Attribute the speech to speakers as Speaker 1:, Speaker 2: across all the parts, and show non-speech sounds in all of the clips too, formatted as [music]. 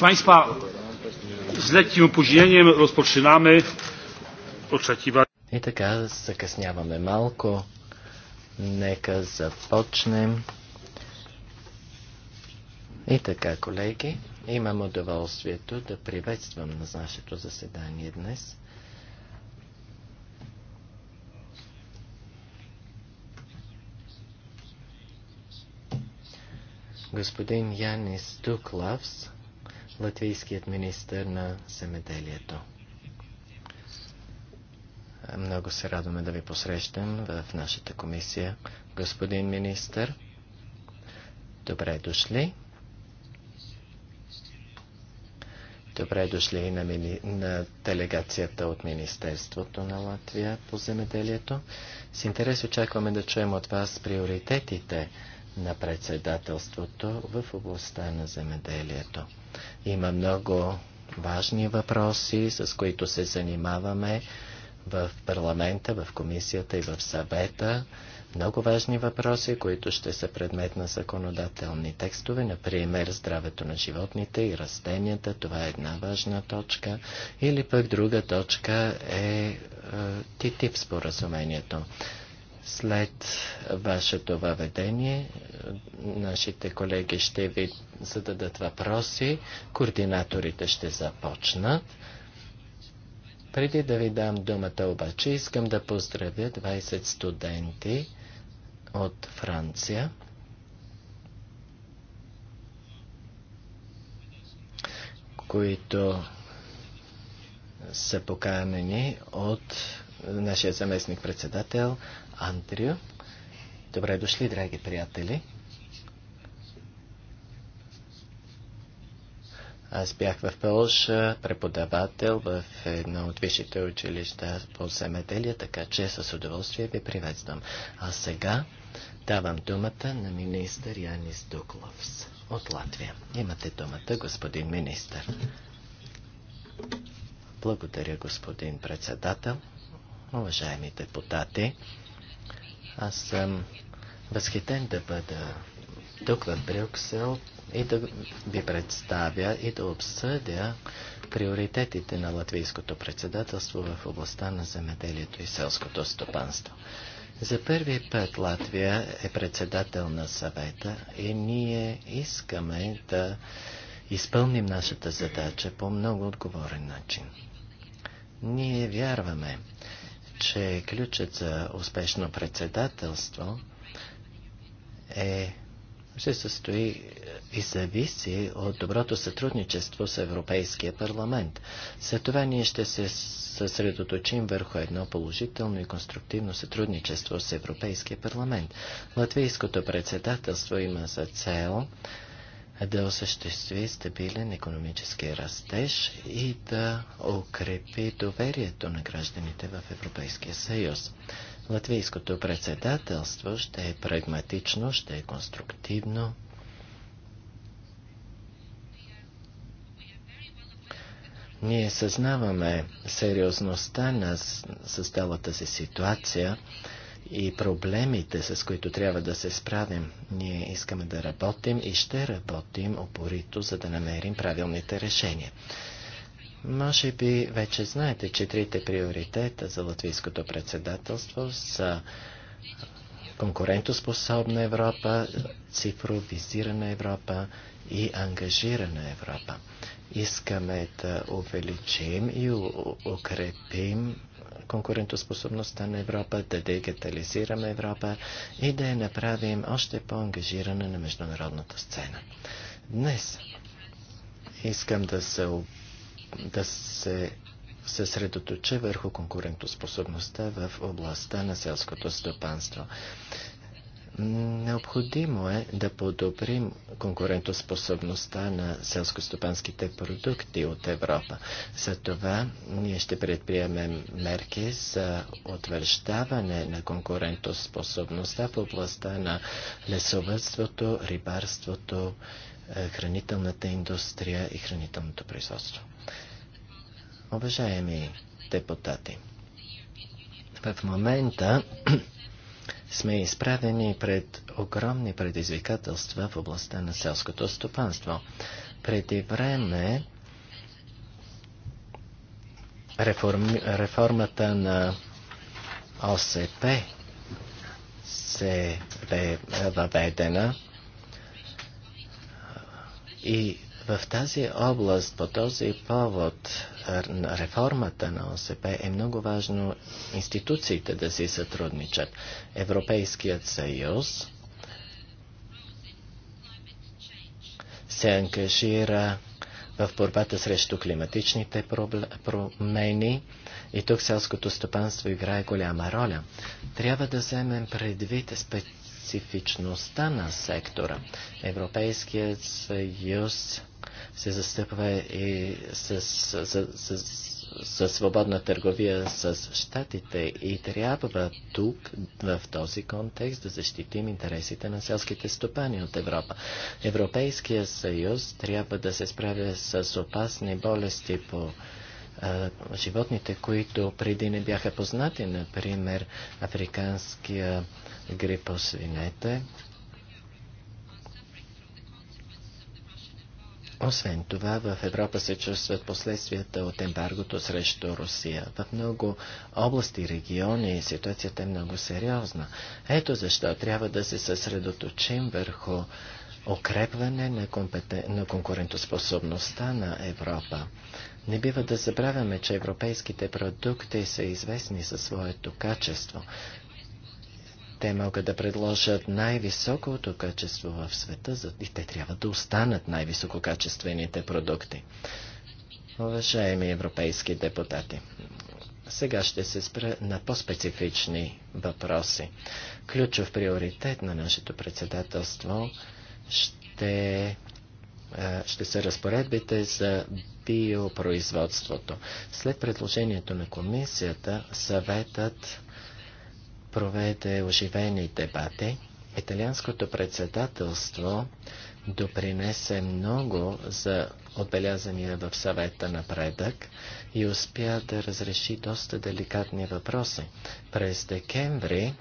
Speaker 1: Państwa,
Speaker 2: z lekkim
Speaker 3: opóźnieniem rozpoczynamy oczekiwanie. И така закъсняваме малко. Нека започнем. И така, колеги, имам удоволствието да приветствам на нашето заседание днес господин Янис Дуклавс, латвийският министр на земеделието. Много се радваме да ви посрещам в нашата комисия, господин министр. Добре дошли. Добре дошли и на, мили... на делегацията от Министерството на Латвия по земеделието. С интерес очакваме да чуем от вас приоритетите на председателството в областта на земеделието. Има много важни въпроси, с които се занимаваме в парламента, в комисията и в съвета. Много важни въпроси, които ще са предмет на законодателни текстове, например здравето на животните и растенията, това е една важна точка, или пък друга точка е, е ТТИП споразумението. След вашето въведение, нашите колеги ще ви зададат въпроси, координаторите ще започнат. Преди да ви дам думата обаче, искам да поздравя 20 студенти от Франция. които са поканени от нашия заместник председател Андрю. Добре дошли, драги приятели. Аз бях в Пълша, преподавател в едно от висшите училища по земеделие, така че с удоволствие ви приветствам. А сега давам думата на министър Янис Дукловс от Латвия. Имате думата, господин министър. Благодаря, господин председател. Уважаеми депутати, аз съм възхитен да бъда тук в Брюксел и да ви представя и да обсъдя приоритетите на латвийското председателство в областта на земеделието и селското стопанство. За първи път Латвия е председател на съвета и ние искаме да изпълним нашата задача по много отговорен начин. Ние вярваме, че ключът за успешно председателство е, се състои и зависи от доброто сътрудничество с Европейския парламент. След това ние ще се съсредоточим върху едно положително и конструктивно сътрудничество с Европейския парламент. Латвийското председателство има за цел да осъществи стабилен економически растеж и да укрепи доверието на гражданите в Европейския съюз. Латвийското председателство ще е прагматично, ще е конструктивно. Ние съзнаваме сериозността на създалата се си ситуация и проблемите, с които трябва да се справим. Ние искаме да работим и ще работим опорито, за да намерим правилните решения. Може би вече знаете, че трите приоритета за латвийското председателство са конкурентоспособна Европа, цифровизирана Европа и ангажирана Европа. Искаме да увеличим и укрепим конкурентоспособността на Европа, да дигитализираме Европа и да я направим още по-ангажирана на международната сцена. Днес искам да се, да се съсредоточа върху конкурентоспособността в областта на селското стопанство. Необходимо е да подобрим конкурентоспособността на селскостопанските продукти от Европа. За това ние ще предприемем мерки за утвърждаване на конкурентоспособността в областта на лесовътството, рибарството, е, хранителната индустрия и хранителното производство. Уважаеми депутати, в момента сме изправени пред огромни предизвикателства в областта на селското стопанство. Преди време реформ, реформата на ОСП се бе въведена и в тази област, по този повод, реформата на ОСП е много важно институциите да си сътрудничат. Европейският съюз се ангажира в борбата срещу климатичните промени и тук селското стопанство играе голяма роля. Трябва да вземем предвид специално специфичността на сектора. Европейският съюз се застъпва и с, с, с, с, с свободна търговия с щатите и трябва тук, в този контекст, да защитим интересите на селските стопани от Европа. Европейския съюз трябва да се справя с опасни болести по а, животните, които преди не бяха познати, например, африканския грипа свинете. Освен това, в Европа се чувстват последствията от ембаргото срещу Русия. В много области и региони ситуацията е много сериозна. Ето защо трябва да се съсредоточим върху укрепване на, компетен... на конкурентоспособността на Европа. Не бива да забравяме, че европейските продукти са известни със своето качество. Те могат да предложат най-високото качество в света и те трябва да останат най-висококачествените продукти. Уважаеми европейски депутати, сега ще се спра на по-специфични въпроси. Ключов приоритет на нашето председателство ще, е, ще са разпоредбите за биопроизводството. След предложението на комисията, съветът проведе оживени дебати. Италианското председателство допринесе много за отбелязания в съвета напредък и успя да разреши доста деликатни въпроси. През декември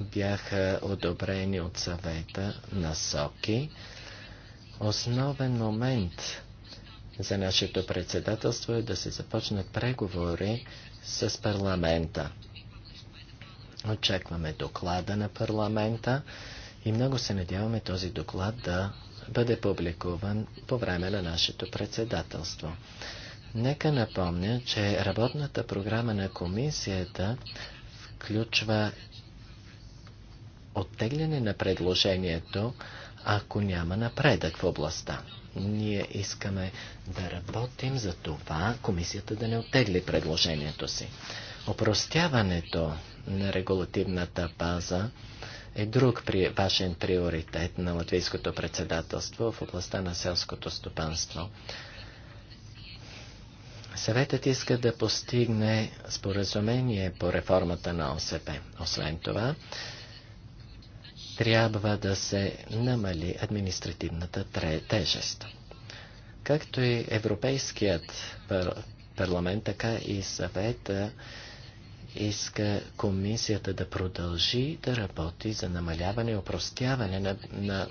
Speaker 3: бяха одобрени от съвета насоки. Основен момент за нашето председателство е да се започнат преговори с парламента. Очакваме доклада на парламента и много се надяваме този доклад да бъде публикуван по време на нашето председателство. Нека напомня, че работната програма на комисията включва оттегляне на предложението, ако няма напредък в областта. Ние искаме да работим за това комисията да не оттегли предложението си. Опростяването на регулативната база е друг при важен приоритет на латвийското председателство в областта на селското стопанство. Съветът иска да постигне споразумение по реформата на ОСП. Освен това, трябва да се намали административната тежест. Както и Европейският парламент, така и съвета иска комисията да продължи да работи за намаляване и опростяване на, на,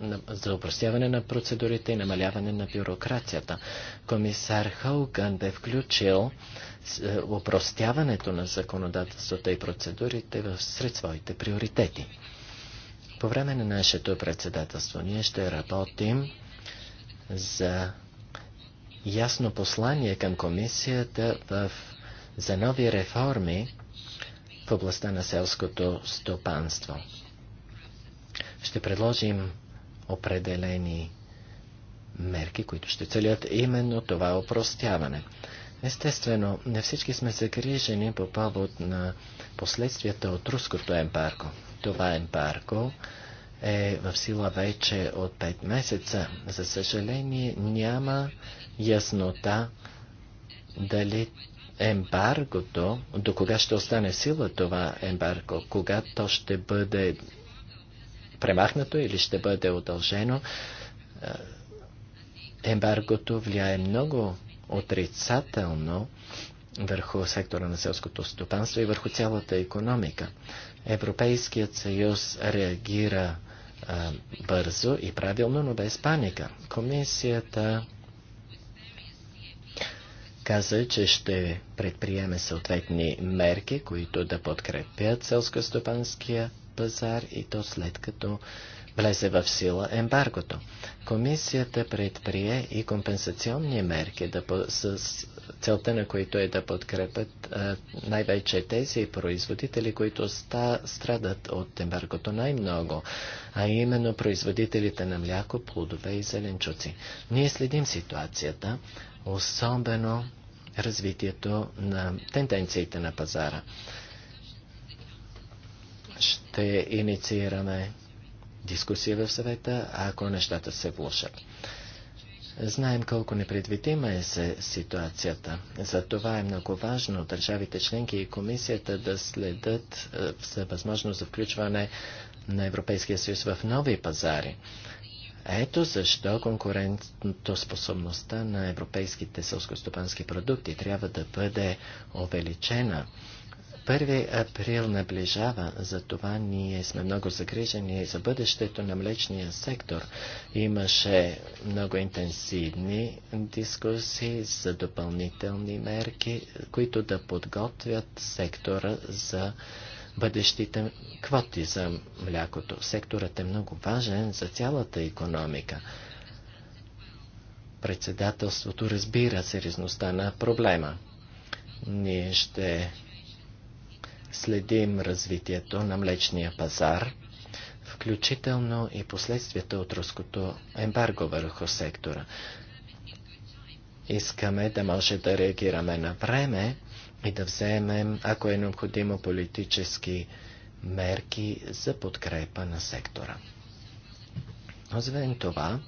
Speaker 3: на, за опростяване на процедурите и намаляване на бюрокрацията. Комисар Хоган е включил опростяването на законодателството и процедурите в сред своите приоритети. По време на нашето председателство ние ще работим за ясно послание към комисията в за нови реформи в областта на селското стопанство. Ще предложим определени мерки, които ще целят именно това опростяване. Естествено, не всички сме загрижени по повод на последствията от руското ембарго. Това ембарго е в сила вече от 5 месеца. За съжаление, няма яснота дали ембаргото, до кога ще остане сила това ембарго, кога то ще бъде премахнато или ще бъде удължено, е, ембаргото влияе много отрицателно върху сектора на селското стопанство и върху цялата економика. Европейският съюз реагира а, бързо и правилно, но без паника. Комисията каза, че ще предприеме съответни мерки, които да подкрепят селскостопанския пазар и то след като влезе в сила ембаргото. Комисията предприе и компенсационни мерки да, с целта на които е да подкрепят най-вече тези производители, които ста, страдат от ембаргото най-много, а именно производителите на мляко, плодове и зеленчуци. Ние следим ситуацията, особено развитието на тенденциите на пазара. Ще инициираме дискусия в съвета, ако нещата се влушат. Знаем колко непредвидима е се ситуацията. Затова е много важно държавите членки и комисията да следят е, за възможност за включване на Европейския съюз в нови пазари. Ето защо конкурентоспособността на европейските селскостопански продукти трябва да бъде увеличена. 1 април наближава, за това ние сме много загрижени за бъдещето на млечния сектор. Имаше много интенсивни дискусии за допълнителни мерки, които да подготвят сектора за бъдещите квоти за млякото. Секторът е много важен за цялата економика. Председателството разбира сериозността на проблема. Ние ще следим развитието на млечния пазар, включително и последствията от руското ембарго върху сектора. Искаме да може да реагираме на време, и да вземем, ако е необходимо, политически мерки за подкрепа на сектора. Освен това,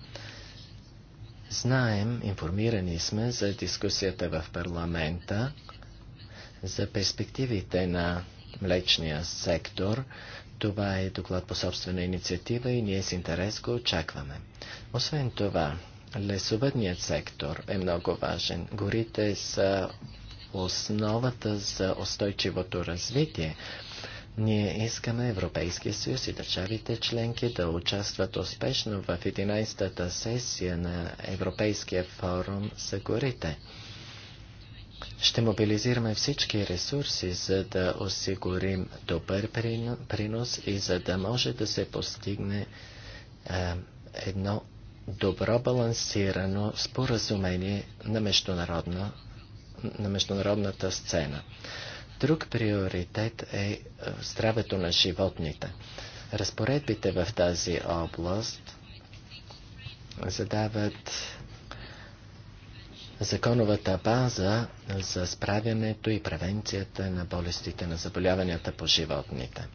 Speaker 3: знаем, информирани сме за дискусията в парламента, за перспективите на млечния сектор. Това е доклад по собствена инициатива и ние с интерес го очакваме. Освен това, лесовъдният сектор е много важен. Горите са основата за устойчивото развитие. Ние искаме Европейския съюз и държавите членки да участват успешно в 11-та сесия на Европейския форум за горите. Ще мобилизираме всички ресурси, за да осигурим добър принос и за да може да се постигне е, едно добро балансирано споразумение на международно на международната сцена. Друг приоритет е, е здравето на животните. Разпоредбите в тази област задават законовата база за справянето и превенцията на болестите на заболяванията по животните.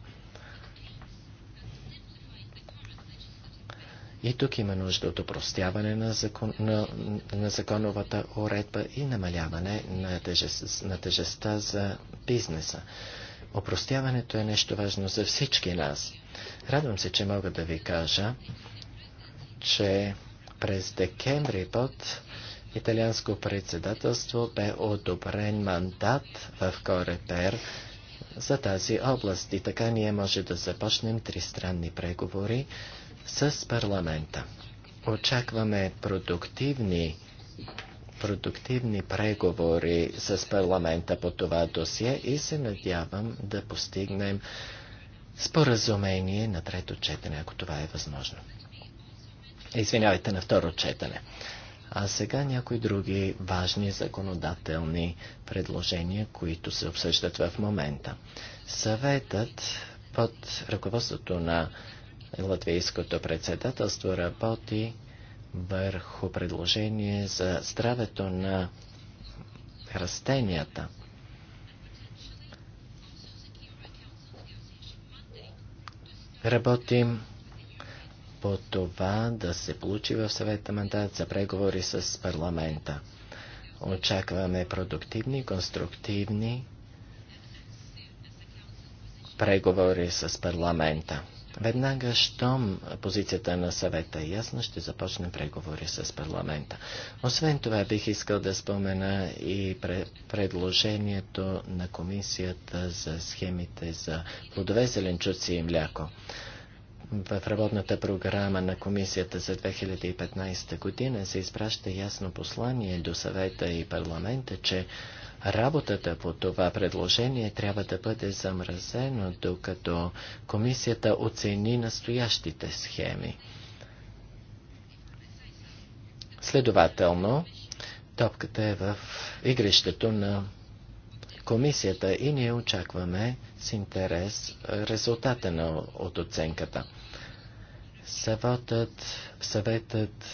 Speaker 3: И тук има нужда от опростяване на, закон, на, на законовата уредба и намаляване на, тежест, на тежестта за бизнеса. Опростяването е нещо важно за всички нас. Радвам се, че мога да ви кажа, че през декември под италианско председателство бе одобрен мандат в Корепер за тази област и така ние може да започнем тристранни преговори с парламента. Очакваме продуктивни, продуктивни преговори с парламента по това досие и се надявам да постигнем споразумение на трето четене, ако това е възможно. Извинявайте, на второ четене. А сега някои други важни законодателни предложения, които се обсъждат в момента. Съветът под ръководството на Латвийското председателство работи върху предложение за здравето на растенията. Работим по това да се получи в съвета мандат за преговори с парламента. Очакваме продуктивни, конструктивни преговори с парламента. Веднага, щом позицията на съвета е ясна, ще започнем преговори с парламента. Освен това, бих искал да спомена и предложението на комисията за схемите за плодове, зеленчуци и мляко. В работната програма на комисията за 2015 година се изпраща ясно послание до съвета и парламента, че Работата по това предложение трябва да бъде замразено, докато комисията оцени настоящите схеми. Следователно, топката е в игрището на комисията и ние очакваме с интерес резултата на, от оценката. Съветът, съветът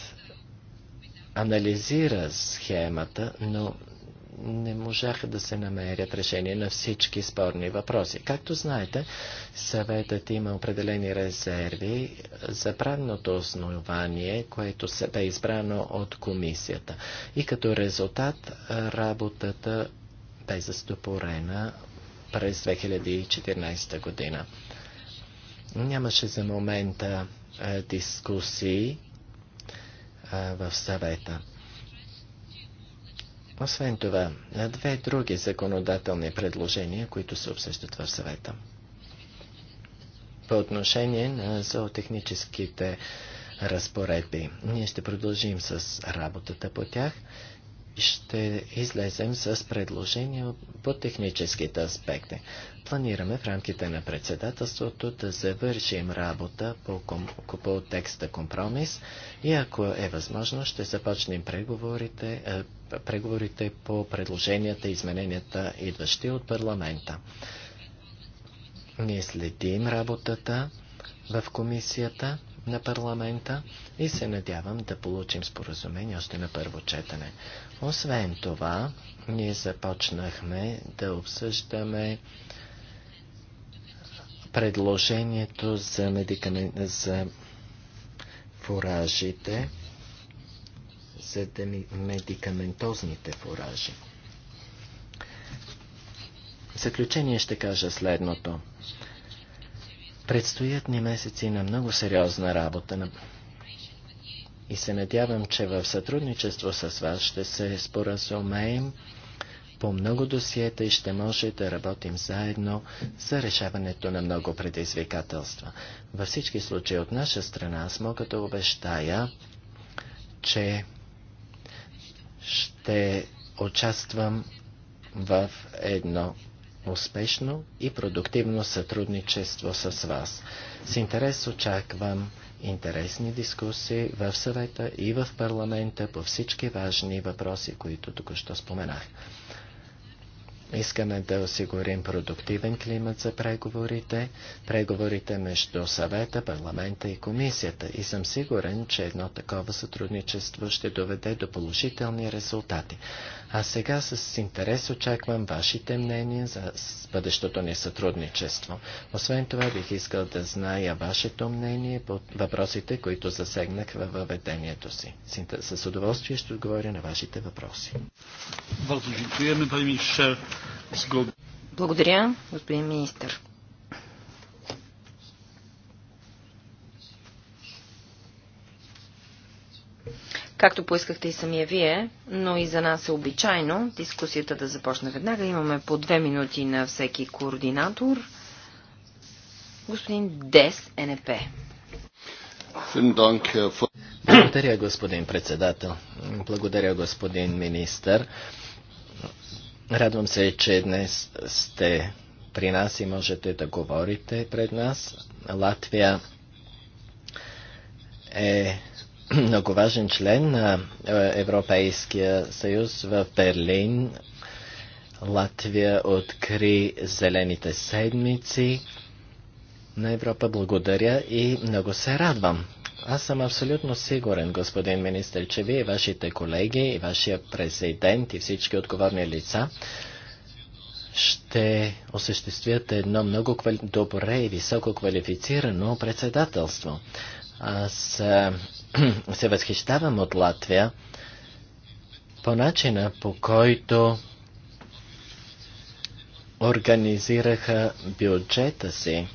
Speaker 3: анализира схемата, но не можаха да се намерят решение на всички спорни въпроси. Както знаете, съветът има определени резерви за правното основание, което се бе избрано от комисията. И като резултат работата бе застопорена през 2014 година. Нямаше за момента дискусии в съвета. Освен това, две други законодателни предложения, които се обсъждат в съвета. По отношение на зоотехническите разпоредби, ние ще продължим с работата по тях. и Ще излезем с предложения по техническите аспекти. Планираме в рамките на председателството да завършим работа по, ком, по текста компромис и ако е възможно, ще започнем преговорите е, преговорите по предложенията и измененията, идващи от парламента. Ние следим работата в комисията на парламента и се надявам да получим споразумение още на първо четене. Освен това, ние започнахме да обсъждаме предложението за, медикамен... за фуражите за медикаментозните фуражи. В заключение ще кажа следното. Предстоят ни месеци на много сериозна работа на... и се надявам, че в сътрудничество с вас ще се споразумеем по много досиета и ще може да работим заедно за решаването на много предизвикателства. Във всички случаи от наша страна аз мога да обещая, че ще участвам в едно успешно и продуктивно сътрудничество с вас. С интерес очаквам интересни дискусии в съвета и в парламента по всички важни въпроси, които току-що споменах. Искаме да осигурим продуктивен климат за преговорите, преговорите между съвета, парламента и комисията и съм сигурен, че едно такова сътрудничество ще доведе до положителни резултати. А сега с интерес очаквам вашите мнения за бъдещото ни сътрудничество. Освен това бих искал да зная вашето мнение по въпросите, които засегнах във въведението си. С удоволствие ще отговоря на вашите въпроси.
Speaker 4: Благодаря, господин министр. Както поискахте и самия вие, но и за нас е обичайно дискусията да започне веднага. Имаме по две минути на всеки координатор. Господин Дес, НП.
Speaker 3: Благодаря, господин председател. Благодаря, господин министър. Радвам се, че днес сте при нас и можете да говорите пред нас. Латвия е [clears throat] много важен член на е, Европейския съюз в Берлин. Латвия откри зелените седмици на Европа. Благодаря и много се радвам. Аз съм абсолютно сигурен, господин министр, че вие и вашите колеги, и вашия президент, и всички отговорни лица ще осъществят едно много добре и високо квалифицирано председателство. Аз е, се възхищавам от Латвия по начина по който организираха бюджета си.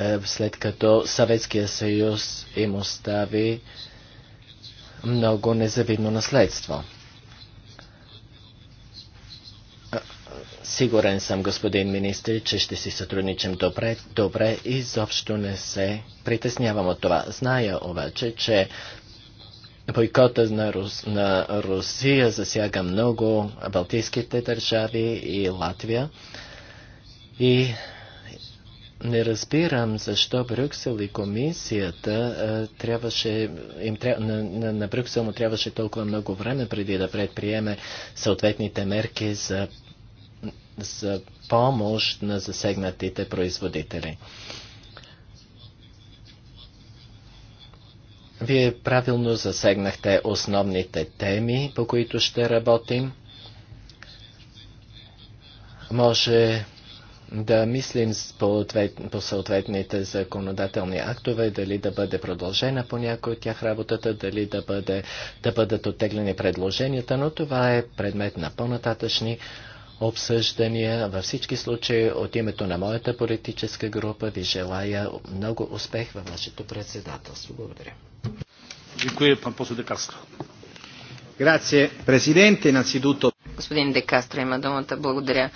Speaker 3: Е, след като Съветския съюз им остави много незавидно наследство. Сигурен съм, господин министр, че ще си сътрудничим добре, добре и изобщо не се притеснявам от това. Зная обаче, че бойкота на, Рус, на Русия засяга много балтийските държави и Латвия. И не разбирам защо Брюксел и комисията а, трябваше, им, тря, на, на, на Брюксел му трябваше толкова много време преди да предприеме съответните мерки за за помощ на засегнатите производители. Вие правилно засегнахте основните теми, по които ще работим. Може да мислим по съответните законодателни актове, дали да бъде продължена по някой от тях работата, дали да, бъде, да бъдат оттеглени предложенията, но това е предмет на по-нататъчни обсъждания. Във всички случаи от името на моята политическа група ви желая много успех във вашето председателство. Благодаря.
Speaker 4: Господин Декастро има думата. Благодаря.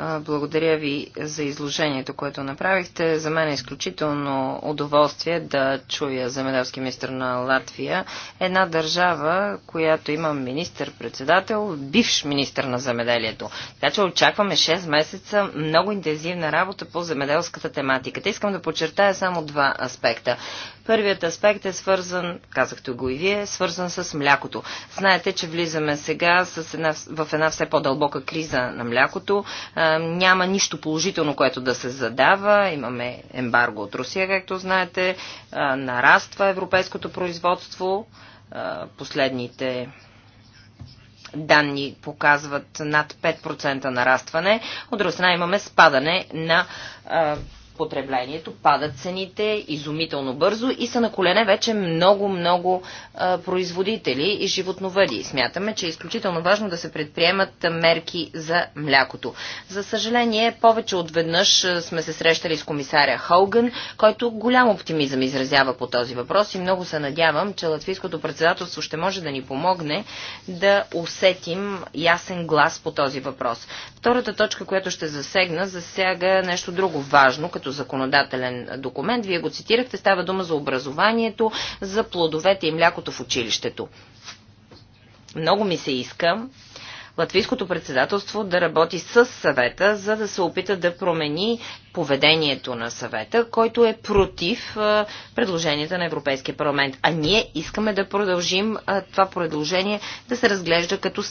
Speaker 4: Благодаря ви за изложението, което направихте. За мен е изключително удоволствие да чуя земеделски министр на Латвия. Една държава, която има министр-председател, бивш министр на земеделието. Така че очакваме 6 месеца много интензивна работа по земеделската тематика. Те искам да подчертая само два аспекта. Първият аспект е свързан, казахте го и вие, свързан с млякото. Знаете, че влизаме сега с една, в една все по-дълбока криза на млякото. А, няма нищо положително, което да се задава. Имаме ембарго от Русия, както знаете. А, нараства европейското производство. А, последните данни показват над 5% нарастване. От друга страна имаме спадане на а, потреблението, падат цените изумително бързо и са на колене вече много-много производители и животновъди. Смятаме, че е изключително важно да се предприемат мерки за млякото. За съжаление, повече от веднъж сме се срещали с комисаря Хоган, който голям оптимизъм изразява по този въпрос и много се надявам, че латвийското председателство ще може да ни помогне да усетим ясен глас по този въпрос. Втората точка, която ще засегна, засяга нещо друго важно, като като законодателен документ, вие го цитирахте, става дума за образованието, за плодовете и млякото в училището. Много ми се иска латвийското председателство да работи с съвета, за да се опита да промени поведението на съвета, който е против предложенията на Европейския парламент. А ние искаме да продължим това предложение да се разглежда като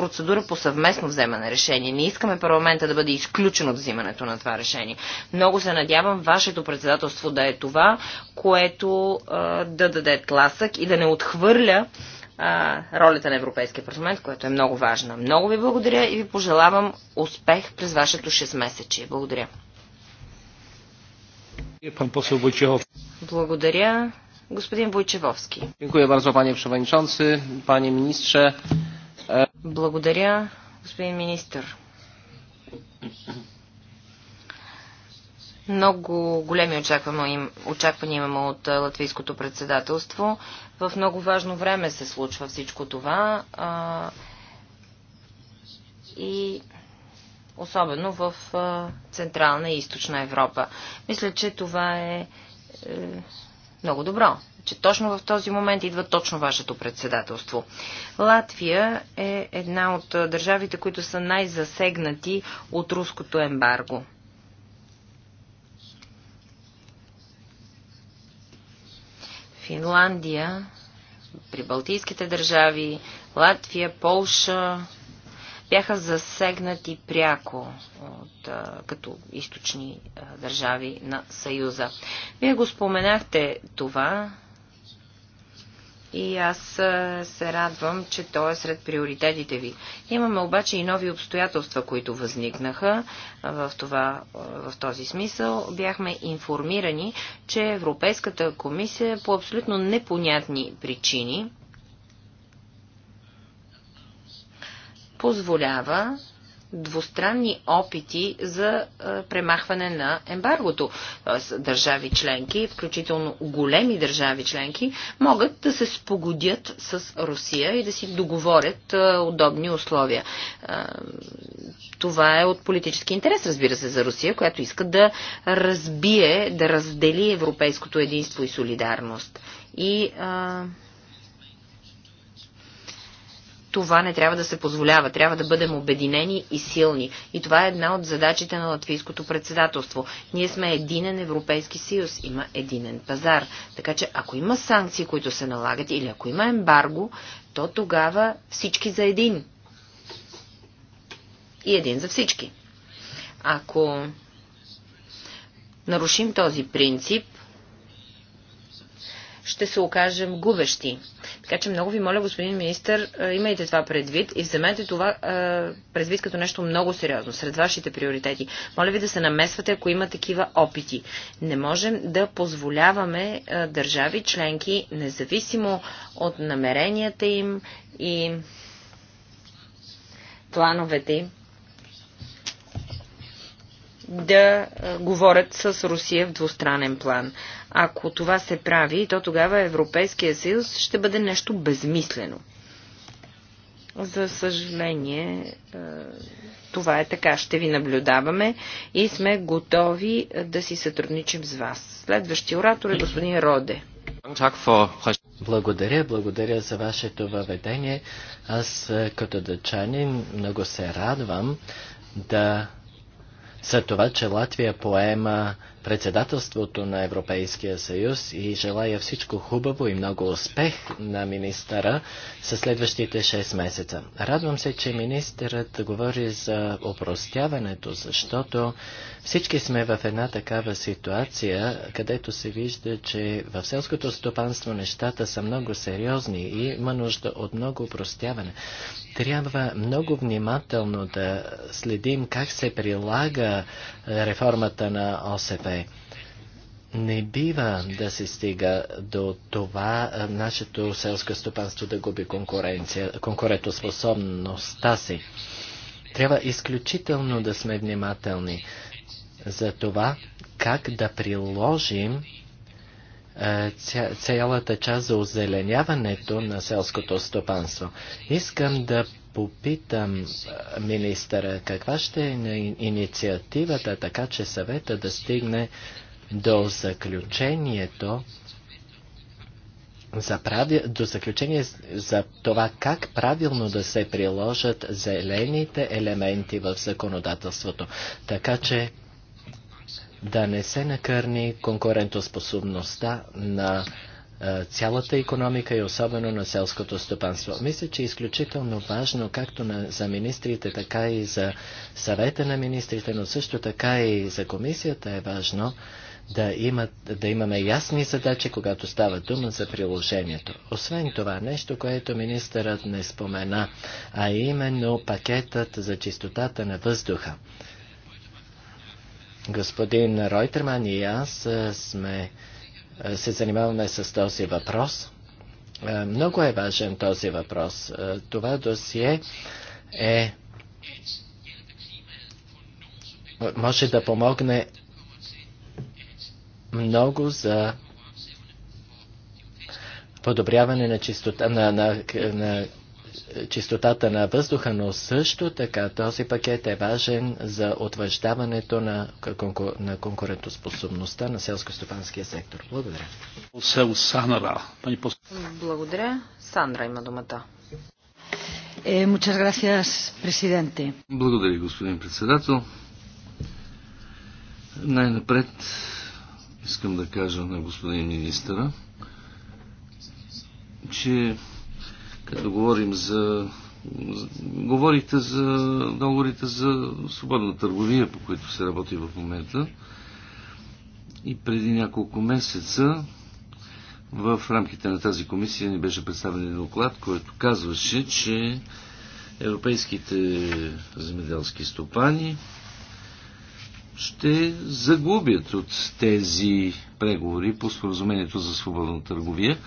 Speaker 4: процедура по съвместно вземане решение. Не искаме парламента да бъде изключен от взимането на това решение. Много се надявам вашето председателство да е това, което а, да даде тласък и да не отхвърля а, ролята на Европейския парламент, което е много важна. Много ви благодаря и ви пожелавам успех през вашето 6 месече. Благодаря. Благодаря. Господин Wojciechowski. Dziękuję
Speaker 2: bardzo panie przewodniczący, panie ministrze.
Speaker 4: Благодаря, господин министр. Много големи очаквания имаме от латвийското председателство. В много важно време се случва всичко това. И особено в Централна и Източна Европа. Мисля, че това е, е много добро че точно в този момент идва точно вашето председателство. Латвия е една от държавите, които са най-засегнати от руското ембарго. Финландия, при Балтийските държави, Латвия, Полша бяха засегнати пряко от, като източни държави на Съюза. Вие го споменахте това и аз се радвам, че то е сред приоритетите ви. Имаме обаче и нови обстоятелства, които възникнаха в, това, в този смисъл. Бяхме информирани, че Европейската комисия по абсолютно непонятни причини позволява двустранни опити за е, премахване на ембаргото. Тоест, държави членки, включително големи държави членки, могат да се спогодят с Русия и да си договорят е, удобни условия. Е, това е от политически интерес, разбира се, за Русия, която иска да разбие, да раздели европейското единство и солидарност. И това не трябва да се позволява. Трябва да бъдем обединени и силни. И това е една от задачите на латвийското председателство. Ние сме единен Европейски съюз. Има единен пазар. Така че ако има санкции, които се налагат, или ако има ембарго, то тогава всички за един. И един за всички. Ако нарушим този принцип, ще се окажем губещи. Така че много ви моля, господин министр, имайте това предвид и вземете това предвид като нещо много сериозно сред вашите приоритети. Моля ви да се намесвате, ако има такива опити. Не можем да позволяваме държави членки, независимо от намеренията им и плановете им, да говорят с Русия в двустранен план. Ако това се прави, то тогава Европейския съюз ще бъде нещо безмислено. За съжаление, това е така. Ще ви наблюдаваме и сме готови да си сътрудничим с вас. Следващия оратор е господин Роде.
Speaker 3: Благодаря, благодаря за вашето въведение. Аз като дъчанин много се радвам да за това, че Латвия поема председателството на Европейския съюз и желая всичко хубаво и много успех на министъра със следващите 6 месеца. Радвам се, че министърът говори за опростяването, защото всички сме в една такава ситуация, където се вижда, че в селското стопанство нещата са много сериозни и има нужда от много опростяване. Трябва много внимателно да следим как се прилага реформата на ОСП. Не бива да се стига до това нашето селско стопанство да губи конкуренция, конкурентоспособността си. Трябва изключително да сме внимателни за това как да приложим цялата част за озеленяването на селското стопанство. Искам да попитам министъра каква ще е инициативата, така че съвета да стигне до заключението за прави... до заключение за това как правилно да се приложат зелените елементи в законодателството, така че да не се накърни конкурентоспособността на цялата економика и особено на селското стопанство. Мисля, че е изключително важно както на, за министрите, така и за съвета на министрите, но също така и за комисията е важно да, имат, да имаме ясни задачи, когато става дума за приложението. Освен това, нещо, което министърът не спомена, а именно пакетът за чистотата на въздуха. Господин Ройтерман и аз сме е, се занимаваме с този въпрос. Е, много е важен този въпрос. Е, това досие е може да помогне много за подобряване на, чистота, на, на, на чистотата на въздуха, но също така този пакет е важен за утвърждаването на, на конкурентоспособността на селско-стопанския сектор. Благодаря.
Speaker 4: Благодаря. Сандра има думата.
Speaker 5: Е,
Speaker 2: Благодаря, господин председател. Най-напред искам да кажа на господин министъра, че като говорим за... Говорихте за договорите за свободна търговия, по които се работи в момента. И преди няколко месеца в рамките на тази комисия ни беше представен един доклад, който казваше, че европейските земеделски стопани ще загубят от тези преговори по споразумението за свободна търговия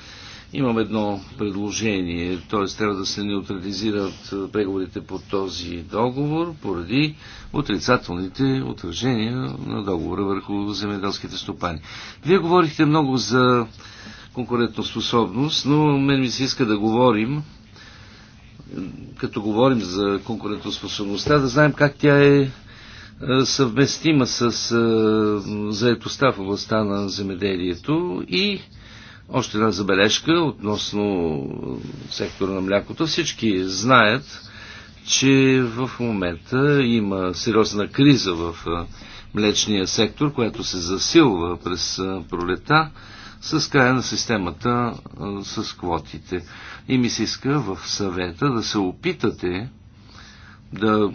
Speaker 2: Имам едно предложение, т.е. трябва да се неутрализират преговорите по този договор поради отрицателните отражения на договора върху земеделските стопани. Вие говорихте много за конкурентоспособност, но мен ми се иска да говорим, като говорим за конкурентоспособността, да знаем как тя е съвместима с заедостта в областта на земеделието и още една забележка относно е, сектора на млякото. Всички знаят, че в момента има сериозна криза в е, млечния сектор, която се засилва през е, пролета с края на системата с квотите. И ми се иска в съвета да се опитате да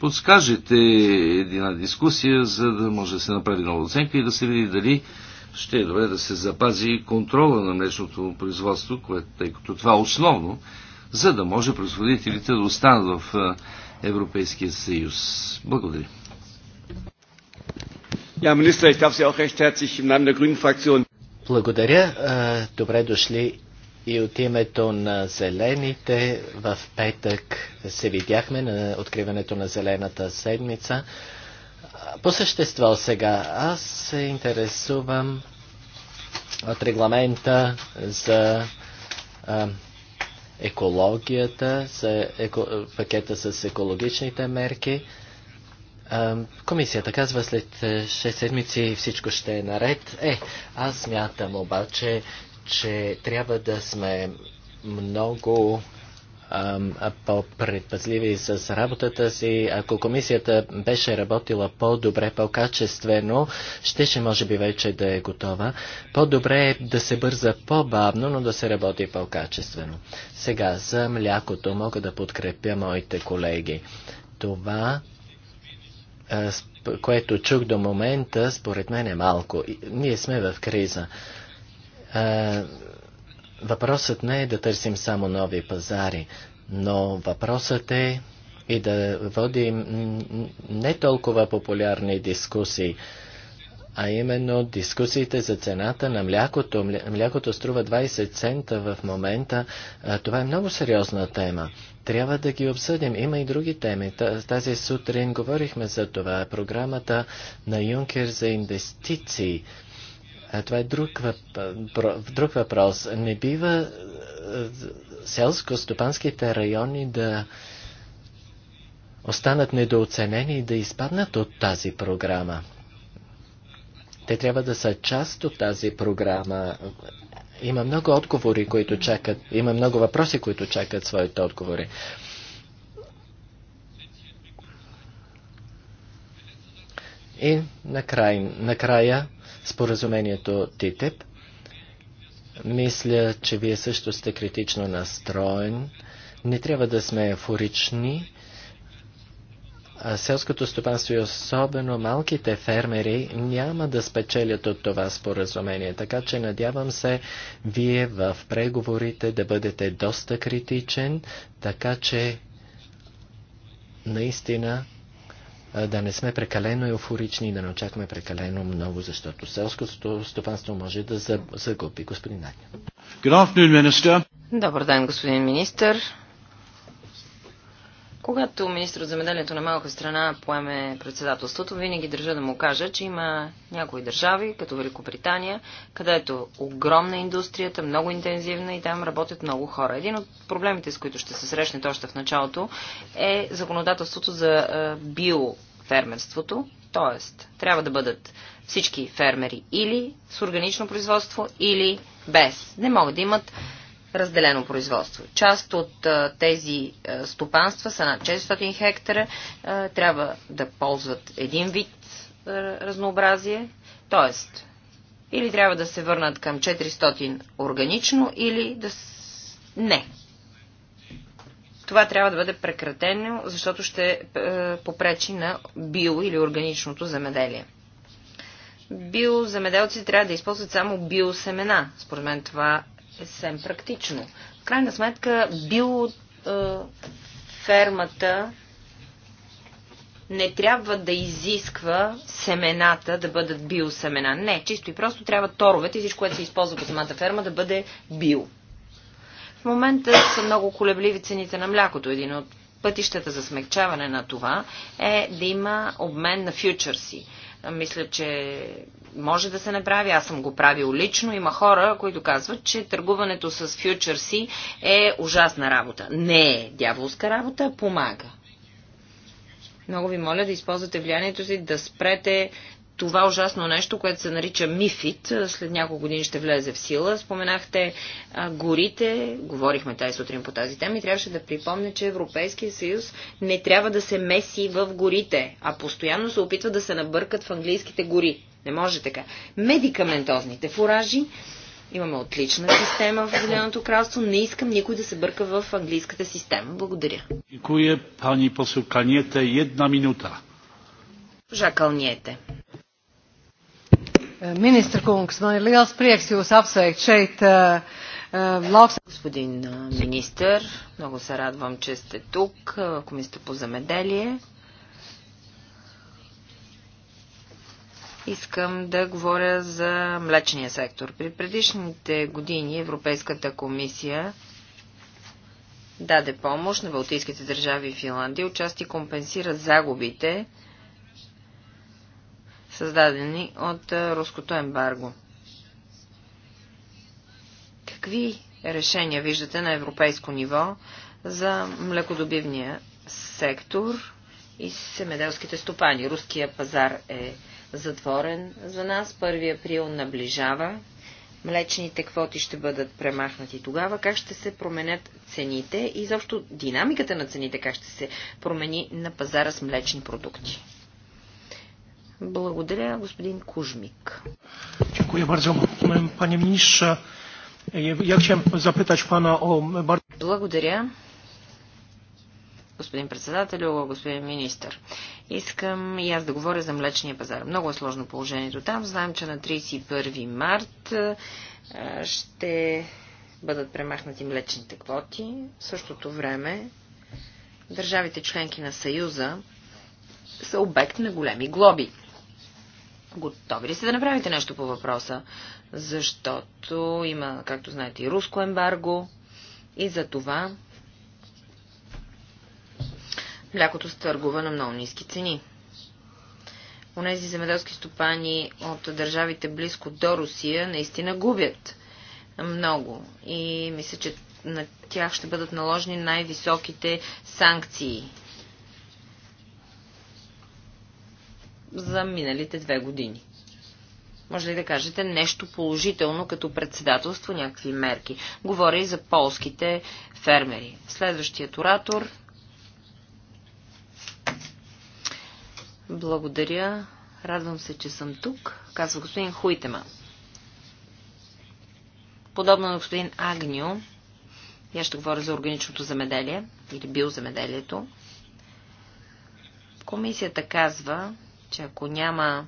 Speaker 2: подскажете една дискусия, за да може да се направи нова оценка и да се види дали ще е добре да се запази и контрола на млечното производство, което, тъй като това е основно, за да може производителите да останат в Европейския съюз. Благодаря.
Speaker 1: Ja, Minister, ich darf Sie auch recht herzlich im Namen der Grünen Fraktion.
Speaker 3: Благодаря. Добре дошли и от името на Зелените. В петък се видяхме на откриването на Зелената седмица. По същество сега, аз се интересувам от регламента за а, екологията, за еко, пакета с екологичните мерки. А, комисията казва след 6 седмици всичко ще е наред. Е, аз мятам обаче, че трябва да сме много по-предпазливи с работата си. Ако комисията беше работила по-добре, по-качествено, щеше може би вече да е готова. По-добре е да се бърза по-бавно, но да се работи по-качествено. Сега за млякото мога да подкрепя моите колеги. Това което чух до момента, според мен е малко. Ние сме в криза Въпросът не е да търсим само нови пазари, но въпросът е и да водим не толкова популярни дискусии, а именно дискусиите за цената на млякото. Млякото струва 20 цента в момента. Това е много сериозна тема. Трябва да ги обсъдим. Има и други теми. Тази сутрин говорихме за това. Програмата на Юнкер за инвестиции – това е друг, въп... друг въпрос. Не бива е, селско-стопанските райони да останат недооценени и да изпаднат от тази програма. Те трябва да са част от тази програма. Има много отговори, които чакат, има много въпроси, които чакат своите отговори. И накрай, накрая споразумението ТИТЕП. Мисля, че вие също сте критично настроен. Не трябва да сме ефорични. Селското стопанство и особено малките фермери няма да спечелят от това споразумение, така че надявам се вие в преговорите да бъдете доста критичен, така че наистина да не сме прекалено еуфорични и да не очакваме прекалено много, защото селското стопанство може да загуби. Господин Агня. Добър
Speaker 4: ден, господин министър. Когато министр от земеделието на малка страна поеме председателството, винаги държа да му кажа, че има някои държави, като Великобритания, където огромна индустрията, много интензивна и там работят много хора. Един от проблемите, с които ще се срещнете още в началото, е законодателството за е, биофермерството, т.е. трябва да бъдат всички фермери или с органично производство, или без. Не могат да имат разделено производство. Част от тези стопанства са над 400 хектара, трябва да ползват един вид разнообразие, т.е. или трябва да се върнат към 400 органично, или да не. Това трябва да бъде прекратено, защото ще попречи на био или органичното замеделие. биоземеделци трябва да използват само биосемена. Според мен това съвсем практично. В крайна сметка, биофермата фермата не трябва да изисква семената да бъдат биосемена. Не, чисто и просто трябва торовете и всичко, което се използва по самата ферма, да бъде био. В момента са много колебливи цените на млякото. Един от пътищата за смягчаване на това е да има обмен на фьючерси. Мисля, че може да се направи. Аз съм го правил лично. Има хора, които казват, че търгуването с фьючерси е ужасна работа. Не е дяволска работа, помага. Много ви моля да използвате влиянието си, да спрете това ужасно нещо, което се нарича МИФИТ, след няколко години ще влезе в сила. Споменахте а, горите, говорихме тази сутрин по тази тема и трябваше да припомня, че Европейския съюз не трябва да се меси в горите, а постоянно се опитва да се набъркат в английските гори. Не може така. Медикаментозните фуражи. Имаме отлична система в Зеленото кралство. Не искам никой да се бърка в английската система. Благодаря.
Speaker 2: Дякую, пани посилканията. Една минута.
Speaker 4: Жакалниете. Е, министр Кункс, man ir liels prieks jūs
Speaker 5: apsveikt šeit.
Speaker 4: Локс. Господин министр, много се радвам, че сте тук, Комисията по замеделие. Искам да говоря за млечния сектор. При предишните години Европейската комисия даде помощ на Балтийските държави и Финландия, Участи компенсира загубите, създадени от руското ембарго. Какви решения виждате на европейско ниво за млекодобивния сектор и семеделските стопани? Руския пазар е затворен за нас. 1 април наближава. Млечните квоти ще бъдат премахнати тогава. Как ще се променят цените и защо динамиката на цените как ще се промени на пазара с млечни продукти? Благодаря, господин Кужмик.
Speaker 2: Dziękuję bardzo, panie
Speaker 1: ministrze. Ja chciałem zapytać pana o...
Speaker 4: Благодаря, господин председател, господин министър. Искам и аз да говоря за млечния пазар. Много е сложно положението там. Знаем, че на 31 март ще бъдат премахнати млечните квоти. В същото време държавите членки на Съюза са обект на големи глоби. Готови ли сте да направите нещо по въпроса? Защото има, както знаете, и руско ембарго и за това млякото се търгува на много ниски цени. Понези земеделски стопани от държавите близко до Русия наистина губят много. И мисля, че на тях ще бъдат наложени най-високите санкции за миналите две години. Може ли да кажете нещо положително като председателство, някакви мерки? Говоря и за полските фермери. Следващият оратор. Благодаря. Радвам се, че съм тук. Казва господин Хуйтема. Подобно на господин Агню, я ще говоря за органичното земеделие или биоземеделието. Комисията казва, че ако няма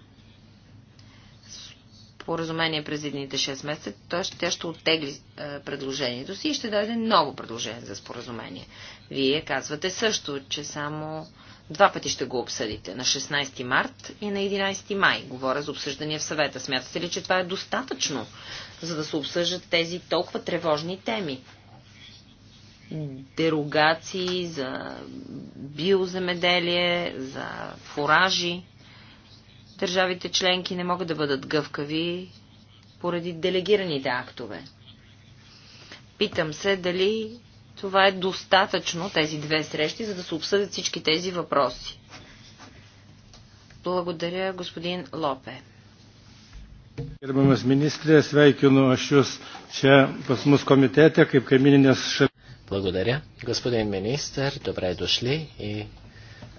Speaker 4: споразумение през едните 6 месеца, то ще, тя ще оттегли е, предложението си и ще дойде ново предложение за споразумение. Вие казвате също, че само два пъти ще го обсъдите. На 16 март и на 11 май. Говоря за обсъждане в съвета. Смятате ли, че това е достатъчно, за да се обсъждат тези толкова тревожни теми? Дерогации за биоземеделие, за фуражи. Държавите членки не могат да бъдат гъвкави поради делегираните актове. Питам се дали това е достатъчно, тези две срещи, за да се обсъдят всички тези въпроси. Благодаря, господин Лопе.
Speaker 1: Gerbiamas ministrė, sveikinu aš Jūs čia pas mus
Speaker 3: komitete kaip kaimininės šalies. Благодаря. Господин министр, добре дошли и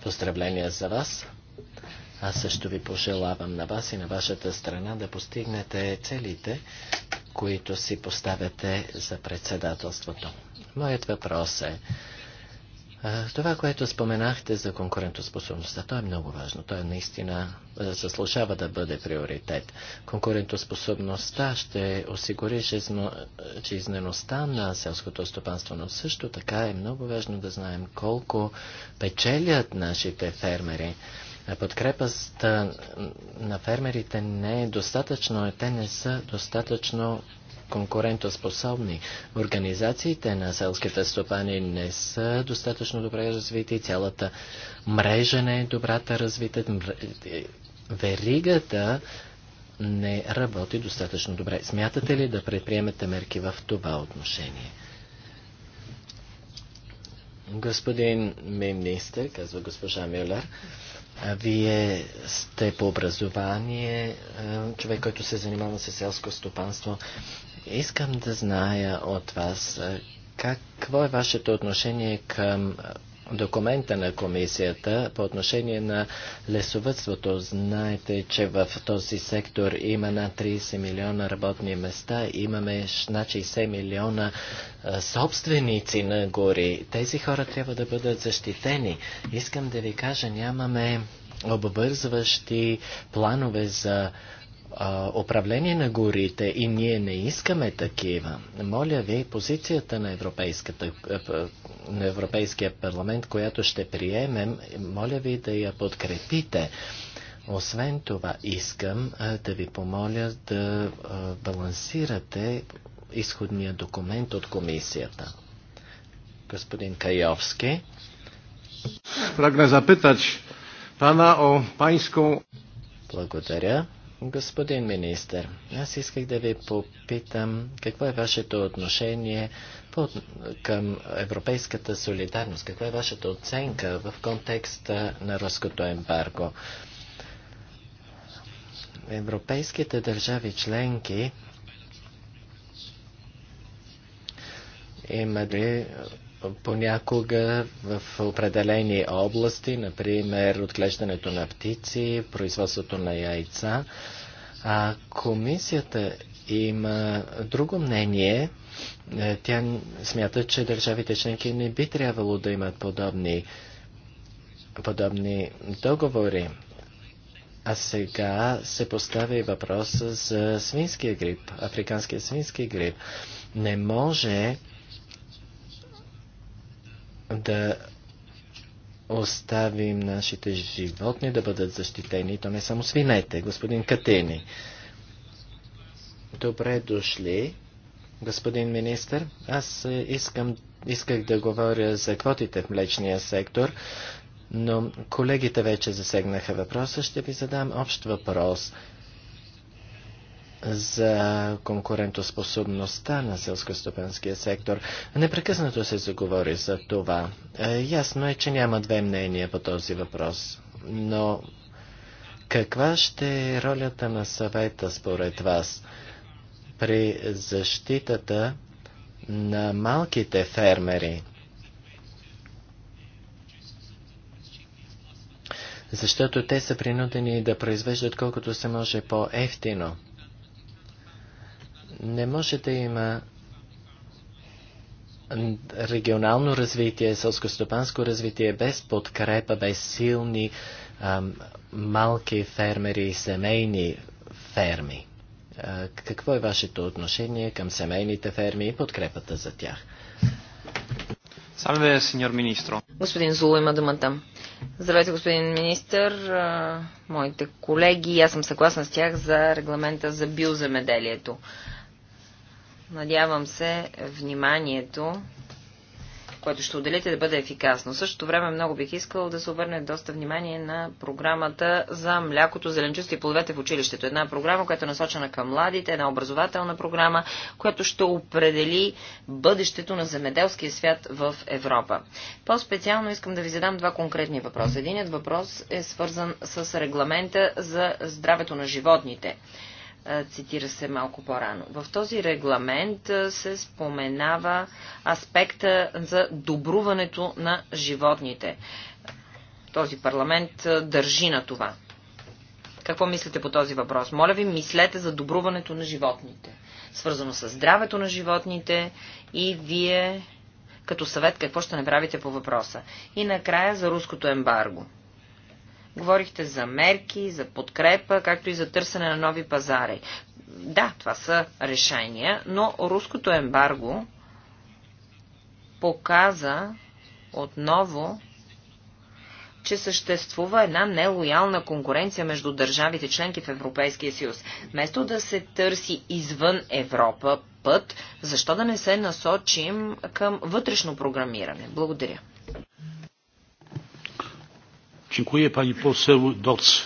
Speaker 3: поздравления за вас. Аз също ви пожелавам на вас и на вашата страна да постигнете целите, които си поставяте за председателството. Моят въпрос е, това, което споменахте за конкурентоспособността, то е много важно. То е наистина заслужава да бъде приоритет. Конкурентоспособността ще осигури жизнеността на селското стопанство, но също така е много важно да знаем колко печелят нашите фермери подкрепата на фермерите не е достатъчно, те не са достатъчно конкурентоспособни. Организациите на селските стопани не са достатъчно добре развити, цялата мрежа не е добрата развита, веригата не работи достатъчно добре. Смятате ли да предприемете мерки в това отношение? Господин министр, казва госпожа Мюллер, вие сте по образование е, човек, който се занимава с селско стопанство. Искам да зная от вас е, какво е вашето отношение към е, документа на комисията по отношение на лесовътството. Знаете, че в този сектор има на 30 милиона работни места, имаме на значи, 60 милиона собственици на гори. Тези хора трябва да бъдат защитени. Искам да ви кажа, нямаме обвързващи планове за управление на горите и ние не искаме такива. Моля ви, позицията на, Европейската, на Европейския парламент, която ще приемем, моля ви да я подкрепите. Освен това, искам да ви помоля да балансирате изходния документ от комисията. Господин Кайовски. Благодаря. Господин министр, аз исках да ви попитам какво е вашето отношение към европейската солидарност, каква е вашата оценка в контекста на руското ембарго. Европейските държави членки имали понякога в определени области, например отглеждането на птици, производството на яйца. А комисията има друго мнение. Е, тя смята, че държавите членки не би трябвало да имат подобни, подобни договори. А сега се поставя и въпрос за свинския грип, африканския свински грип. Не може да оставим нашите животни да бъдат защитени, то не само свинете, господин Катени. Добре дошли, господин министр. Аз е, искам, исках да говоря за квотите в млечния сектор, но колегите вече засегнаха въпроса. Ще ви задам общ въпрос за конкурентоспособността на селскостопанския сектор. Непрекъснато се заговори за това. Е, ясно е, че няма две мнения по този въпрос. Но каква ще е ролята на съвета според вас при защитата на малките фермери? Защото те са принудени да произвеждат колкото се може по-ефтино. Не може да има регионално развитие, сълскостопанско развитие без подкрепа, без силни малки фермери и семейни ферми. какво е вашето отношение към семейните ферми и подкрепата за тях?
Speaker 1: Салве, сеньор министро.
Speaker 4: Господин Зулу има думата. Здравейте, господин министр. Моите колеги, аз съм съгласна с тях за регламента за биоземеделието. Надявам се вниманието, което ще отделите, да бъде ефикасно. същото време много бих искал да се обърне доста внимание на програмата за млякото, зеленчуство и плодовете в училището. Една програма, която е насочена към младите, една образователна програма, която ще определи бъдещето на земеделския свят в Европа. По-специално искам да ви задам два конкретни въпроса. Единият въпрос е свързан с регламента за здравето на животните цитира се малко по-рано. В този регламент се споменава аспекта за добруването на животните. Този парламент държи на това. Какво мислите по този въпрос? Моля ви, мислете за добруването на животните. Свързано с здравето на животните и вие като съвет какво ще направите по въпроса. И накрая за руското ембарго. Говорихте за мерки, за подкрепа, както и за търсене на нови пазари. Да, това са решения, но руското ембарго показа отново, че съществува една нелоялна конкуренция между държавите членки в Европейския съюз. Вместо да се търси извън Европа път, защо да не се насочим към вътрешно програмиране? Благодаря.
Speaker 2: Dziękuję pani poseł Doc.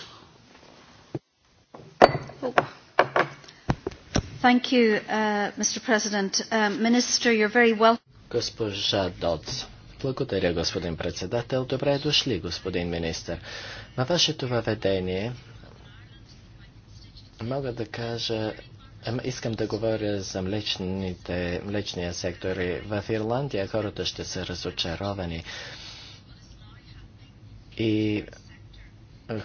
Speaker 3: Thank you, uh, Mr. President. Uh, Minister, you're very welcome. Госпожа Додс. Благодаря, господин председател. Добре дошли, господин министр. На вашето въведение мога да кажа, искам да говоря за млечните, млечния сектор. В Ирландия хората ще са разочаровани. И е,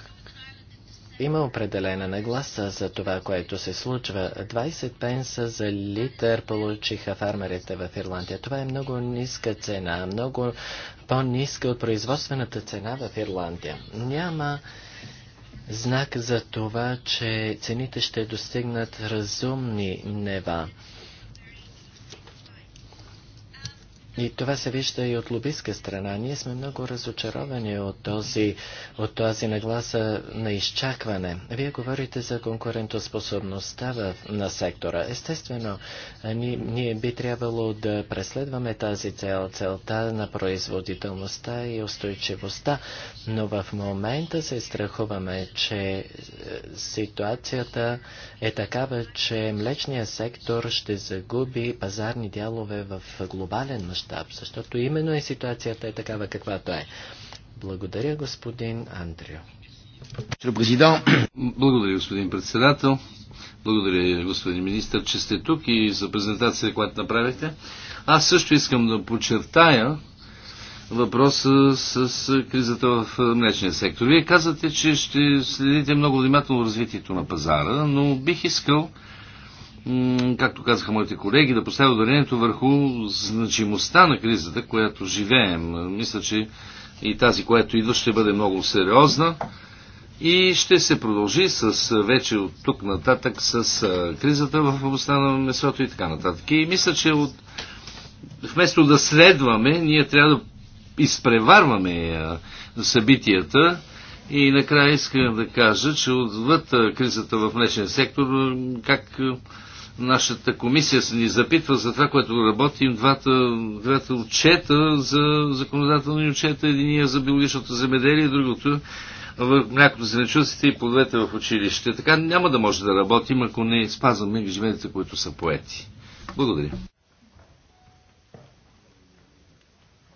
Speaker 3: има определена нагласа за това, което се случва. 20 пенса за литър получиха фармерите в Ирландия. Това е много ниска цена, много по-ниска от производствената цена в Ирландия. Няма знак за това, че цените ще достигнат разумни нива. И това се вижда и от лобистка страна. Ние сме много разочаровани от, този, от този нагласа на изчакване. Вие говорите за конкурентоспособността на сектора. Естествено, ние ние би трябвало да преследваме тази цел, целта на производителността и устойчивостта, но в момента се страхуваме, че е, ситуацията е такава, че млечният сектор ще загуби пазарни дялове в глобален мащаб мащаб, защото именно и ситуацията е такава каквато е. Благодаря, господин Андрио.
Speaker 2: Благодаря, господин председател. Благодаря, господин министр, че сте тук и за презентацията, която направихте. Аз също искам да подчертая въпроса с кризата в млечния сектор. Вие казвате, че ще следите много внимателно развитието на пазара, но бих искал както казаха моите колеги, да поставя ударението върху значимостта на кризата, която живеем. Мисля, че и тази, която идва, ще бъде много сериозна и ще се продължи с вече от тук нататък с кризата в областта на месото и така нататък. И мисля, че от... вместо да следваме, ние трябва да изпреварваме събитията, и накрая искам да кажа, че отвъд кризата в млечен сектор, как нашата комисия се ни запитва за това, което работим, двата, двата отчета за законодателни отчета, единия за биологичното земеделие, другото в млякото за и плодовете в училище. Така няма да може да работим, ако не спазваме ангажиментите, които са поети. Благодаря.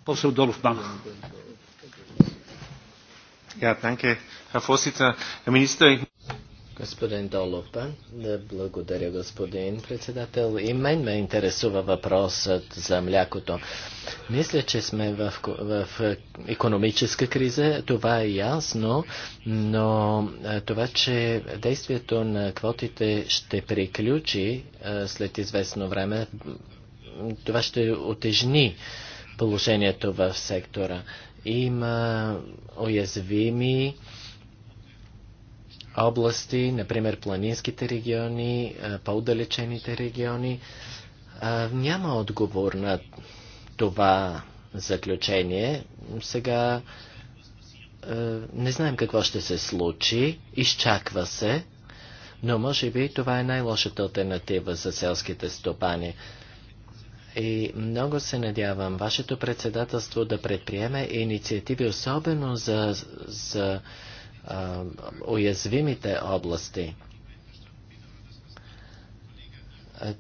Speaker 2: Посел Долфман.
Speaker 3: Ja, danke, Herr Vorsitzender. Herr Minister, ich Господин Долупан, да благодаря господин председател. И мен ме интересува въпросът за млякото. Мисля, че сме в, в економическа криза, това е ясно, но е, това, че действието на квотите ще приключи е, след известно време, това ще отежни положението в сектора. Има уязвими области, например планинските региони, по-удалечените региони. Няма отговор на това заключение. Сега не знаем какво ще се случи, изчаква се, но може би това е най-лошата альтернатива за селските стопани. И много се надявам вашето председателство да предприеме инициативи, особено за, за уязвимите области.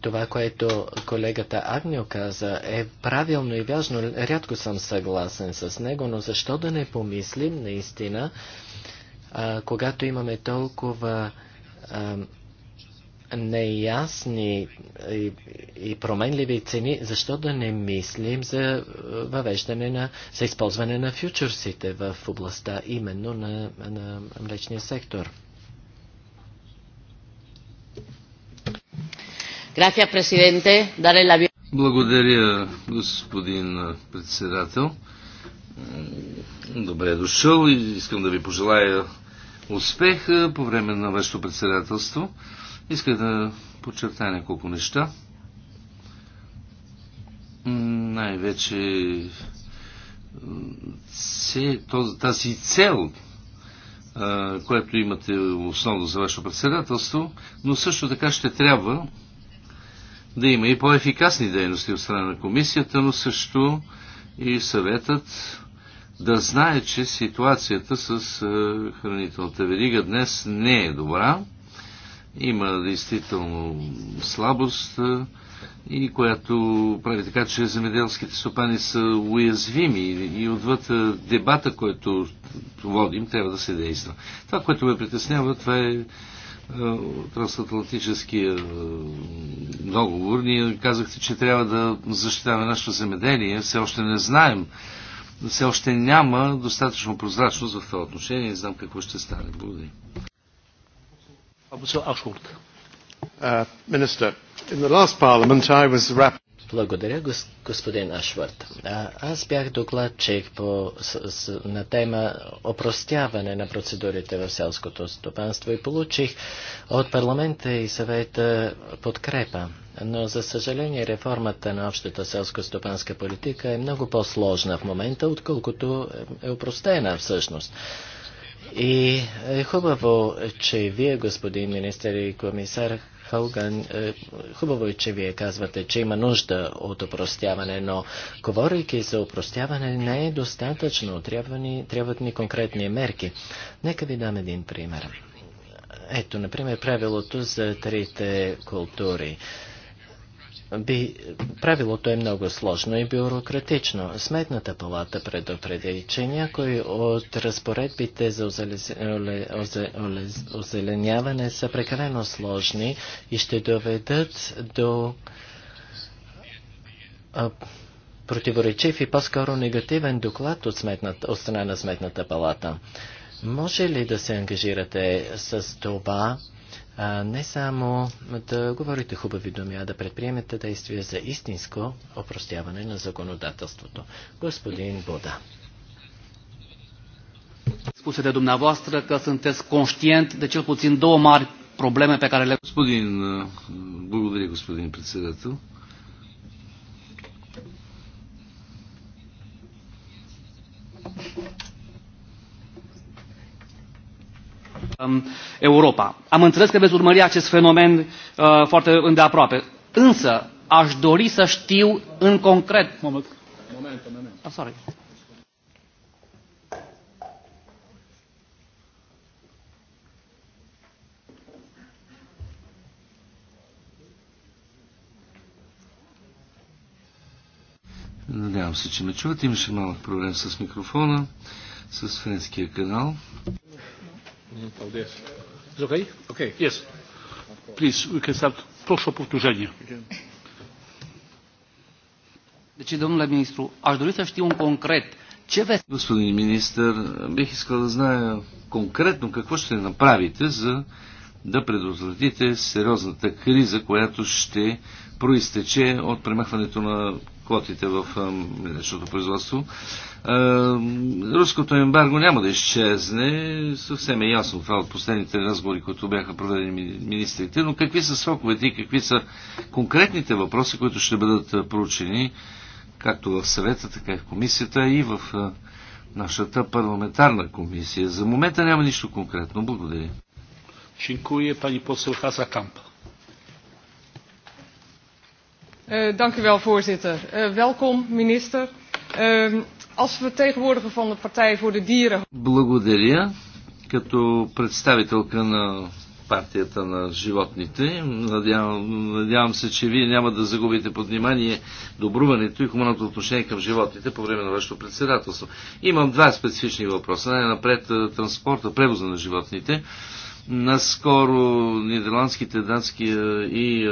Speaker 3: Това, което колегата Агнио каза, е правилно и вяжно. Рядко съм съгласен с него, но защо да не помислим наистина, когато имаме толкова а, неясни и, и променливи цени, защо да не мислим за въвеждане на, за използване на фьючерсите в областта именно на, на млечния сектор?
Speaker 2: Благодаря, господин председател. Добре е дошъл и искам да ви пожелая успех по време на вашето председателство. Иска да подчертая няколко неща. Най-вече тази цел, която имате основно за ваше председателство, но също така ще трябва да има и по-ефикасни дейности от страна на комисията, но също и съветът да знае, че ситуацията с хранителната верига днес не е добра има действително слабост и която прави така, че земеделските стопани са уязвими и отвъд дебата, който водим, трябва да се действа. Това, което ме притеснява, това е трансатлантическия договор. Ние казахте, че трябва да защитаваме нашето земеделие. Все още не знаем. Все още няма достатъчно прозрачност в това отношение. Не знам какво ще стане. Благодаря.
Speaker 3: Uh, Благодаря, господин Ашвард. аз бях докладчик по, с, с, на тема опростяване на процедурите в селското стопанство и получих от парламента и съвета подкрепа. Но, за съжаление, реформата на общата селско-стопанска политика е много по-сложна в момента, отколкото е, е опростена всъщност. И е хубаво, че вие, господин министър и комисар Хауган, е, хубаво е, че вие казвате, че има нужда от опростяване, но говорейки за опростяване не е достатъчно. Трябва ни, трябват ни конкретни мерки. Нека ви дам един пример. Ето, например, правилото за трите култури би, правилото е много сложно и бюрократично. Сметната палата предупреди, че някои от разпоредбите за озеленяване са прекалено сложни и ще доведат до противоречив и по-скоро негативен доклад от, сметната, от страна на Сметната палата. Може ли да се ангажирате с това, а, не само да говорите хубави думи, а да предприемете действия за истинско опростяване на законодателството. Господин Бода.
Speaker 2: de dumneavoastră că sunteți conștient de cel puțin două mari pe care le... Господин, благодаря, господин председател.
Speaker 5: Europa. Am înțeles că veți urmări acest fenomen foarte îndeaproape. Însă, aș dori să știu în concret... Moment, moment, moment. Ah, sorry.
Speaker 2: Надявам се, че ме чуват. Имаше малък проблем с микрофона, с френския канал domnule ministru, aș dori să știu concret ce veți... Господин министър, бих искал да зная конкретно какво ще направите за да предотвратите сериозната криза, която ще проистече от премахването на квотите в млечното производство. Руското ембарго няма да изчезне, съвсем е ясно това от последните разговори, които бяха проведени министрите, но какви са сроковете и какви са конкретните въпроси, които ще бъдат проучени както в съвета, така и в комисията и в нашата парламентарна комисия. За момента няма нищо конкретно. Благодаря. Dziękuję Пани посъл Хаса Кампа.
Speaker 1: Eh, dank u wel, voorzitter. Eh, welkom, minister. Ehm, als vertegenwoordiger
Speaker 5: van de Partij voor de Dieren...
Speaker 2: Благодаря. Като представителка на партията на животните. Надявам, надявам се, че вие няма да загубите под внимание добруването и хуманното отношение към животните по време на вашето председателство. Имам два специфични въпроса. Най-напред е, транспорта, превоза на животните. Наскоро нидерландските, дански и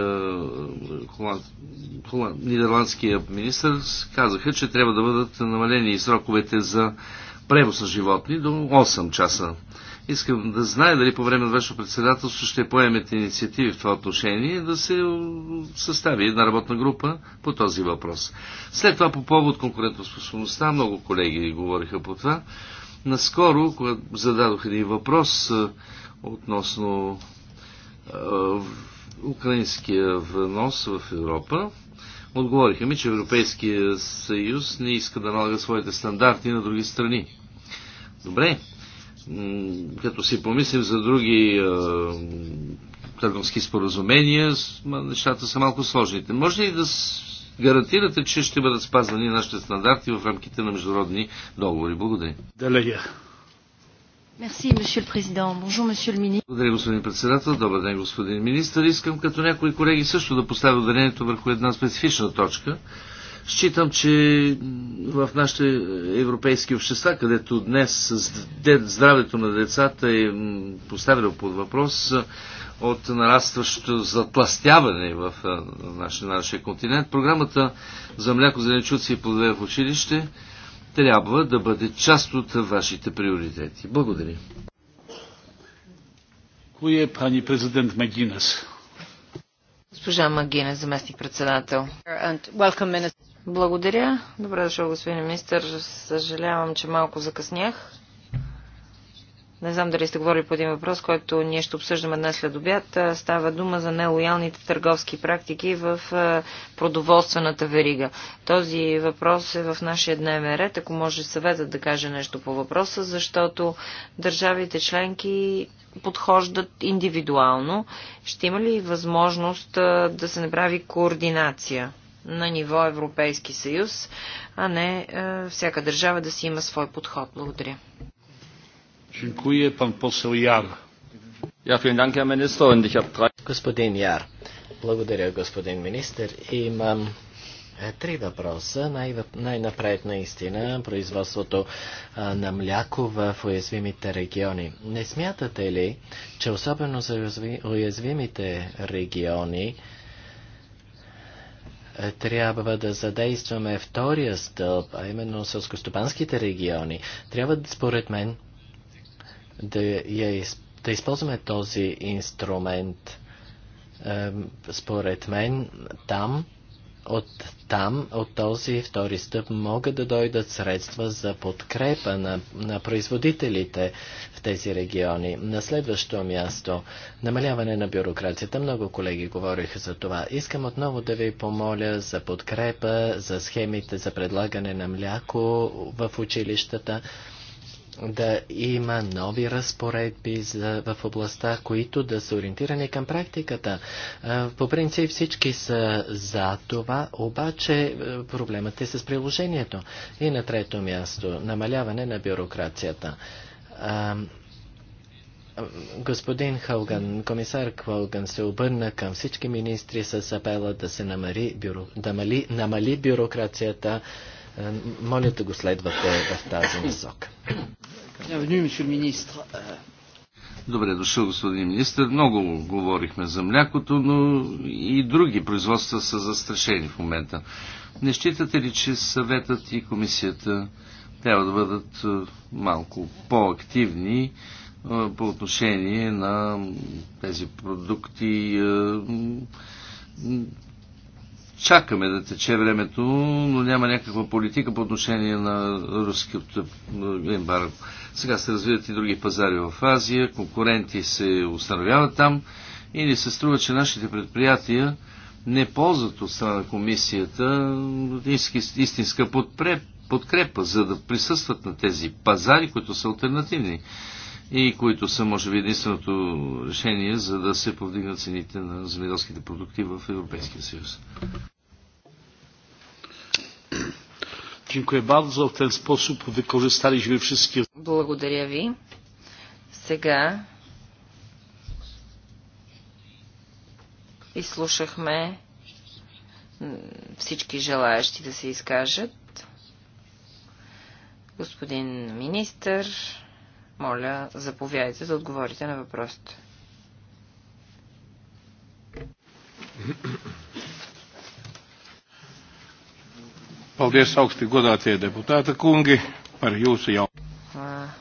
Speaker 2: нидерландския министр казаха, че трябва да бъдат намалени сроковете за превоз на животни до 8 часа. Искам да знае дали по време на вашето председателство ще поемете инициативи в това отношение да се състави една работна група по този въпрос. След това по повод конкурентоспособността, много колеги говориха по това. Наскоро, когато зададох един въпрос, относно украинския внос в Европа. Отговориха ми, че Европейския съюз не иска да налага своите стандарти на други страни. Добре, като си помислим за други търговски споразумения, нещата са малко сложните. Може ли да гарантирате, че ще бъдат спазвани нашите стандарти в рамките на международни договори? Благодаря. Далея. Благодаря, господин председател. Добър ден, господин министр. Искам като някои колеги също да поставя ударението върху една специфична точка. Считам, че в нашите европейски общества, където днес здравето на децата е поставено под въпрос от нарастващото затластяване в нашия, нашия континент, програмата за мляко, зеленчуци и плодове в училище – трябва да бъде част от вашите приоритети. Благодаря. Кой е пани президент Магинес?
Speaker 4: Госпожа Магинес, заместник председател. Благодаря. Добре дошъл, господин министр. Съжалявам, че малко закъснях. Не знам дали сте говорили по един въпрос, който ние ще обсъждаме днес след обяд. Става дума за нелоялните търговски практики в продоволствената верига. Този въпрос е в нашия дневен ред, ако може съветът да каже нещо по въпроса, защото държавите членки подхождат индивидуално. Ще има ли възможност да се направи координация? на ниво Европейски съюз, а не всяка държава да си има свой
Speaker 3: подход. Благодаря. Господин Яр, благодаря, господин министр. Имам е, три въпроса. Най- напред наистина производството на мляко в уязвимите региони. Не смятате ли, че особено за уязвимите региони е, трябва да задействаме втория стълб, а именно сълскостопанските региони. Трябва, според мен, да, я, да използваме този инструмент. Според мен там, от там, от този втори стъп могат да дойдат средства за подкрепа на, на производителите в тези региони. На следващо място, намаляване на бюрокрацията. Много колеги говориха за това. Искам отново да ви помоля за подкрепа, за схемите за предлагане на мляко в училищата да има нови разпоредби за, в областта, които да са ориентирани към практиката. По принцип всички са за това, обаче е, проблемът е с приложението. И на трето място, намаляване на бюрокрацията. Господин Хълган, комисар Хауган се обърна към всички министри с апела да се намали, бюро, да мали, намали бюрокрацията е, моля да го следвате в тази насока.
Speaker 2: Добре дошъл, господин министр. Много говорихме за млякото, но и други производства са застрашени в момента. Не считате ли, че съветът и комисията трябва да бъдат е, малко по-активни е, по отношение на тези продукти, чакаме да тече времето, но няма някаква политика по отношение на руският е, ембарго. Сега се развиват и други пазари в Азия, конкуренти се установяват там и ни се струва, че нашите предприятия не ползват от страна на комисията истинска подкрепа, за да присъстват на тези пазари, които са альтернативни и които са, може би, единственото решение, за да се повдигнат цените на земеделските продукти в Европейския съюз.
Speaker 4: Благодаря ви. Сега изслушахме всички желаящи да се изкажат. Господин министър, моля, заповядайте да отговорите на въпросите.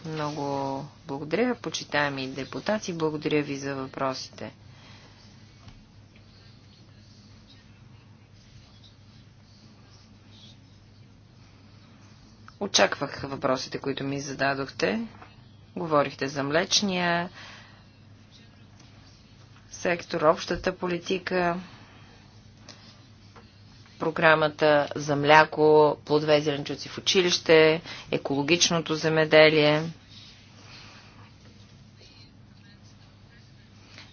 Speaker 4: Много благодаря, почитаеми депутати, благодаря ви за въпросите. Очаквах въпросите, които ми зададохте. Говорихте за млечния сектор, общата политика, програмата за мляко, плодове и зеленчуци в училище, екологичното земеделие.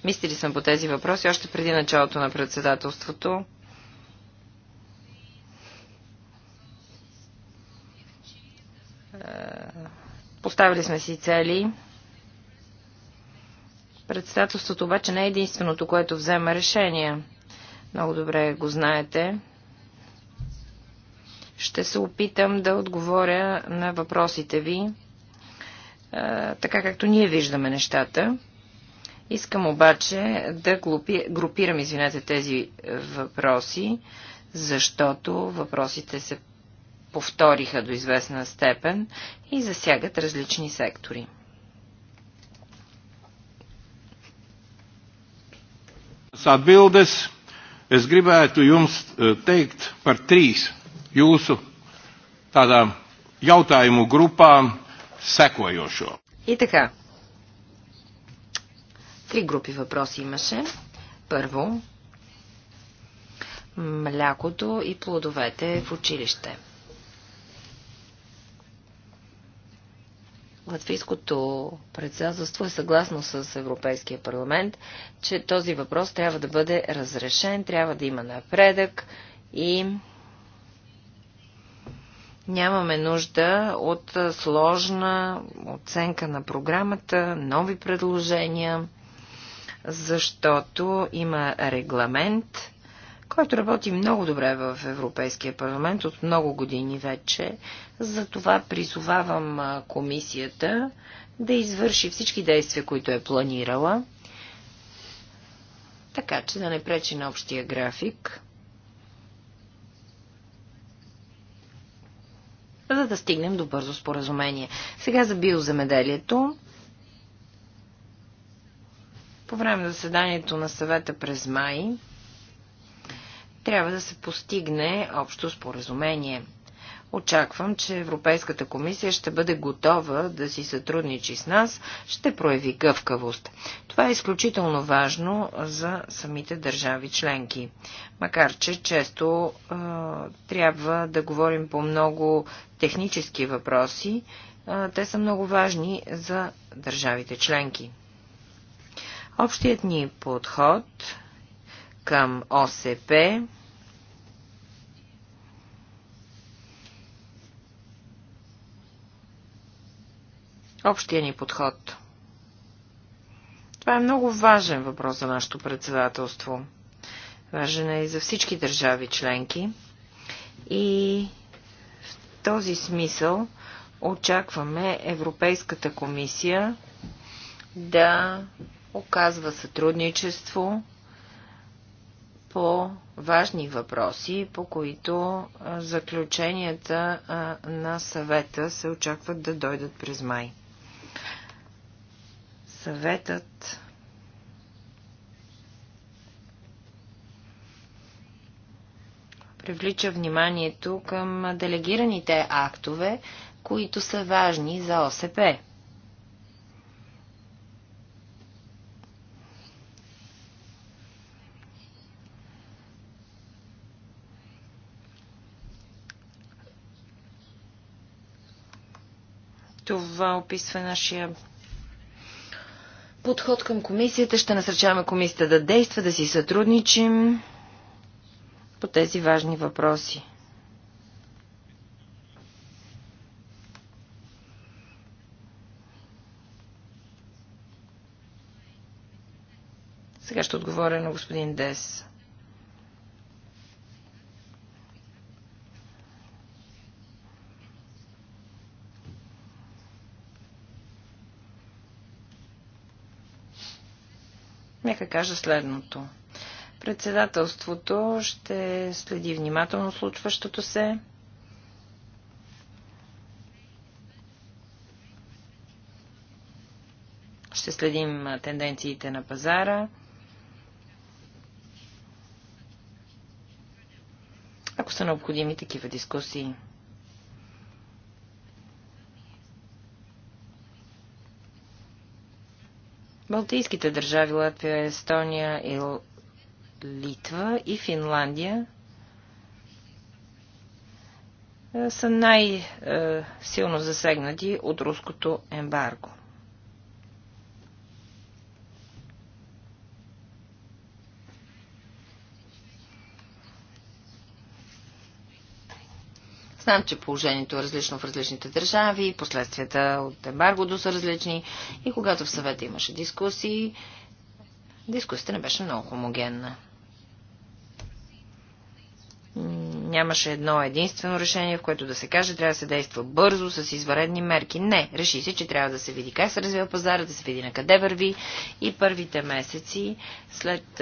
Speaker 4: Мислили съм по тези въпроси още преди началото на председателството. Поставили сме си цели. Председателството обаче не е единственото, което взема решения. Много добре го знаете. Ще се опитам да отговоря на въпросите ви, така както ние виждаме нещата. Искам обаче да групирам, извинете, тези въпроси, защото въпросите се повториха до известна степен и засягат различни сектори.
Speaker 1: Сабилдес es gribētu jums е, teikt par trīs jūsu tādā jautājumu grupām sekojošo.
Speaker 4: И така. Три групи въпроси имаше. Първо, млякото и плодовете в училище. Латвийското председателство е съгласно с Европейския парламент, че този въпрос трябва да бъде разрешен, трябва да има напредък и нямаме нужда от сложна оценка на програмата, нови предложения, защото има регламент, който работи много добре в Европейския парламент от много години вече. Затова призовавам комисията да извърши всички действия, които е планирала, така че да не пречи на общия график. за да стигнем до бързо споразумение. Сега за биоземеделието. По време на заседанието на съвета през май трябва да се постигне общо споразумение. Очаквам, че Европейската комисия ще бъде готова да си сътрудничи с нас, ще прояви гъвкавост. Това е изключително важно за самите държави членки. Макар, че често е, трябва да говорим по много технически въпроси, е, те са много важни за държавите членки. Общият ни подход към ОСП. Общия ни подход. Това е много важен въпрос за нашето председателство. Важен е и за всички държави членки. И в този смисъл очакваме Европейската комисия да оказва сътрудничество по важни въпроси, по които заключенията на съвета се очакват да дойдат през май. Съветът привлича вниманието към делегираните актове, които са важни за ОСП. Това описва нашия подход към комисията. Ще насръчаваме комисията да действа, да си сътрудничим по тези важни въпроси. Сега ще отговоря на господин Дес. нека кажа следното. Председателството ще следи внимателно случващото се. Ще следим тенденциите на пазара. Ако са необходими такива дискусии. Балтийските държави Латвия, Естония и Литва и Финландия е, са най-силно е, засегнати от руското ембарго. Знам, че положението е различно в различните държави, последствията от ембаргото са различни и когато в съвета имаше дискусии, дискусията не беше много хомогенна. Нямаше едно единствено решение, в което да се каже, трябва да се действа бързо, с изваредни мерки. Не, реши се, че трябва да се види как се развива пазара, да се види на къде върви и първите месеци след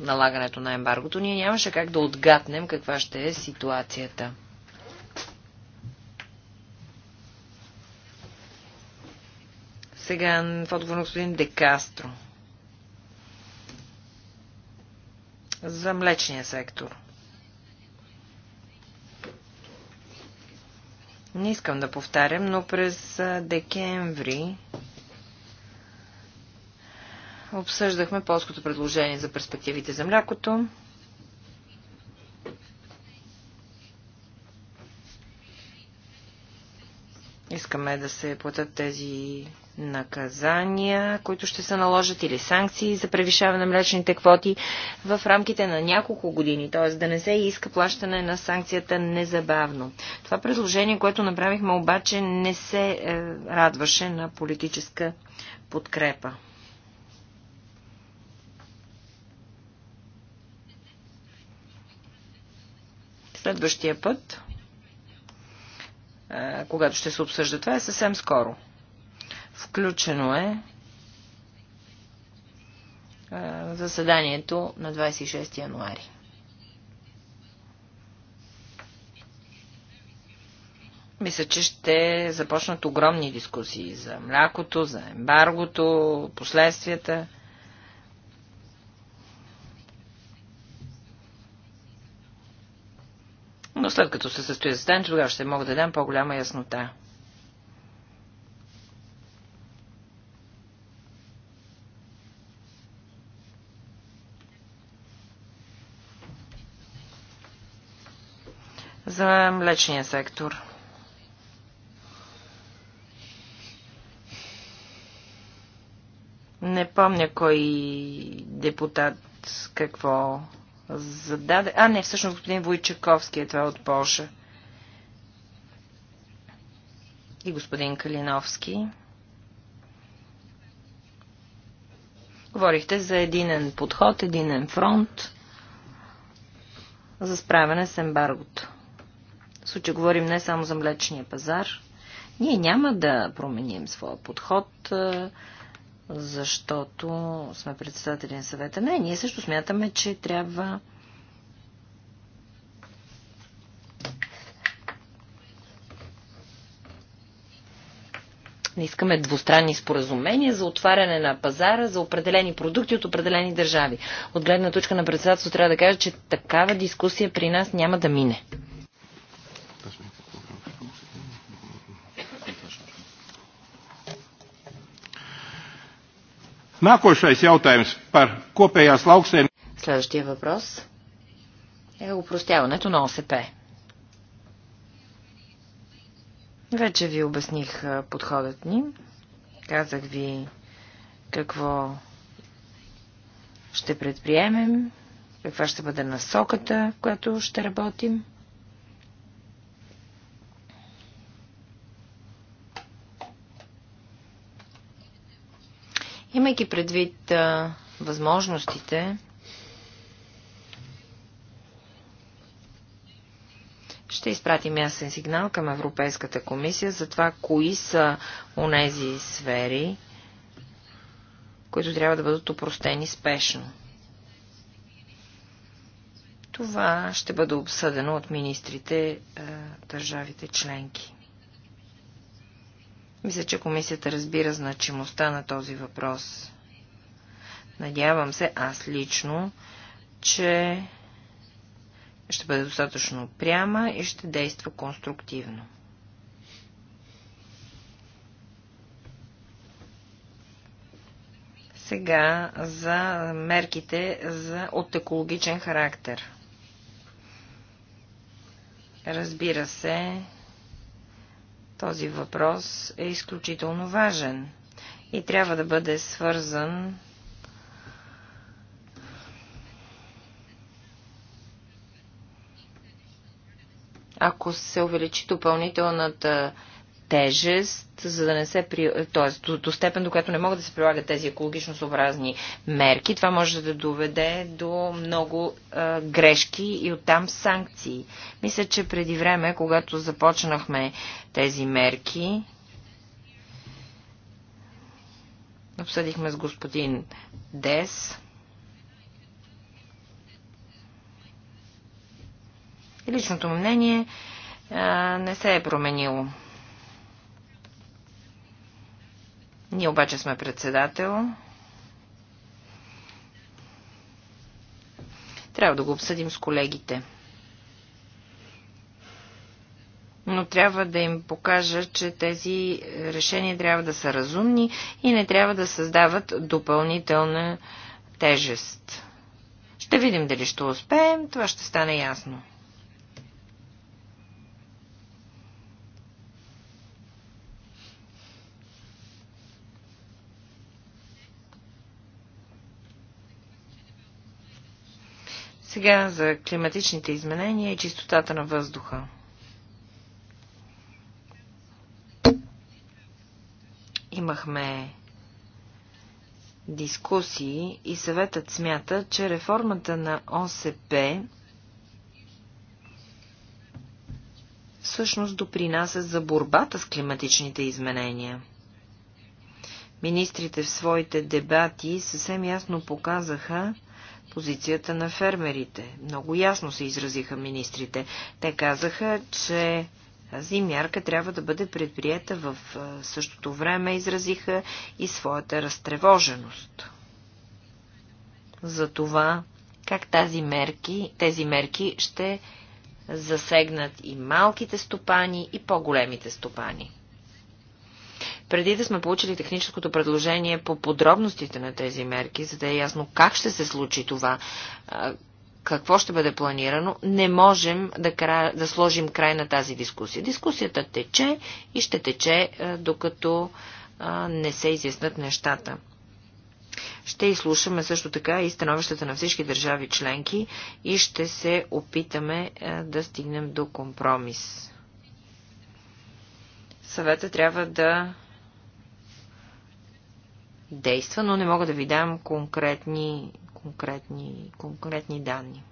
Speaker 4: налагането на ембаргото ние нямаше как да отгатнем каква ще е ситуацията. Сега в отговор на господин Декастро. За млечния сектор. Не искам да повтарям, но през декември обсъждахме полското предложение за перспективите за млякото. Искаме да се платят тези наказания, които ще се наложат или санкции за превишаване на млечните квоти в рамките на няколко години, т.е. да не се иска плащане на санкцията незабавно. Това предложение, което направихме обаче, не се е, радваше на политическа подкрепа. Следващия път, е, когато ще се обсъжда това, е съвсем скоро. Включено е заседанието на 26 януари. Мисля, че ще започнат огромни дискусии за млякото, за ембаргото, последствията. Но след като се състои заседанието, тогава ще мога да дам по-голяма яснота. за млечния сектор. Не помня кой депутат какво зададе. А, не, всъщност господин Войчаковски е това от Польша. И господин Калиновски. Говорихте за единен подход, единен фронт за справяне с ембаргото случай говорим не само за млечния пазар. Ние няма да променим своя подход, защото сме председатели на съвета. Не, ние също смятаме, че трябва Не искаме двустранни споразумения за отваряне на пазара за определени продукти от определени държави. От гледна точка на председателство трябва да кажа, че такава дискусия при нас няма да мине.
Speaker 1: Nākošais jautājums par
Speaker 4: kopējās lauksēm. Следващия въпрос е упростяването на ОСП. Вече ви обясних подходът ни. Казах ви какво ще предприемем, каква ще бъде насоката, в която ще работим. Имайки предвид а, възможностите, ще изпратим ясен сигнал към Европейската комисия за това, кои са онези сфери, които трябва да бъдат опростени спешно. Това ще бъде обсъдено от министрите държавите членки. Мисля, че комисията разбира значимостта на този въпрос. Надявам се, аз лично, че ще бъде достатъчно пряма и ще действа конструктивно. Сега за мерките за, от екологичен характер. Разбира се, този въпрос е изключително важен и трябва да бъде свързан ако се увеличи допълнителната тежест, за да не се при... т.е. До, до степен, до която не могат да се прилагат тези екологично съобразни мерки. Това може да доведе до много а, грешки и оттам санкции. Мисля, че преди време, когато започнахме тези мерки, обсъдихме с господин Дес. И личното мнение а, не се е променило. Ние обаче сме председател. Трябва да го обсъдим с колегите. Но трябва да им покажа, че тези решения трябва да са разумни и не трябва да създават допълнителна тежест. Ще видим дали ще успеем, това ще стане ясно. Сега за климатичните изменения и чистотата на въздуха. Имахме дискусии и съветът смята, че реформата на ОСП всъщност допринася за борбата с климатичните изменения. Министрите в своите дебати съвсем ясно показаха, позицията на фермерите. Много ясно се изразиха министрите. Те казаха, че тази мярка трябва да бъде предприета в същото време, изразиха и своята разтревоженост. За това, как тази мерки, тези мерки ще засегнат и малките стопани, и по-големите стопани преди да сме получили техническото предложение по подробностите на тези мерки, за да е ясно как ще се случи това, какво ще бъде планирано, не можем да, кра... да сложим край на тази дискусия. Дискусията тече и ще тече, докато не се изяснат нещата. Ще изслушаме също така и становищата на всички държави членки и ще се опитаме да стигнем до компромис. Съвета трябва да действа, но не мога да ви дам конкретни, конкретни, конкретни данни.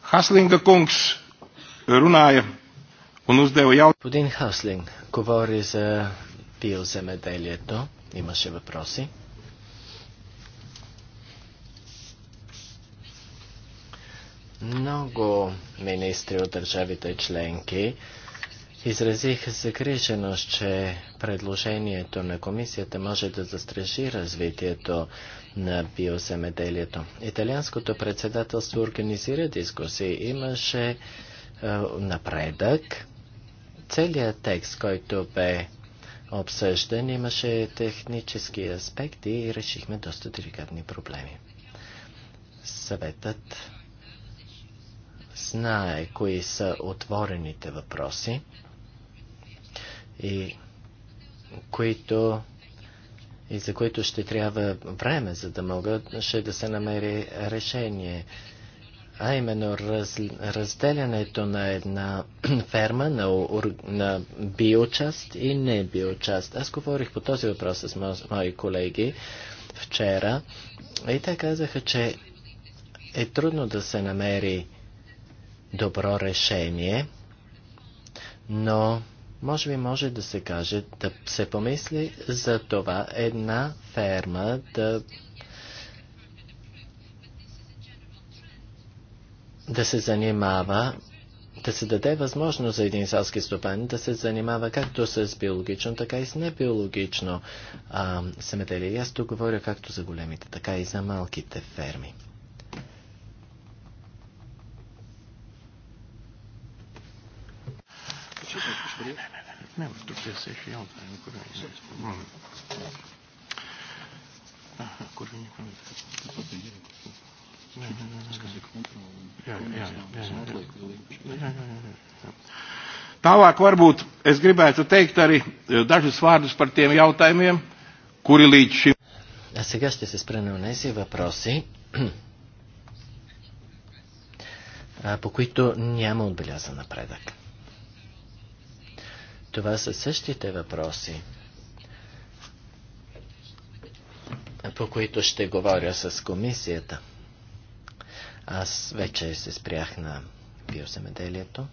Speaker 1: Хаслинга Кунгс
Speaker 3: руная Господин Хаслинг говори за биоземеделието. Имаше въпроси. Много министри от държавите членки Изразих загриженост, че предложението на комисията може да застраши развитието на биоземеделието. Италианското председателство организира дискусии. Имаше е, напредък. Целият текст, който бе обсъждан, имаше технически аспекти и решихме доста деликатни проблеми. Съветът знае кои са отворените въпроси и които и за които ще трябва време, за да могат ще да се намери решение. А именно раз, разделянето на една [clears throat] ферма на, на биочаст и не биочаст. Аз говорих по този въпрос с мо, мои колеги вчера и те казаха, че е трудно да се намери добро решение, но може би може да се каже, да се помисли за това една ферма да да се занимава, да се даде възможност за един селски стопан да се занимава както с биологично, така и с небиологично а, семеделие. Аз тук говоря както за големите, така и за малките ферми tre. Nej, vad stod det? Sessionalt här. Nu kommer
Speaker 1: jag in. Mm. Aha, går du in på Tālāk varbūt es gribētu teikt arī dažus vārdus par tiem jautājumiem,
Speaker 3: kuri līdz šim. А сега ще се спра на тези въпроси, по които няма отбелязан напредък. Това са същите въпроси, по които ще говоря с комисията. Аз вече се спрях на биоземеделието.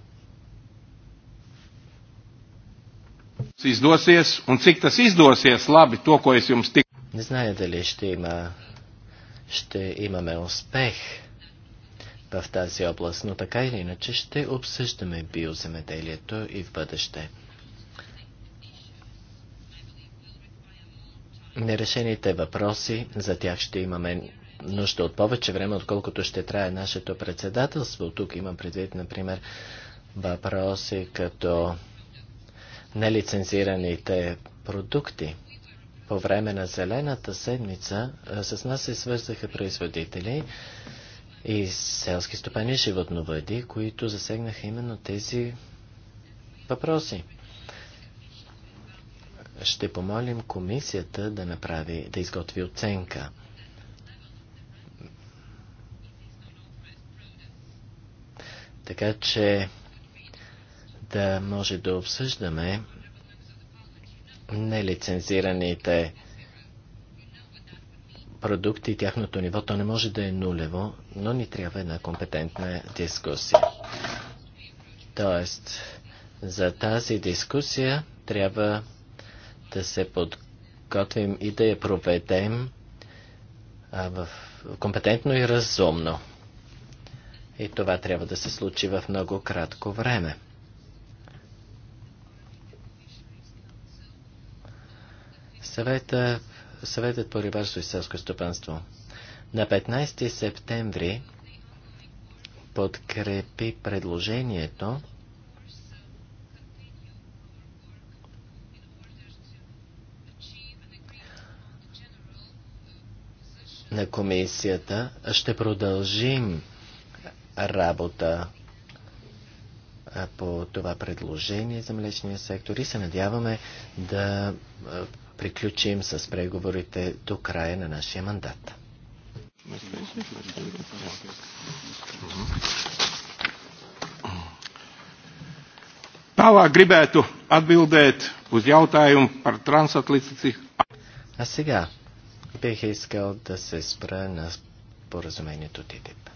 Speaker 3: Не зная дали ще, има, ще имаме успех в тази област, но така или иначе ще обсъждаме биоземеделието и в бъдеще. нерешените въпроси. За тях ще имаме нужда от повече време, отколкото ще трае нашето председателство. Тук имам предвид, например, въпроси като нелицензираните продукти. По време на зелената седмица с нас се свързаха производители и селски стопани животновъди, които засегнаха именно тези въпроси ще помолим комисията да направи, да изготви оценка. Така че да може да обсъждаме нелицензираните продукти и тяхното ниво, то не може да е нулево, но ни трябва една компетентна дискусия. Тоест, за тази дискусия трябва да се подготвим и да я проведем а, в компетентно и разумно. И това трябва да се случи в много кратко време. Съвета, съветът по рибарство и селско стопанство. На 15 септември подкрепи предложението на комисията ще продължим работа по това предложение за млечния сектор и се надяваме да приключим с преговорите до края на нашия мандат. А сега бих искал да се спра на споразумението ТТИП.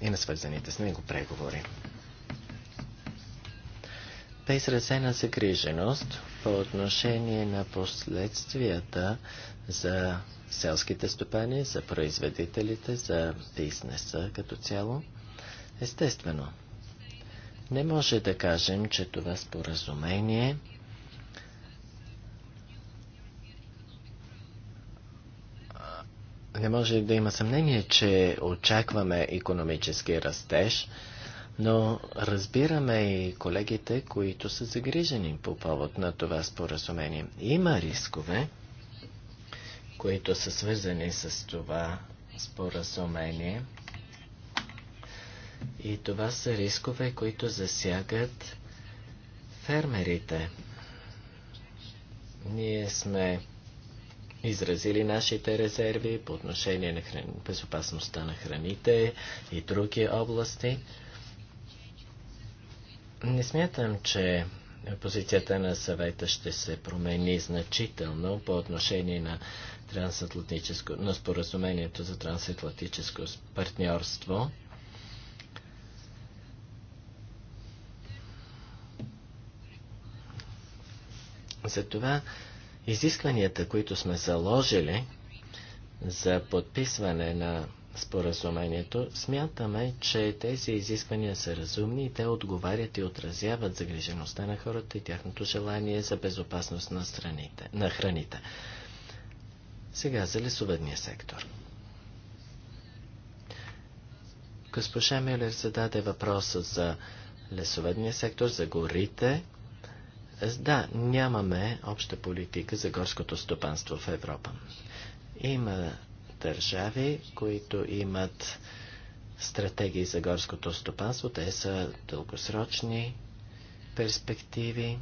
Speaker 3: И на свързаните с него преговори. Бе изразена загриженост по отношение на последствията за селските стопани, за производителите, за бизнеса като цяло. Естествено, не може да кажем, че това споразумение – не може да има съмнение, че очакваме економически растеж, но разбираме и колегите, които са загрижени по повод на това споразумение. Има рискове, които са свързани с това споразумение. И това са рискове, които засягат фермерите. Ние сме изразили нашите резерви по отношение на хран... безопасността на храните и други области. Не смятам, че позицията на съвета ще се промени значително по отношение на, трансатлантическо, на споразумението за трансатлантическо партньорство. Затова това Изискванията, които сме заложили за подписване на споразумението, смятаме, че тези изисквания са разумни и те отговарят и отразяват загрижеността на хората и тяхното желание за безопасност на, страните, на храните. Сега за лесовъдния сектор. Госпожа Милер зададе въпроса за лесовъдния сектор, за горите да, нямаме обща политика за горското стопанство в Европа. Има държави, които имат стратегии за горското стопанство. Те са дългосрочни перспективи.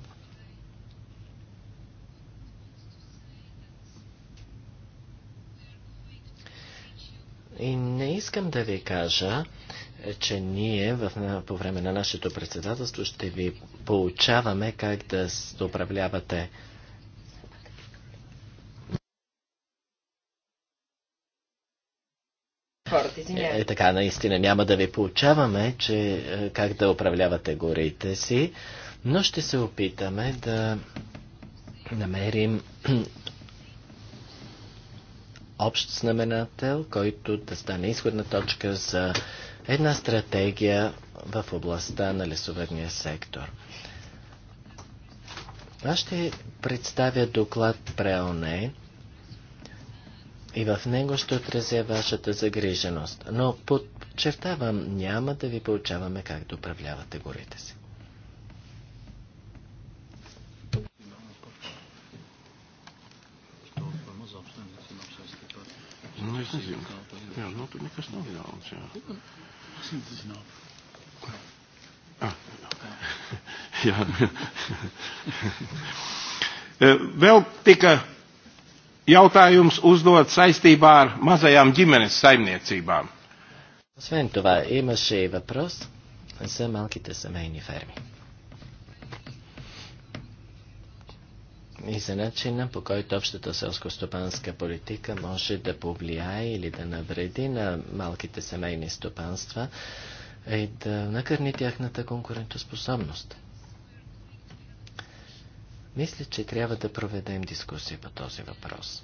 Speaker 3: И не искам да ви кажа, е, че ние в, по време на нашето председателство ще ви получаваме как да управлявате Е, е, така, наистина няма да ви получаваме, че е, как да управлявате горите си, но ще се опитаме да намерим [clears throat] общ знаменател, който да стане изходна точка за една стратегия в областта на лесовъдния сектор. Аз ще представя доклад Преоне и в него ще отразя вашата загриженост. Но подчертавам, няма да ви получаваме как да управлявате горите си.
Speaker 1: Не es decir, mira, no, не me casas no, mira, Ja. Vēl tika
Speaker 3: jautājums uzdot saistībā ar mazajām ģimenes saimniecībām. Освен това, имаше и въпрос за малките семейни и за начина по който общата селско-стопанска политика може да повлияе или да навреди на малките семейни стопанства и е да накърни тяхната конкурентоспособност. Мисля, че трябва да проведем дискусия по този въпрос.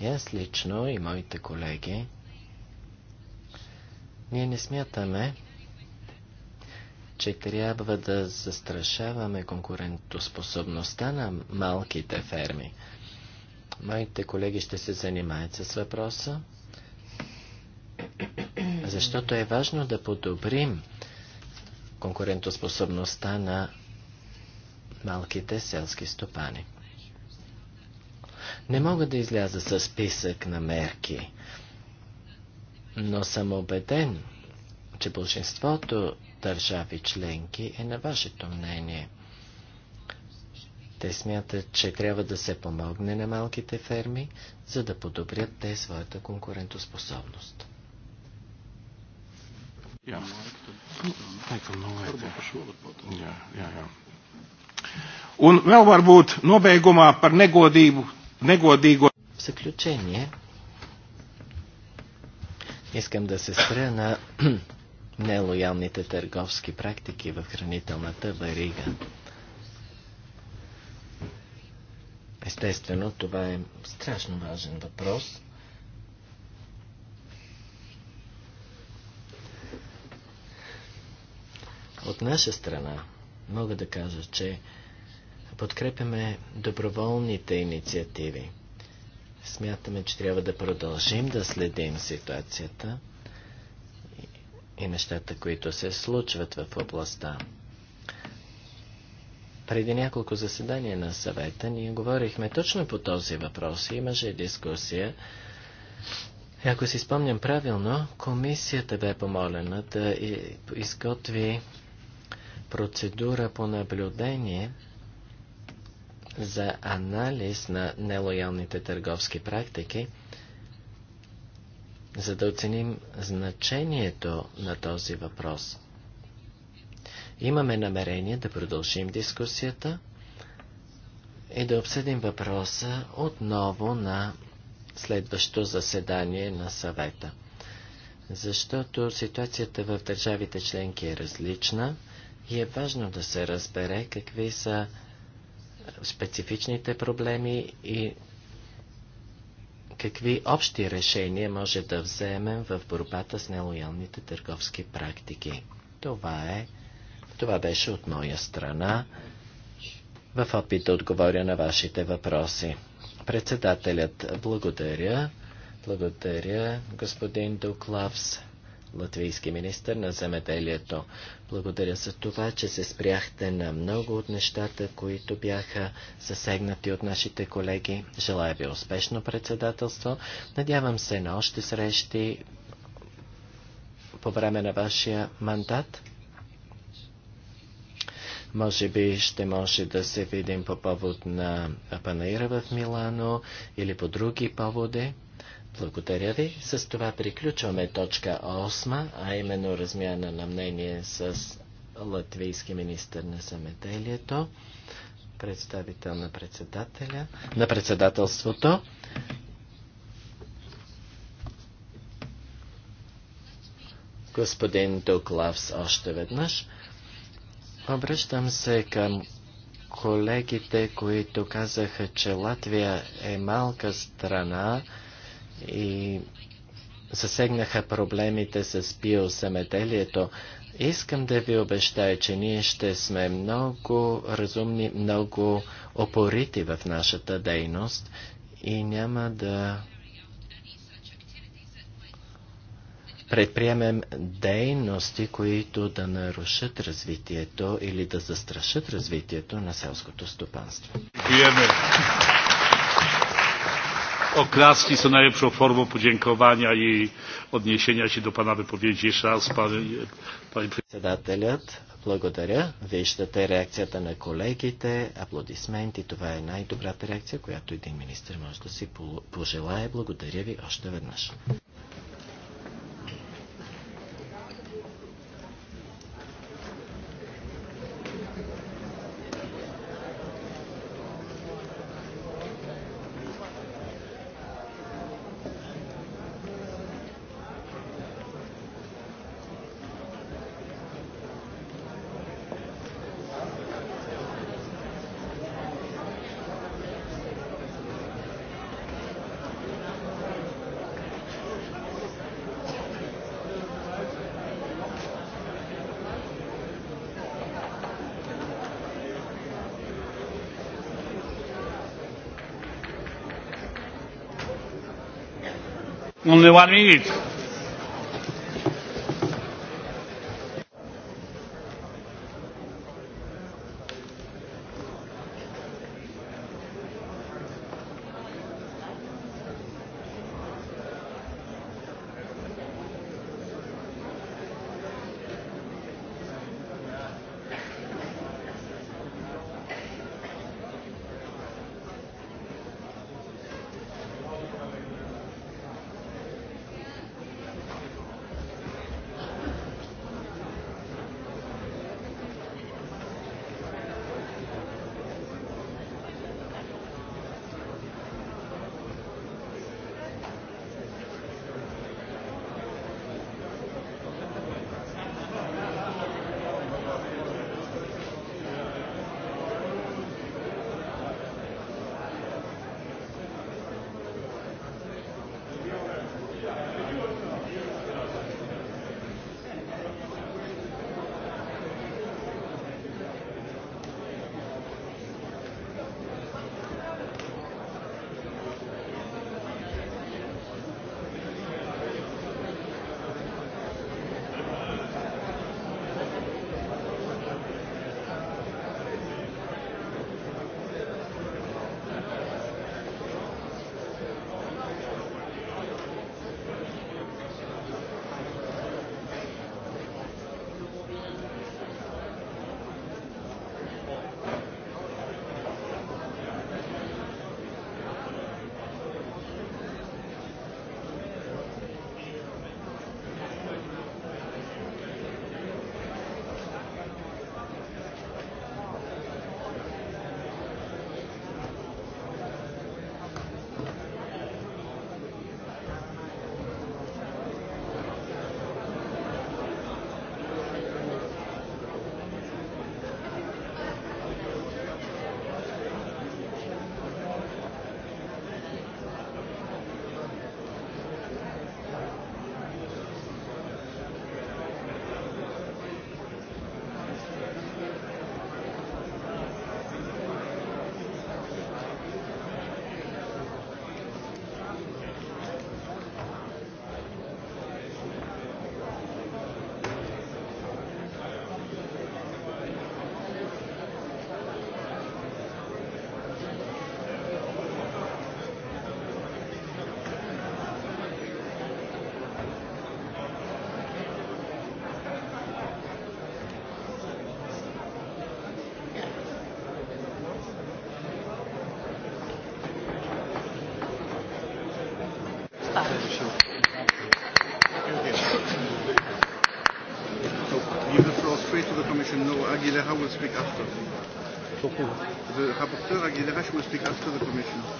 Speaker 3: И аз лично и моите колеги, ние не смятаме, че трябва да застрашаваме конкурентоспособността на малките ферми. Моите колеги ще се занимаят с въпроса, защото е важно да подобрим конкурентоспособността на малките селски стопани. Не мога да изляза с списък на мерки, но съм убеден, че большинството държави членки е на вашето мнение? Те смятат, че трябва да се помогне на малките ферми, за да подобрят те своята конкурентоспособност.
Speaker 1: В заключение,
Speaker 3: искам да се спря на нелоялните търговски практики в хранителната варига. Естествено, това е страшно важен въпрос. От наша страна мога да кажа, че подкрепяме доброволните инициативи. Смятаме, че трябва да продължим да следим ситуацията и нещата, които се случват в областта. Преди няколко заседания на съвета ние говорихме точно по този въпрос и имаше дискусия. Ако си спомням правилно, комисията бе помолена да изготви процедура по наблюдение за анализ на нелоялните търговски практики – за да оценим значението на този въпрос. Имаме намерение да продължим дискусията и да обсъдим въпроса отново на следващо заседание на съвета. Защото ситуацията в държавите членки е различна и е важно да се разбере какви са специфичните проблеми и какви общи решения може да вземем в борбата с нелоялните търговски практики. Това е. Това беше от моя страна в опит да отговоря на вашите въпроси. Председателят, благодаря. Благодаря, господин Дуклавс, латвийски министр на земеделието. Благодаря за това, че се спряхте на много от нещата, които бяха засегнати от нашите колеги. Желая ви успешно председателство. Надявам се на още срещи по време на вашия мандат. Може би ще може да се видим по повод на Панаира в Милано или по други поводи. Благодаря ви. С това приключваме точка 8, а именно размяна на мнение с латвийски министр на земеделието, представител на председателя, на председателството. Господин Дуклавс още веднъж. Обръщам се към колегите, които казаха, че Латвия е малка страна, и засегнаха проблемите с биоземеделието. Искам да ви обещая, че ние ще сме много разумни, много опорити в нашата дейност и няма да предприемем дейности, които да нарушат развитието или да застрашат развитието на селското стопанство.
Speaker 2: Oklaski są najlepszą formą podziękowania i odniesienia się do Pana wypowiedzi. Jeszcze raz,
Speaker 3: Panie Председателят, благодаря. Виждате реакцията на колегите, аплодисменти. Това е най-добрата реакция, която един министр може да си пожелая. Благодаря ви още веднъж.
Speaker 2: one minute.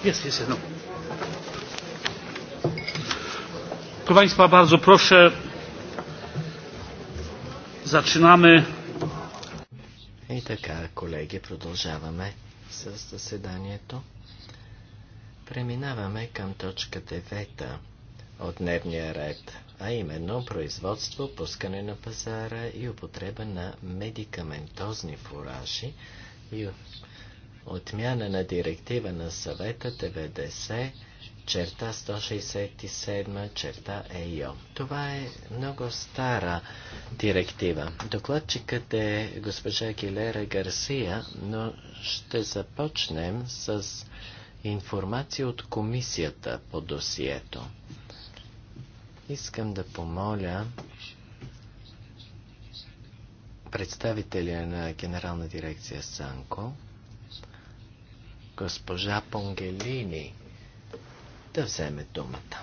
Speaker 2: Jest, jest, no. Proszę Państwa, bardzo proszę. Zaczynamy.
Speaker 3: И така, колеги, продължаваме с заседанието. Преминаваме към точка 9 от дневния ред, а именно производство, пускане на пазара и употреба на медикаментозни фуражи и отмяна на директива на съвета 90 черта 167 черта ЕЙО. Това е много стара директива. Докладчикът е госпожа Гилера Гарсия, но ще започнем с информация от комисията по досието. Искам да помоля представителя на генерална дирекция Санко госпожа Понгелини да вземе думата.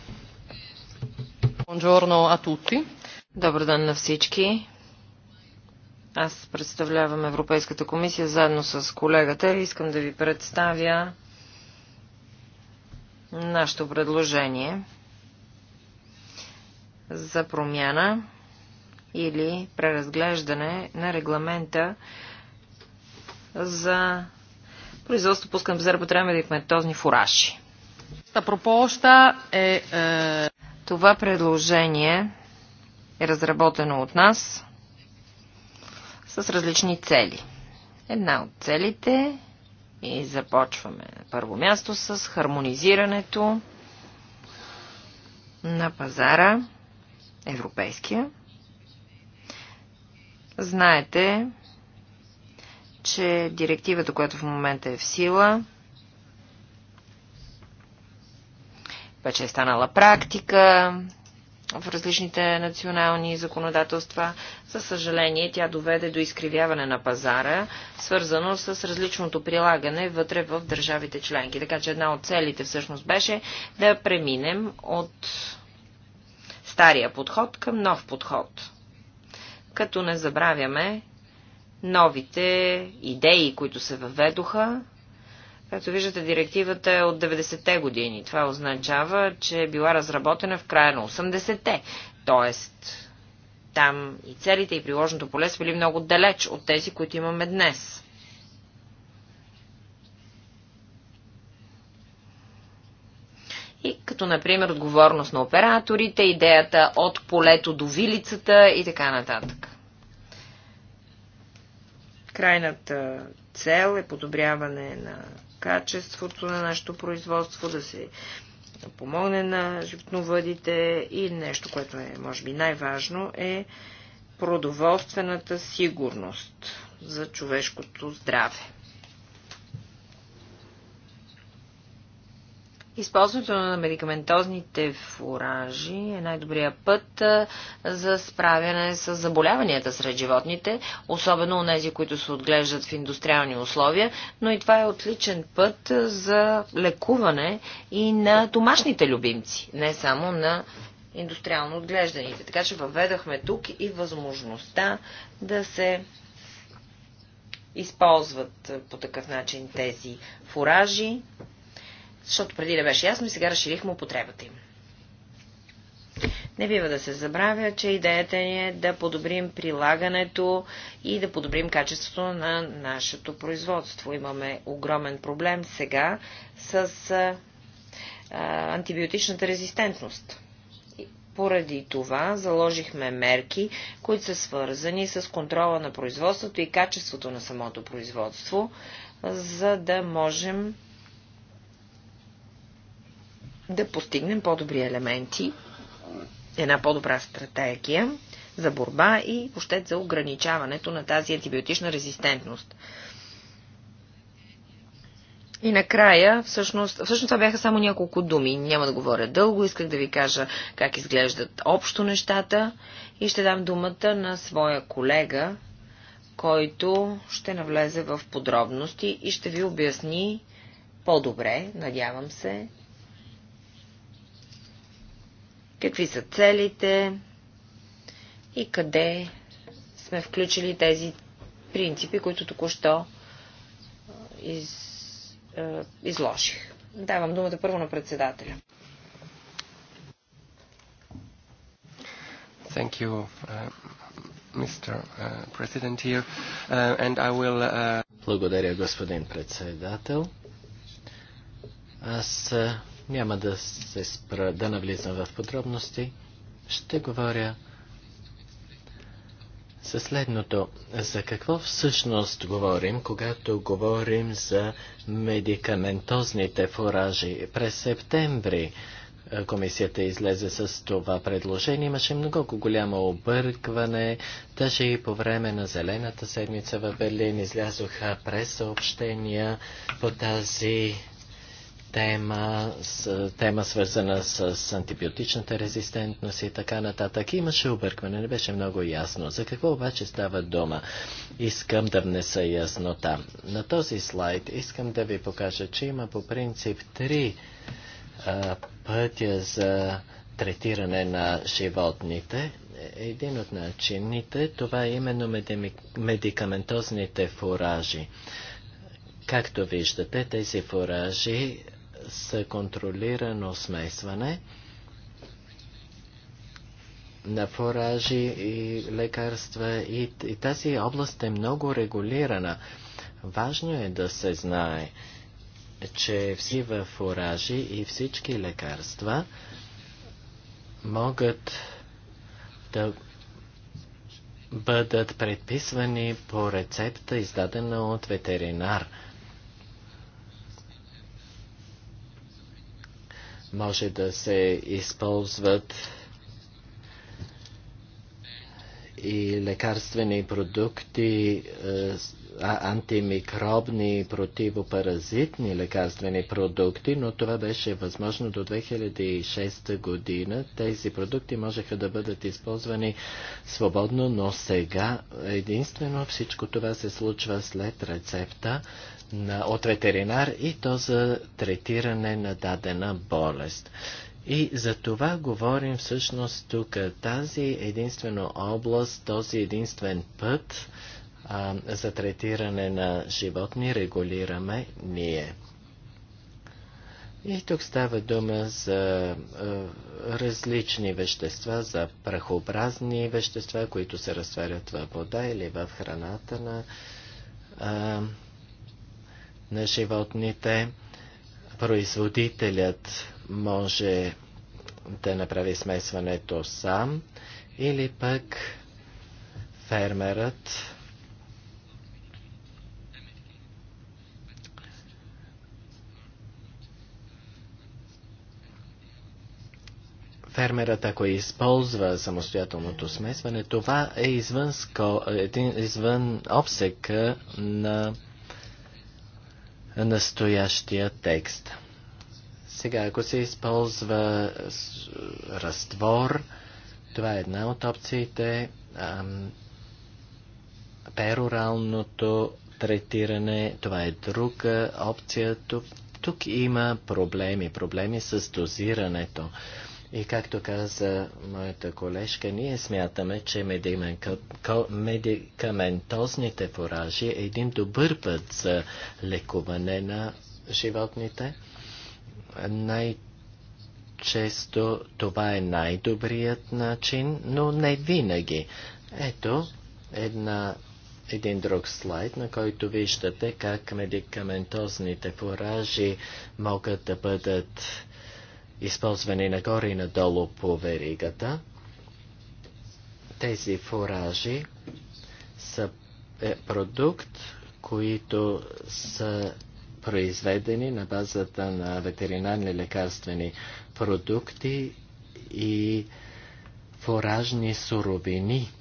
Speaker 4: Бонжорно а Добър ден на всички. Аз представлявам Европейската комисия заедно с колегата. и Искам да ви представя нашето предложение за промяна или преразглеждане на регламента за производство пускане без употреба на кметозни фуражи. Е, е, Това предложение е разработено от нас с различни цели. Една от целите е, и започваме на първо място с хармонизирането на пазара европейския. Знаете, че директивата, която в момента е в сила, вече е станала практика в различните национални законодателства. За съжаление, тя доведе до изкривяване на пазара, свързано с различното прилагане вътре в държавите членки. Така че една от целите всъщност беше да преминем от стария подход към нов подход. Като не забравяме, новите идеи, които се въведоха. Както виждате, директивата е от 90-те години. Това означава, че е била разработена в края на 80-те. Тоест, там и целите и приложното поле са били много далеч от тези, които имаме днес. И като, например, отговорност на операторите, идеята от полето до вилицата и така нататък. Крайната цел е подобряване на качеството на нашето производство, да се помогне на животновъдите и нещо, което е, може би, най-важно е продоволствената сигурност за човешкото здраве. Използването на медикаментозните фуражи е най-добрия път за справяне с заболяванията сред животните, особено у нези, които се отглеждат в индустриални условия, но и това е отличен път за лекуване и на домашните любимци, не само на индустриално отглежданите. Така че въведахме тук и възможността да се използват по такъв начин тези фуражи защото преди не беше ясно и сега разширихме употребата им. Не бива да се забравя, че идеята ни е да подобрим прилагането и да подобрим качеството на нашето производство. Имаме огромен проблем сега с а, антибиотичната резистентност. Поради това заложихме мерки, които са свързани с контрола на производството и качеството на самото производство, за да можем да постигнем по-добри елементи, една по-добра стратегия за борба и въобще за ограничаването на тази антибиотична резистентност. И накрая, всъщност, всъщност това бяха само няколко думи. Няма да говоря дълго. Исках да ви кажа как изглеждат общо нещата и ще дам думата на своя колега, който ще навлезе в подробности и ще ви обясни по-добре, надявам се, какви са целите и къде сме включили тези принципи, които току-що из, е, изложих. Давам думата първо на председателя.
Speaker 3: Thank you, uh, Mr. Uh, President here, uh, and I will. Uh... Благодаря, господин председател. Аз uh, няма да се спра, да навлизам в подробности. Ще говоря за следното. За какво всъщност говорим, когато говорим за медикаментозните фуражи? През септември е, комисията излезе с това предложение. Имаше много голямо объркване. Даже и по време на Зелената седмица в Берлин излязоха пресъобщения по тази тема, с, тема свързана с, с антибиотичната резистентност и така нататък. Имаше объркване, не беше много ясно. За какво обаче става дума? Искам да внеса яснота. На този слайд искам да ви покажа, че има по принцип три а, пътя за третиране на животните. Един от начините, това е именно медикаментозните фуражи. Както виждате, тези фуражи с контролирано смесване на фуражи и лекарства и, и тази област е много регулирана. Важно е да се знае, че в фуражи и всички лекарства могат да бъдат предписвани по рецепта, издадена от ветеринар. може да се използват и лекарствени продукти, е, антимикробни противопаразитни лекарствени продукти, но това беше възможно до 2006 година. Тези продукти можеха да бъдат използвани свободно, но сега единствено всичко това се случва след рецепта на, от ветеринар и то за третиране на дадена болест. И за това говорим всъщност тук тази единствена област, този единствен път а, за третиране на животни регулираме ние. И тук става дума за а, различни вещества, за прахообразни вещества, които се разтварят във вода или в храната на а, на животните. Производителят може да направи смесването сам или пък фермерът фермерът, ако използва самостоятелното смесване, това е извън, ско, един, извън обсека на настоящия текст. Сега, ако се използва раствор, това е една от опциите. Пероралното третиране, това е друга опция. Тук, тук има проблеми, проблеми с дозирането. И както каза моята колежка, ние смятаме, че медикаментозните поражи е един добър път за лекуване на животните. Най- често това е най-добрият начин, но не винаги. Ето една, един друг слайд, на който виждате как медикаментозните фуражи могат да бъдат използвани нагоре и надолу по веригата. Тези фуражи са е, продукт, които са произведени на базата на ветеринарни лекарствени продукти и фуражни суровини.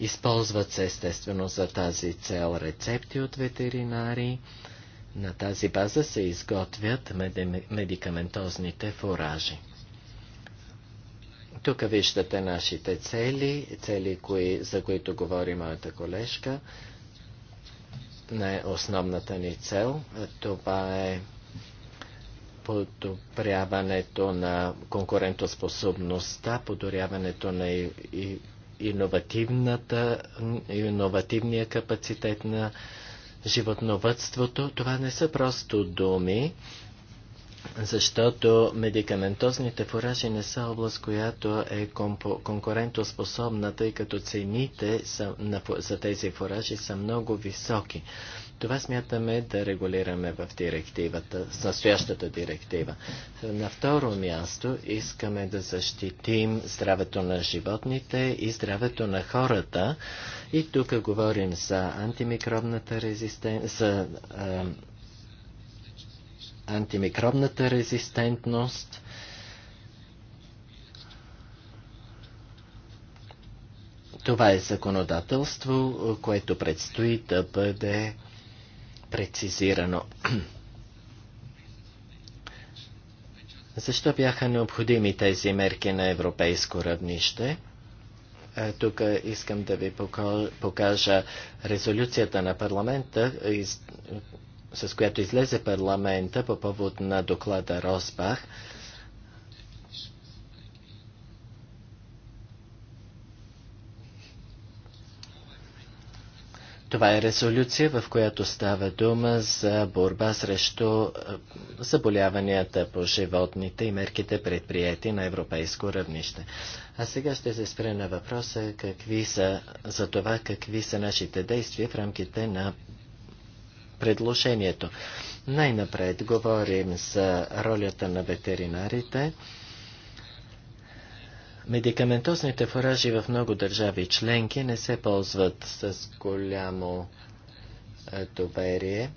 Speaker 3: Използват се естествено за тази цел рецепти от ветеринари, на тази база се изготвят медикаментозните фуражи. Тук виждате нашите цели, цели, кои, за които говори моята колежка. Най-основната ни цел това е подобряването на конкурентоспособността, подобряването на иновативния капацитет на животновътството, това не са просто думи, защото медикаментозните фуражи не са област, която е конкурентоспособна, тъй като цените са, на, за тези фуражи са много високи. Това смятаме да регулираме в директивата, с настоящата директива. На второ място искаме да защитим здравето на животните и здравето на хората. И тук говорим за антимикробната резистенция, за а, антимикробната резистентност. Това е законодателство, което предстои да бъде прецизирано. [clears throat] Защо бяха необходими тези мерки на европейско равнище? Е, тук искам да ви покажа резолюцията на парламента, с която излезе парламента по повод на доклада Росбах. Това е резолюция, в която става дума за борба срещу заболяванията по животните и мерките предприяти на европейско равнище. А сега ще се спре на въпроса какви са, за това какви са нашите действия в рамките на предложението. Най-напред говорим за ролята на ветеринарите Медикаментозните фуражи в много държави членки не се ползват с голямо е, доверие.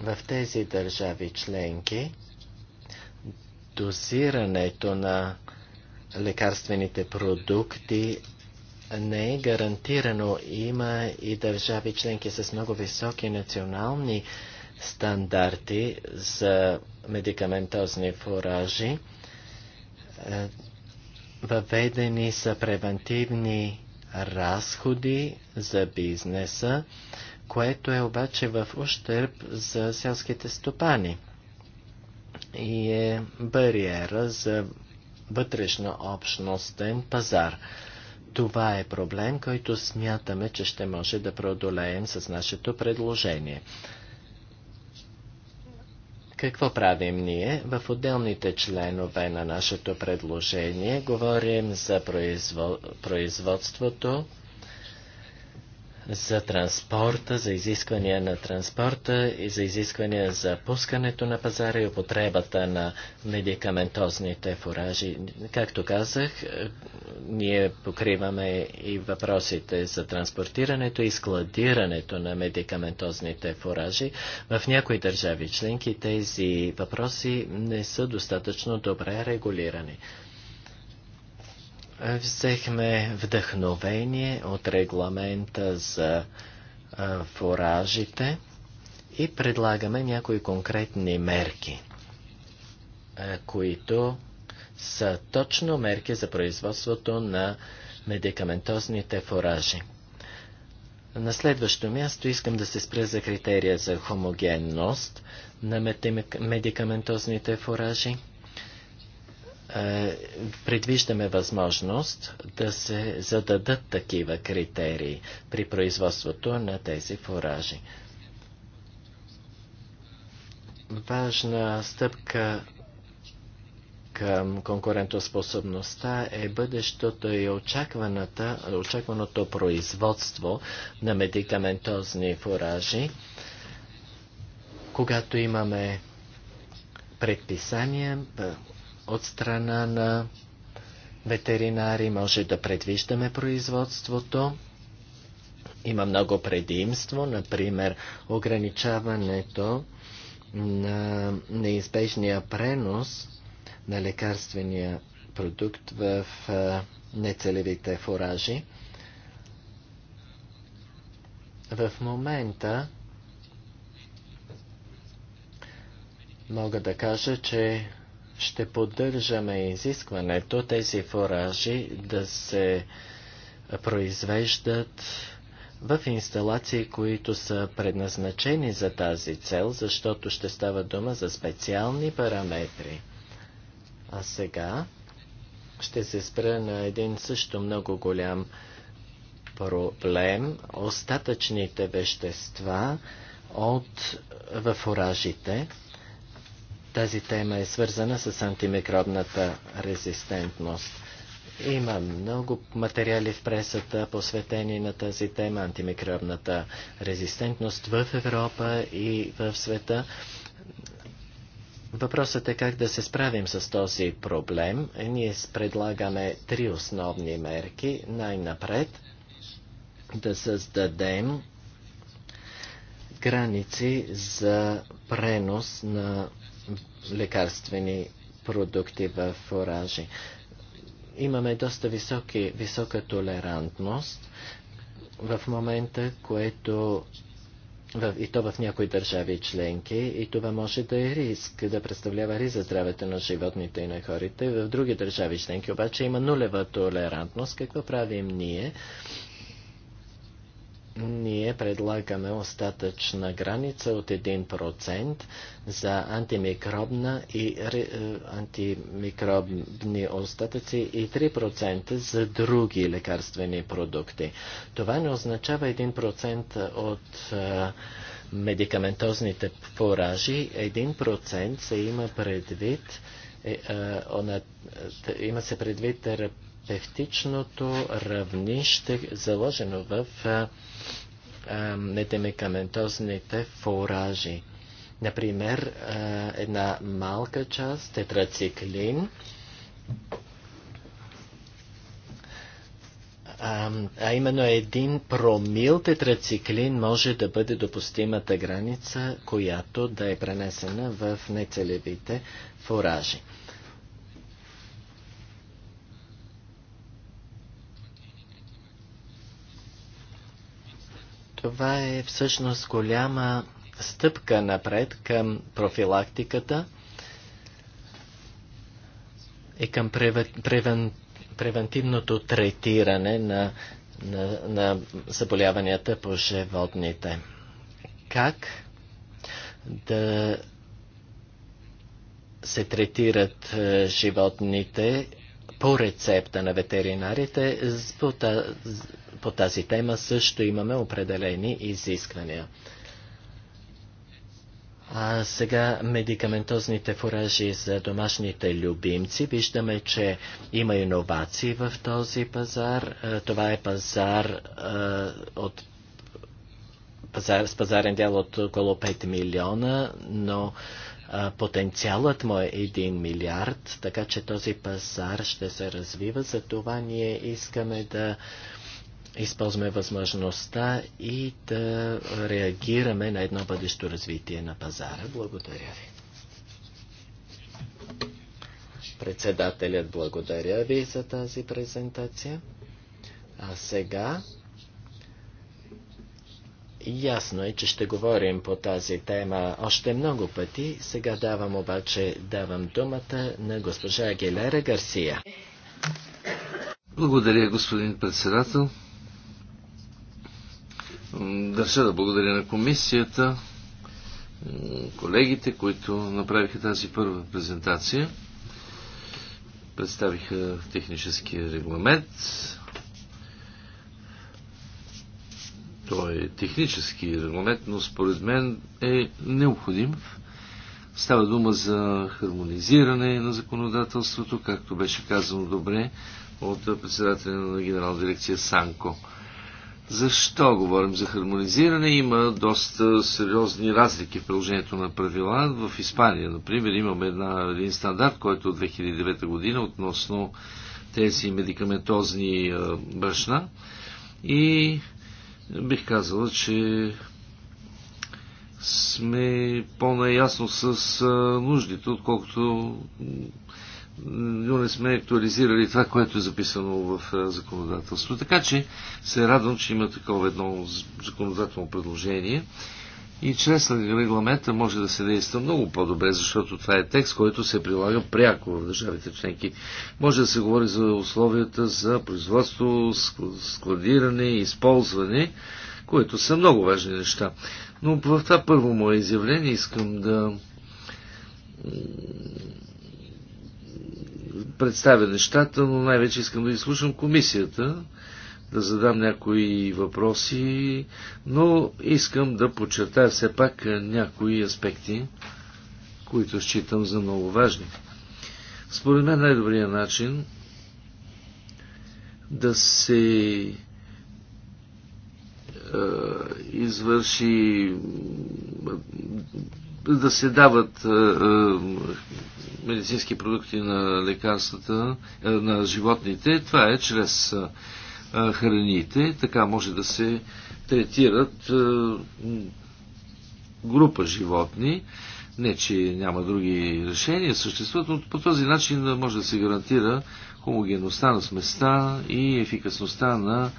Speaker 3: В тези държави членки дозирането на лекарствените продукти не е гарантирано. Има и държави членки с много високи национални стандарти за медикаментозни фуражи. Е, Въведени са превентивни разходи за бизнеса, което е обаче в ущърп за селските стопани и е бариера за вътрешно общностен пазар. Това е проблем, който смятаме, че ще може да преодолеем с нашето предложение. Какво правим ние? В отделните членове на нашето предложение говорим за производ... производството, за транспорта, за изисквания на транспорта и за изисквания за пускането на пазара и употребата на медикаментозните фуражи. Както казах, е, ние покриваме и въпросите за транспортирането и складирането на медикаментозните фуражи. В някои държави членки тези въпроси не са достатъчно добре регулирани. Е, взехме вдъхновение от регламента за е, фуражите и предлагаме някои конкретни мерки, е, които са точно мерки за производството на медикаментозните фуражи. На следващо място искам да се спря за критерия за хомогенност на медикаментозните фуражи. Е, предвиждаме възможност да се зададат такива критерии при производството на тези фуражи. Важна стъпка към конкурентоспособността е бъдещото и очакваното производство на медикаментозни фуражи, когато имаме предписания, от страна на ветеринари, може да предвиждаме производството. Има много предимство, например ограничаването на неизбежния пренос на лекарствения продукт в нецелевите фуражи. В момента мога да кажа, че ще поддържаме изискването тези фуражи да се произвеждат в инсталации, които са предназначени за тази цел, защото ще става дума за специални параметри. А сега ще се спра на един също много голям проблем – остатъчните вещества от във оражите – тази тема е свързана с антимикробната резистентност. Има много материали в пресата, посветени на тази тема, антимикробната резистентност в Европа и в света. Въпросът е как да се справим с този проблем. Ние предлагаме три основни мерки. Най-напред да създадем граници за пренос на лекарствени продукти в оранжи. Имаме доста високи, висока толерантност в момента, което в, и то в някои държави членки, и това може да е риск, да представлява риск за здравето на животните и на хората. В други държави членки обаче има нулева толерантност. Какво правим ние? ние предлагаме остатъчна граница от 1% за антимикробна и е, антимикробни остатъци и 3% за други лекарствени продукти. Това не означава 1% от а, е, медикаментозните поражи, 1% се има предвид е, она, има се предвид терапевтичното равнище, заложено в медикаментозните фуражи. Например, една малка част, тетрациклин, а, а именно един промил тетрациклин може да бъде допустимата граница, която да е пренесена в нецелевите фуражи. Това е всъщност голяма стъпка напред към профилактиката и към превен, превентивното третиране на, на, на заболяванията по животните. Как да се третират е, животните по рецепта на ветеринарите по тази тема също имаме определени изисквания. А сега медикаментозните фуражи за домашните любимци. Виждаме, че има иновации в този пазар. Това е пазар от пазар, с пазарен дял от около 5 милиона, но Потенциалът му е 1 милиард, така че този пазар ще се развива. За това ние искаме да използваме възможността и да реагираме на едно бъдещо развитие на пазара. Благодаря ви. Председателят благодаря ви за тази презентация. А сега Ясно е, че ще говорим по тази тема още много пъти. Сега давам обаче давам думата на госпожа Гелера Гарсия.
Speaker 2: Благодаря, господин председател. Държа да благодаря на комисията, колегите, които направиха тази първа презентация. Представиха техническия регламент, Той е технически регламент, но според мен е необходим. Става дума за хармонизиране на законодателството, както беше казано добре от председателя на генерална дирекция Санко. Защо говорим за хармонизиране? Има доста сериозни разлики в приложението на правила. В Испания, например, имаме една, един стандарт, който от 2009 година относно тези медикаментозни брашна. И бих казала, че сме по-наясно с нуждите, отколкото но не сме актуализирали това, което е записано в законодателството. Така че се радвам, че има такова едно законодателно предложение и чрез регламента може да се действа много по-добре, защото това е текст, който се прилага пряко в държавите членки. Може да се говори за условията за производство, складиране, използване, които са много важни неща. Но в това първо мое изявление искам да представя нещата, но най-вече искам да изслушам комисията, да задам някои въпроси, но искам да подчертая все пак някои аспекти, които считам за много важни. Според мен най-добрият начин да се извърши да се дават медицински продукти на лекарствата, на животните, това е чрез храните, така може да се третират група животни. Не, че няма други решения съществуват, но по този начин може да се гарантира хомогенността на сместа и ефикасността на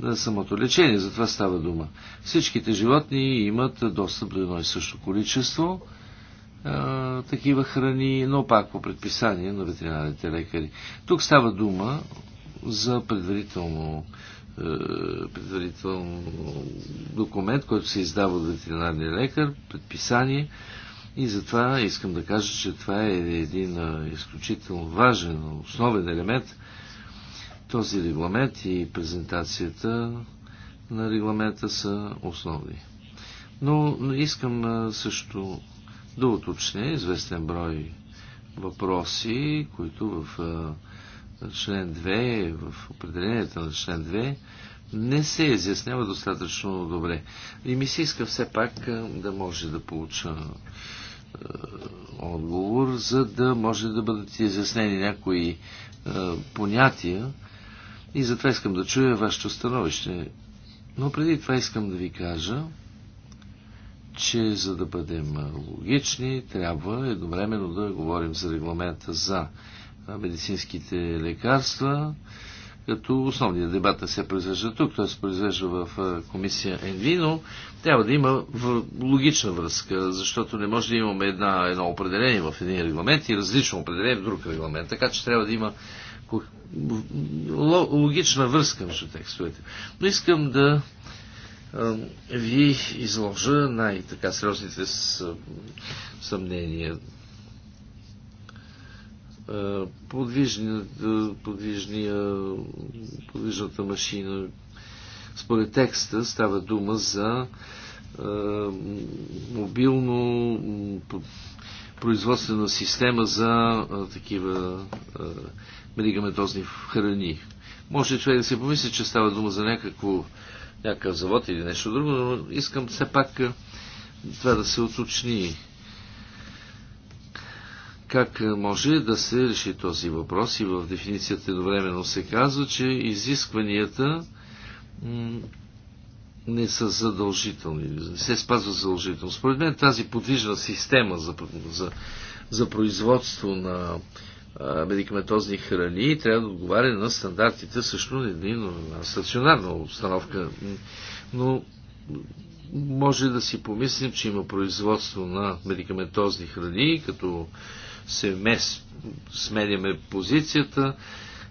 Speaker 2: на самото лечение. За това става дума. Всичките животни имат достъп до едно и също количество такива храни, но пак по предписание на ветеринарните лекари. Тук става дума за предварително, е, предварително документ, който се издава от ветеринарния лекар, предписание. И затова искам да кажа, че това е един е, изключително важен, основен елемент. Този регламент и презентацията на регламента са основни. Но искам е, също да уточня известен брой въпроси, които в е, член 2, в определението на член 2, не се изяснява достатъчно добре. И ми се иска все пак да може да получа отговор, за да може да бъдат изяснени някои понятия. И затова искам да чуя вашето становище. Но преди това искам да ви кажа, че за да бъдем логични, трябва едновременно да говорим за регламента за на медицинските лекарства, като основният дебат не се произвежда тук, той се произвежда в комисия ЕНВИ, но трябва да има логична връзка, защото не може да имаме една, едно определение в един регламент и различно определение в друг регламент, така че трябва да има логична връзка между текстовете. Но искам да ви изложа най-така сериозните съмнения. Е, подвижната, е, подвижния, подвижната машина. Според текста става дума за е, мобилно производствена система за такива медикаментозни храни. Може човек да се помисли, че става дума за някакво, някакъв завод или нещо друго, но искам все пак това да се уточни как може да се реши този въпрос и в дефиницията едновременно се казва, че изискванията не са задължителни, не се спазва задължително. Според мен тази подвижна система за, за, за производство на а, медикаментозни храни трябва да отговаря на стандартите също на една стационарна обстановка. Но може да си помислим, че има производство на медикаментозни храни, като се мес, сменяме позицията,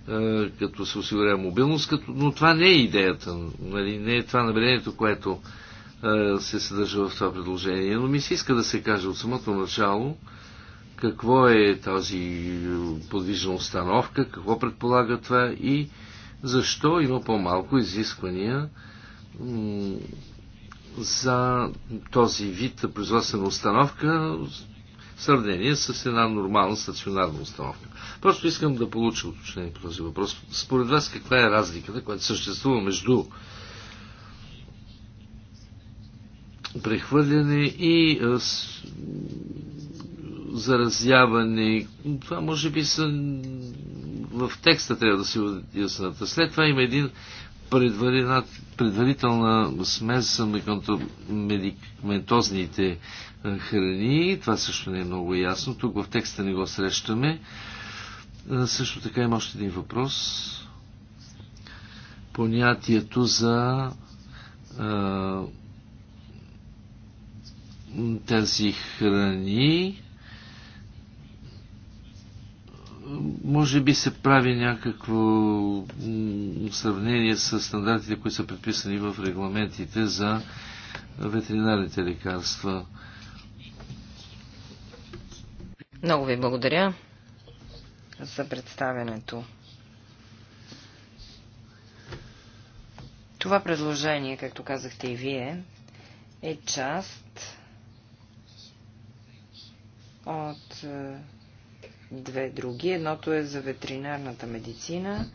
Speaker 2: е, като се осигурява мобилност, като... но това не е идеята, нали? не е това намерението, което е, се съдържа в това предложение. Но ми се иска да се каже от самото начало какво е тази подвижна установка, какво предполага това и защо има по-малко изисквания за този вид производствена установка в сравнение с една нормална стационарна установка. Просто искам да получа уточнение по този въпрос. Според вас каква е разликата, която съществува между прехвърляне и заразяване. Това може би са в текста трябва да се ясната. След това има един предварителна смеса на медикаментозните храни. Това също не е много ясно. Тук в текста не го срещаме. Също така има още един въпрос. Понятието за а, тези храни. Може би се прави някакво сравнение с стандартите, които са предписани в регламентите за ветеринарните лекарства. А,
Speaker 4: много ви благодаря за представянето. Това предложение, както казахте и вие, е част от е, две други. Едното е за ветеринарната медицина,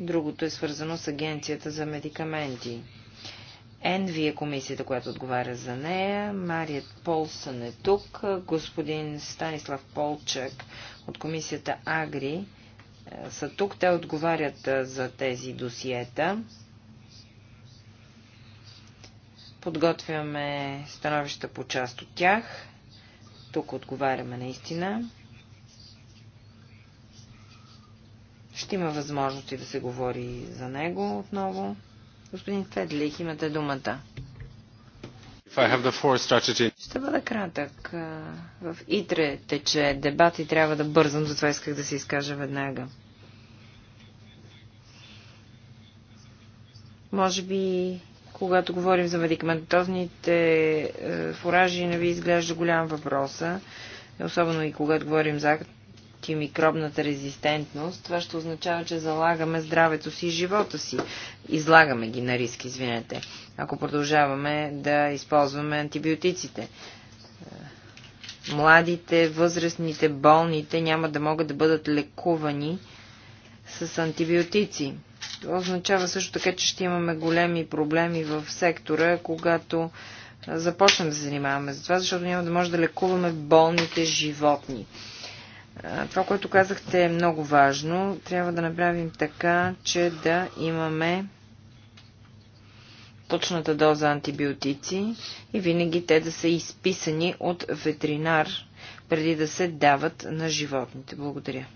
Speaker 4: другото е свързано с Агенцията за медикаменти. Енви е комисията, която отговаря за нея. Марият Полсън е тук. Господин Станислав Полчък от комисията Агри е, са тук. Те отговарят е, за тези досиета. Подготвяме становища по част от тях. Тук отговаряме наистина. Ще има възможности да се говори за него отново. Господин Федлих, имате думата. Ще бъда кратък. В ИТРЕ тече дебат и трябва да бързам, затова исках да се изкажа веднага. Може би, когато говорим за медикаментозните е, фуражи, не ви изглежда голям въпроса, особено и когато говорим за антимикробната резистентност, това ще означава, че залагаме здравето си и живота си. Излагаме ги на риск, извинете, ако продължаваме да използваме антибиотиците. Е, младите, възрастните, болните няма да могат да бъдат лекувани с антибиотици. Това означава също така, че ще имаме големи проблеми в сектора, когато е, започнем да се занимаваме за това, защото няма да може да лекуваме болните животни. Това, което казахте е много важно. Трябва да направим така, че да имаме точната доза антибиотици и винаги те да са изписани от ветеринар преди да се дават на животните. Благодаря.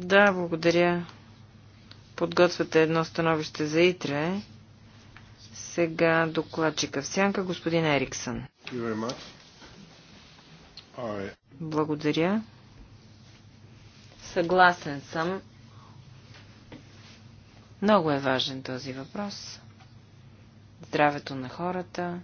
Speaker 4: Да, благодаря. Подготвяте едно становище за ИТРЕ. Сега докладчика в сянка, господин Ериксън. Благодаря. Съгласен съм. Много е важен този въпрос. Здравето на хората.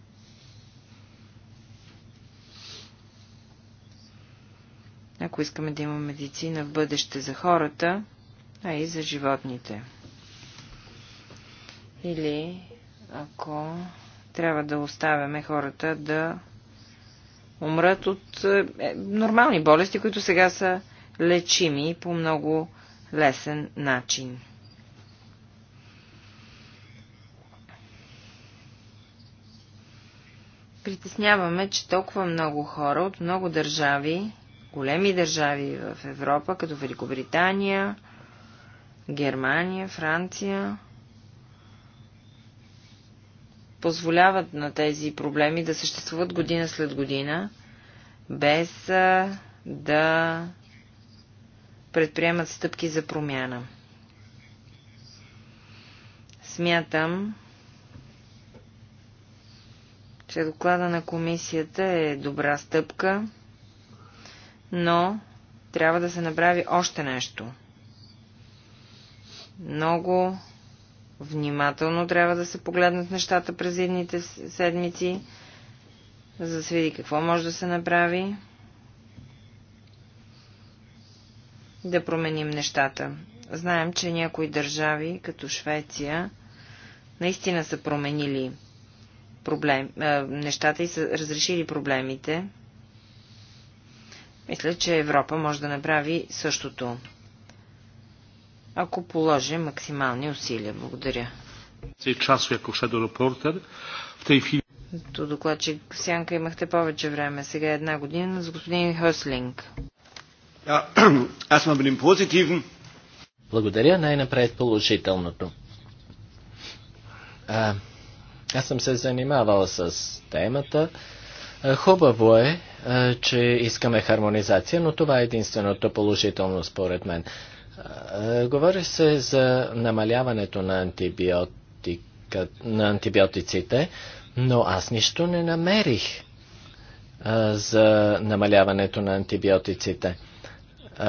Speaker 4: Ако искаме да има медицина в бъдеще за хората, а и за животните. Или ако трябва да оставяме хората да умрат от е, е, нормални болести, които сега са лечими по много лесен начин. Притесняваме, че толкова много хора от много държави, големи държави в Европа, като Великобритания, Германия, Франция, позволяват на тези проблеми да съществуват година след година, без да предприемат стъпки за промяна. Смятам, че доклада на комисията е добра стъпка, но трябва да се направи още нещо. Много Внимателно трябва да се погледнат нещата през едните седмици, за да се види какво може да се направи. Да променим нещата. Знаем, че някои държави, като Швеция, наистина са променили проблем, е, нещата и са разрешили проблемите. Мисля, че Европа може да направи същото ако положим максимални усилия. Благодаря. До докладчик Сянка имахте повече време. Сега е една година с господин Хъслинг.
Speaker 3: Аз ме бъдем позитивен. Благодаря най-напред положителното. А, аз съм се занимавал с темата. Хубаво е, че искаме хармонизация, но това е единственото положително според мен. Е, говори се за намаляването на, антибиотика, на антибиотиците, но аз нищо не намерих е, за намаляването на антибиотиците. Е,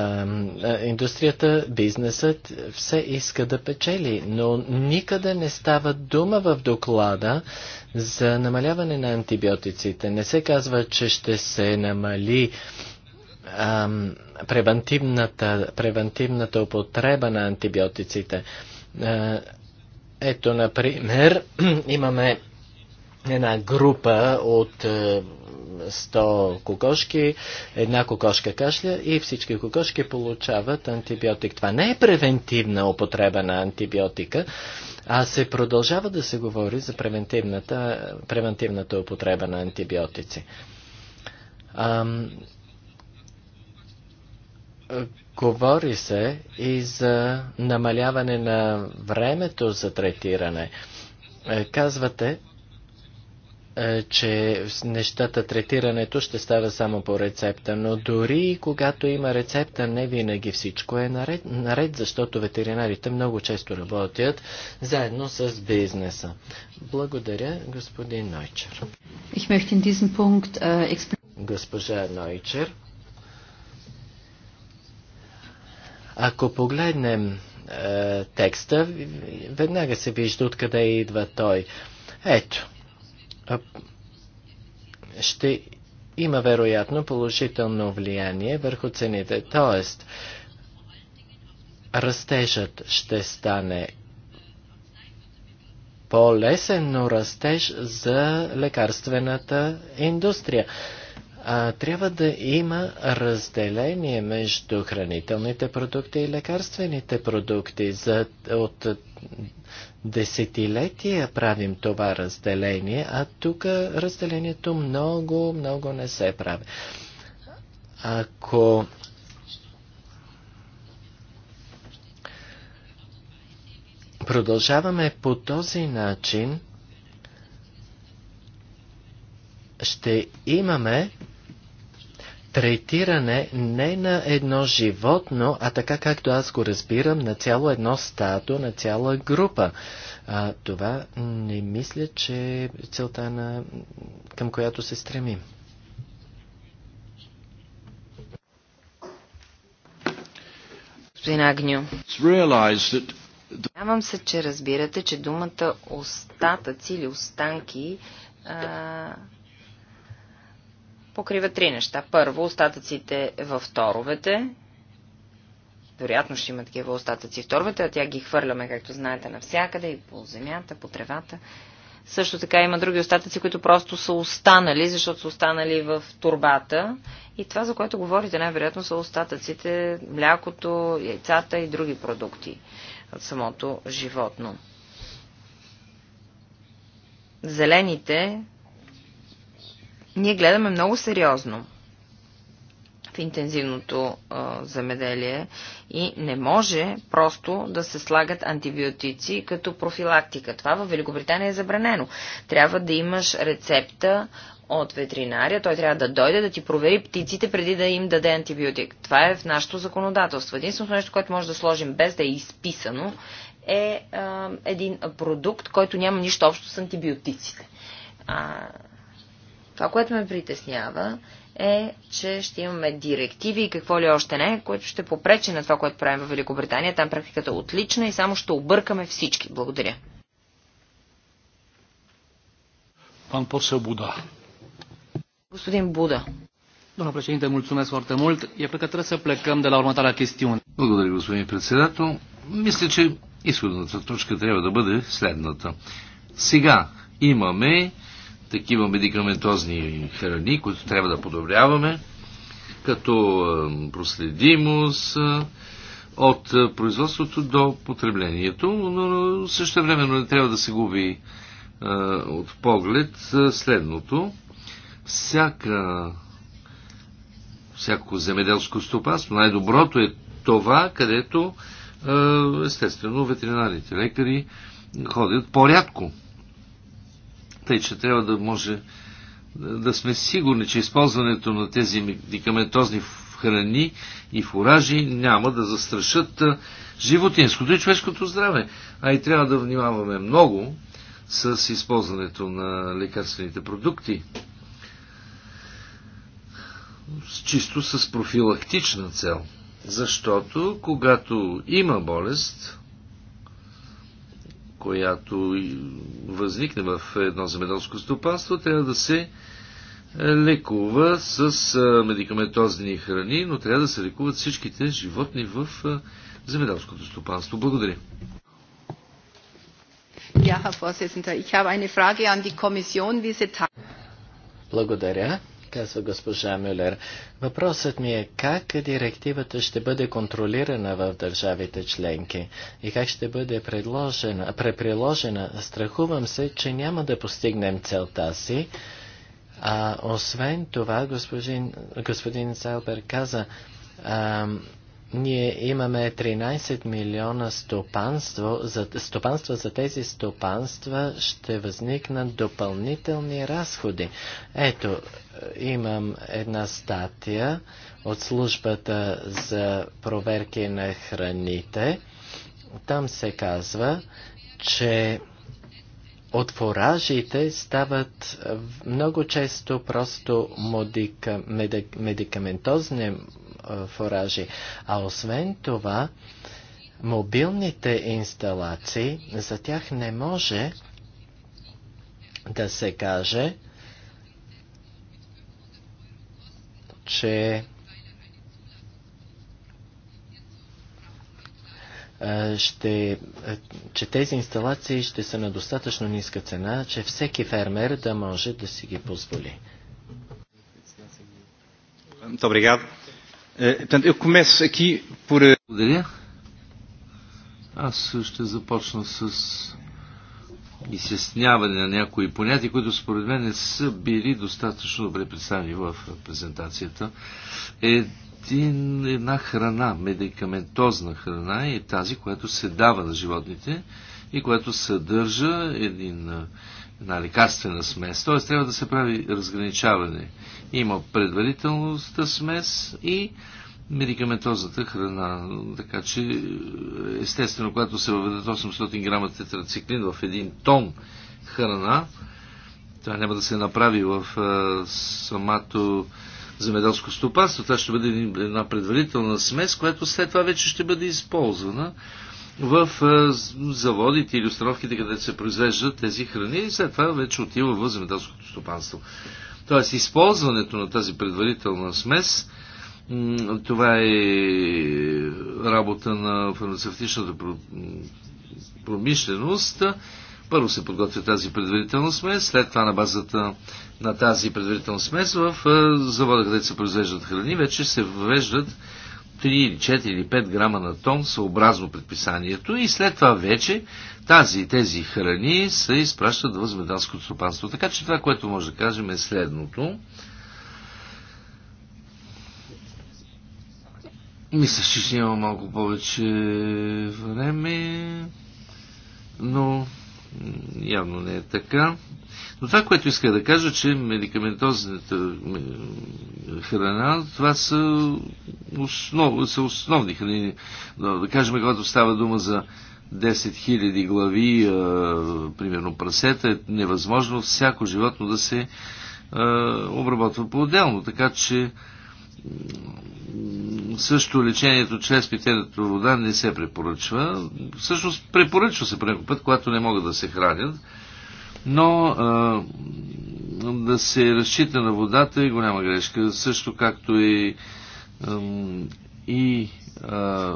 Speaker 3: индустрията, бизнесът все иска да печели, но никъде не става дума в доклада за намаляване на антибиотиците. Не се казва, че ще се намали а, превентивната, превентивната употреба на антибиотиците. Ето, например, [clears throat] имаме една група от 100 кокошки, една кокошка кашля и всички кокошки получават антибиотик. Това не е превентивна употреба на антибиотика, а се продължава да се говори за превентивната, превентивната употреба на антибиотици. Говори се и за намаляване на времето за третиране. Е, казвате, е, че нещата, третирането ще става само по рецепта, но дори когато има рецепта, не винаги всичко е наред, наред защото ветеринарите много често работят заедно с бизнеса. Благодаря, господин Нойчер.
Speaker 5: Punkt, äh,
Speaker 3: Госпожа Нойчер. Ако погледнем е, текста, веднага се вижда откъде идва той. Ето, ще има вероятно положително влияние върху цените, Тоест, растежът ще стане по-лесен, но растеж за лекарствената индустрия а, трябва да има разделение между хранителните продукти и лекарствените продукти. За, от десетилетия правим това разделение, а тук разделението много, много не се прави. Ако продължаваме по този начин, ще имаме третиране не на едно животно, а така както аз го разбирам, на цяло едно стадо, на цяла група. А, това не мисля, че е целта, на... към която се стремим.
Speaker 4: Нямам Агню, се, че разбирате, че думата остатъци или останки а покрива три неща. Първо, остатъците в торовете. Вероятно ще има такива остатъци в торовете, а тя ги хвърляме, както знаете, навсякъде и по земята, по тревата. Също така има други остатъци, които просто са останали, защото са останали в турбата. И това, за което говорите, най-вероятно са остатъците, млякото, яйцата и други продукти от самото животно. Зелените ние гледаме много сериозно в интензивното а, замеделие и не може просто да се слагат антибиотици като профилактика. Това в Великобритания е забранено. Трябва да имаш рецепта от ветеринария, той трябва да дойде да ти провери птиците преди да им даде антибиотик. Това е в нашето законодателство. Единственото нещо, което може да сложим без да е изписано, е а, един продукт, който няма нищо общо с антибиотиците. А, това, което ме притеснява, е, че ще имаме директиви и какво ли още не, което ще попречи на това, което правим в Великобритания. Там практиката е отлична и само ще объркаме всички. Благодаря.
Speaker 2: Пан посел Буда.
Speaker 3: Господин Буда. Doamna председател, мулцумес foarte мулт. Я cred că trebuie să plecăm de
Speaker 2: Благодаря, господин председател. Мисля, че изходната точка трябва да бъде следната. Сега имаме такива медикаментозни храни, които трябва да подобряваме, като проследимост от производството до потреблението, но също времено не трябва да се губи от поглед следното. Всяка, всяко земеделско стопанство, най-доброто е това, където естествено ветеринарните лекари ходят по-рядко. Тъй, че трябва да може да сме сигурни, че използването на тези медикаментозни храни и фуражи няма да застрашат животинското и човешкото здраве. А и трябва да внимаваме много с използването на лекарствените продукти. Чисто с профилактична цел. Защото, когато има болест, която възникне в едно земеделско стопанство, трябва да се е, лекува с е, медикаментозни храни, но трябва да се лекуват всичките животни в е, земеделското стопанство. Благодаря.
Speaker 3: Благодаря казва госпожа Мюлер. Въпросът ми е как директивата ще бъде контролирана в държавите членки и как ще бъде предложена, преприложена. Страхувам се, че няма да постигнем целта си. А освен това, господин, господин Салбер каза, а, ние имаме 13 милиона стопанство. За, стопанства за тези стопанства ще възникнат допълнителни разходи. Ето, е, имам една статия от службата за проверки на храните. Там се казва, че от фуражите стават е, много често просто медикаментозни фуражи. А освен това, мобилните инсталации, за тях не може да се каже, че ще, че тези инсталации ще са на достатъчно ниска цена, че всеки фермер да може да си ги позволи.
Speaker 1: Добре, Portanto, eu começo aqui por.
Speaker 2: Благодаря. Аз ще започна с изясняване на някои понятия, които според мен не са били достатъчно добре представени в презентацията. Един, една храна, медикаментозна храна е тази, която се дава на животните и която съдържа един на лекарствена смес. Т.е. трябва да се прави разграничаване. Има предварителността смес и медикаментозната храна. Така че, естествено, когато се въведат 800 грама тетрациклин в един тон храна, това няма да се направи в а, самото земеделско стопанство. Това ще бъде една предварителна смес, която след това вече ще бъде използвана в е, заводите или установките, където се произвеждат тези храни и след това вече отива в земеделското стопанство. Тоест, използването на тази предварителна смес, това е работа на фармацевтичната промишленост. Първо се подготвя тази предварителна смес, след това на базата на тази предварителна смес в е, завода, където се произвеждат храни, вече се въвеждат 3 или 4 или 5 грама на тон съобразно предписанието и след това вече тази и тези храни се изпращат в земеделското стопанство. Така че това, което може да кажем е следното. Мисля, че ще има малко повече време, но явно не е така. Но това, което иска да кажа, че медикаментозната храна, това са, основ, са основни храни. Да, да кажем, когато става дума за 10 000 глави, а, примерно прасета, е невъзможно всяко животно да се а, обработва по-отделно. Така че също лечението чрез питената вода не се препоръчва. Всъщност препоръчва се по път, когато не могат да се хранят но а, да се разчита на водата е голяма грешка. Също както и, и а,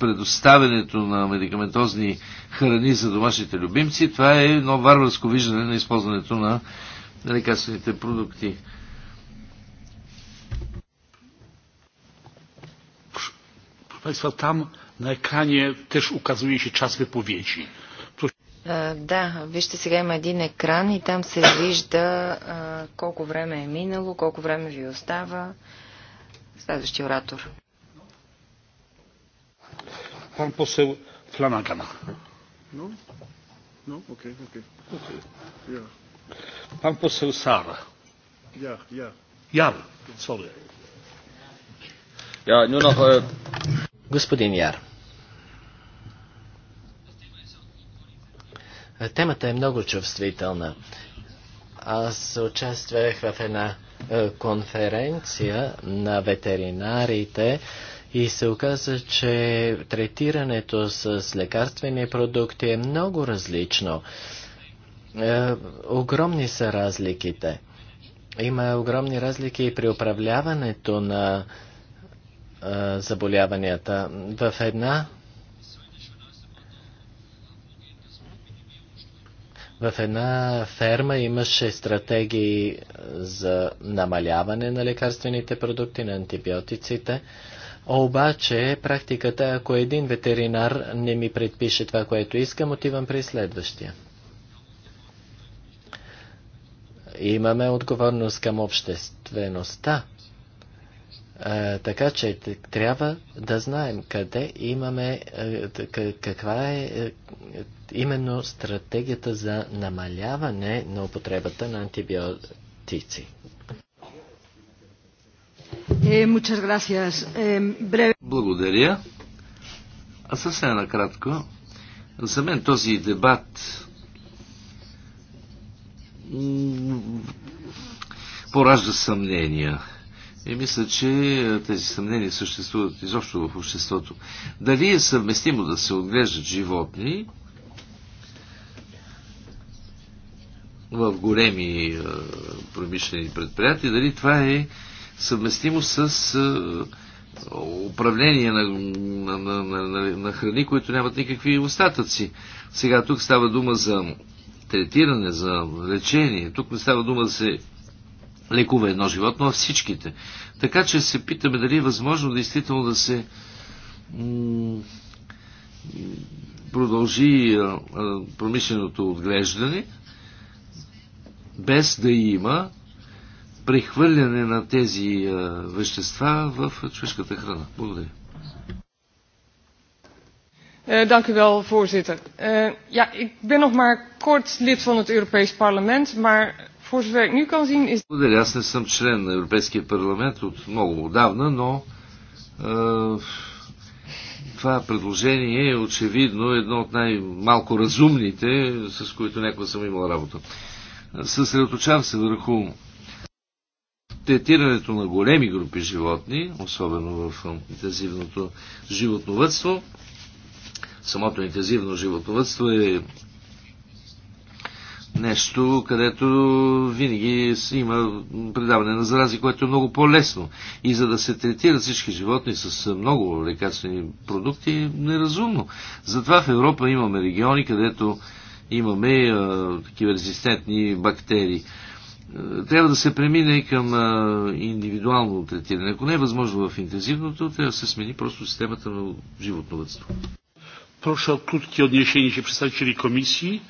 Speaker 2: предоставянето на медикаментозни храни за домашните любимци, това е едно варварско виждане на използването на лекарствените продукти. Państwa, tam na ekranie też ukazuje się czas wypowiedzi.
Speaker 4: Да, вижте, сега има един екран и там се вижда а, колко време е минало, колко време ви остава. Следващия оратор.
Speaker 1: Пан посел Фланагана.
Speaker 4: Но, No?
Speaker 1: окей. okay. Okay. Пан посел Сара. Я, я. Яр, sorry.
Speaker 3: Я, nur noch, äh, Господин Яр. Темата е много чувствителна. Аз участвах в една е, конференция на ветеринарите и се оказа, че третирането с лекарствени продукти е много различно. Е, огромни са разликите. Има огромни разлики и при управляването на е, заболяванията. В една В една ферма имаше стратегии за намаляване на лекарствените продукти, на антибиотиците. Обаче практиката, ако един ветеринар не ми предпише това, което искам, отивам при следващия. Имаме отговорност към обществеността така че трябва да знаем къде имаме, каква е, е именно стратегията за намаляване на употребата на антибиотици.
Speaker 4: Е, е,
Speaker 3: Благодаря.
Speaker 2: А съвсем накратко, за мен този дебат поражда съмнения. И мисля, че е, тези съмнения съществуват изобщо в обществото. Дали е съвместимо да се отглеждат животни в големи е, промишлени предприятия, дали това е съвместимо с е, управление на, на, на, на, на храни, които нямат никакви остатъци. Сега тук става дума за третиране, за лечение. Тук не става дума да се лекува едно животно, а всичките. Така че се питаме дали е възможно действително да се продължи промишленото отглеждане, без да има прехвърляне на тези вещества в човешката храна. Благодаря.
Speaker 1: Uh, dank u wel, voorzitter. Uh, ja, ik ben nog maar kort lid van het Europees Parlement, maar
Speaker 2: благодаря, аз не съм член на Европейския парламент от много отдавна, но е, това предложение е очевидно едно от най-малко разумните, с които някога съм имал работа. Съсредоточавам се върху третирането на големи групи животни, особено в е, интензивното животновътство. Самото интензивно животновътство е нещо, където винаги има предаване на зарази, което е много по-лесно. И за да се третират всички животни с много лекарствени продукти е неразумно. Затова в Европа имаме региони, където имаме а, такива резистентни бактерии. Трябва да се премине към а, индивидуално третиране. Ако не е възможно в интензивното, трябва да се смени просто системата на животновътство. Проша кратки отнесения представители комисии.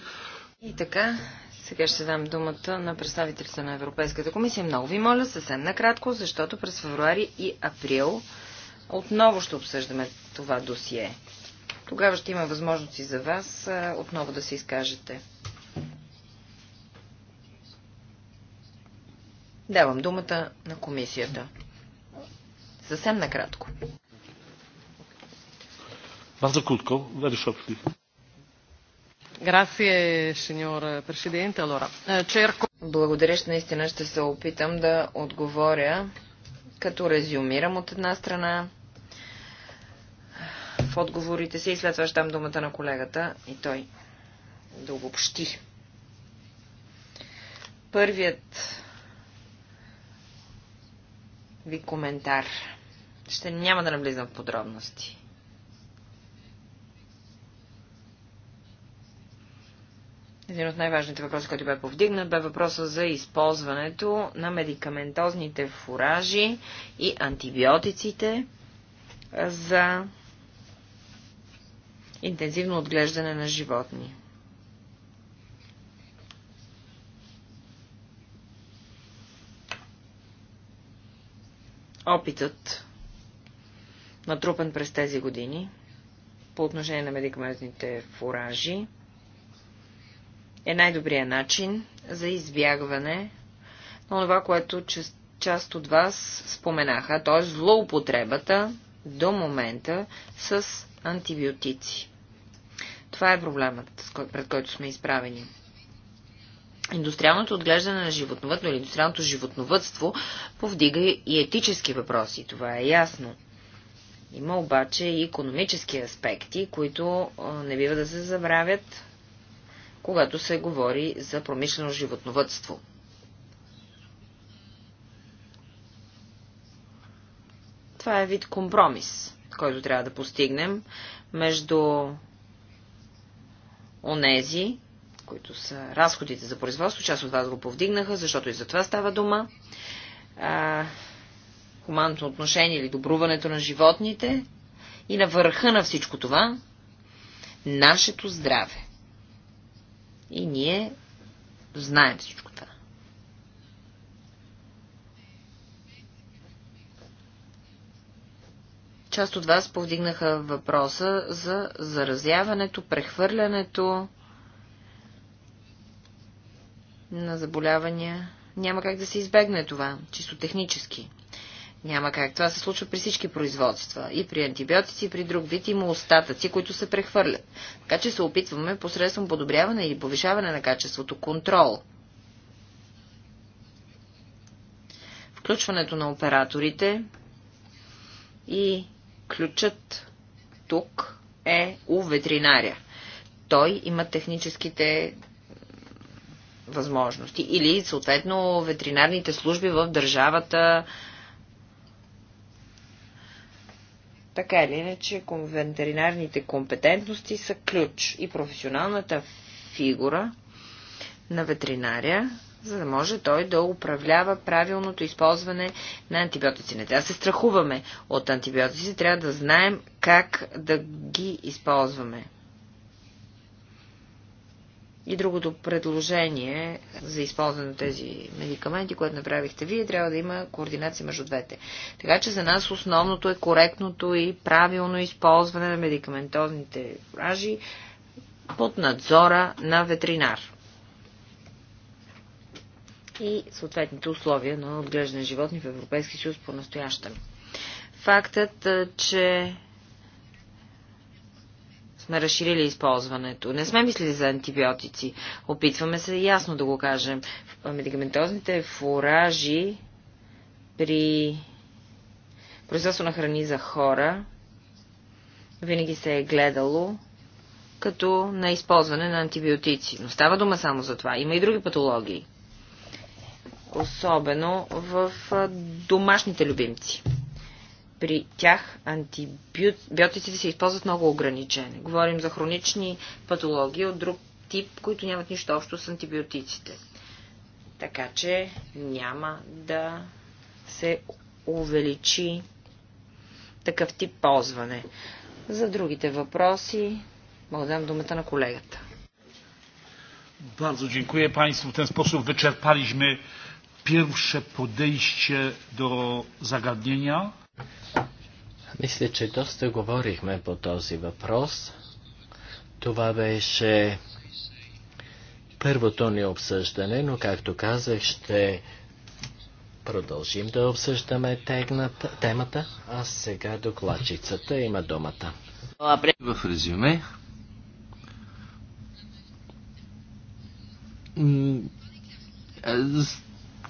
Speaker 4: И така, сега ще дам думата на представителите на Европейската комисия. Много ви моля, съвсем накратко, защото през февруари и април отново ще обсъждаме това досие. Тогава ще има възможности за вас отново да се изкажете. Давам думата на комисията. Съвсем накратко.
Speaker 2: Bardzo да решат ли?
Speaker 4: Eh, Благодаря, че наистина ще се опитам да отговоря, като резюмирам от една страна в отговорите си и след това ще дам думата на колегата и той да обобщи. Първият ви коментар. Ще няма да навлизам в подробности. Един от най-важните въпроси, който бе повдигнат, бе въпроса за използването на медикаментозните фуражи и антибиотиците за интензивно отглеждане на животни. Опитът, натрупан през тези години по отношение на медикаментните фуражи, е най-добрият начин за избягване на това, което част от вас споменаха, т.е. злоупотребата до момента с антибиотици. Това е проблемът, пред който сме изправени. Индустриалното отглеждане на животновътно или индустриалното животновътство повдига и етически въпроси, това е ясно. Има обаче и економически аспекти, които не бива да се забравят, когато се говори за промишлено животновътство. Това е вид компромис, който трябва да постигнем между онези, които са разходите за производство, част от вас го повдигнаха, защото и за това става дума, а, хуманното отношение или добруването на животните и на върха на всичко това, нашето здраве. И ние знаем всичко това. Част от вас повдигнаха въпроса за заразяването, прехвърлянето на заболявания. Няма как да се избегне това, чисто технически. Няма как. Това се случва при всички производства. И при антибиотици, и при друг вид има остатъци, които се прехвърлят. Така че се опитваме посредством подобряване или повишаване на качеството контрол. Включването на операторите и ключът тук е у ветеринаря. Той има техническите възможности или съответно ветеринарните служби в държавата, Така или иначе, ветеринарните компетентности са ключ и професионалната фигура на ветеринария, за да може той да управлява правилното използване на антибиотици. Не трябва да се страхуваме от антибиотици, трябва да знаем как да ги използваме. И другото предложение за използване на тези медикаменти, което направихте вие, трябва да има координация между двете. Така че за нас основното е коректното и правилно използване на медикаментозните фуражи под надзора на ветеринар. И съответните условия на отглеждане животни в Европейски съюз по настоящем. Фактът, че сме разширили използването. Не сме мислили за антибиотици. Опитваме се ясно да го кажем. Медикаментозните фуражи при производство на храни за хора винаги се е гледало като на използване на антибиотици. Но става дума само за това. Има и други патологии. Особено в домашните любимци при тях антибиотиците се използват много ограничени. Говорим за хронични патологии от друг тип, които нямат нищо общо с антибиотиците. Така че няма да се увеличи такъв тип ползване. За другите въпроси мога да дам думата на колегата.
Speaker 2: Bardzo dziękuję Państwu. W ten sposób wyczerpaliśmy pierwsze podejście
Speaker 3: do zagadnienia. Мисля, че доста говорихме по този въпрос. Това беше първото ни обсъждане, но както казах, ще продължим да обсъждаме тегната, темата, а сега докладчицата има думата.
Speaker 2: В резюме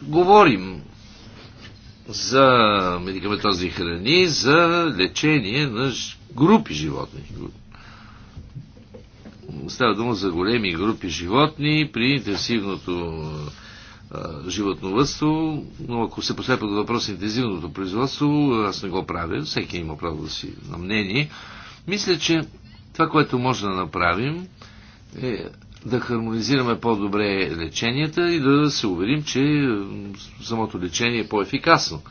Speaker 2: говорим за медикаментозни храни, за лечение на групи животни. Става дума за големи групи животни при интенсивното животновътство, но ако се подкрепят до въпрос интензивното производство, аз не го правя, всеки има право да си на мнение. Мисля, че това, което може да направим е да хармонизираме по-добре леченията и да се уверим, че самото лечение е по-ефикасно.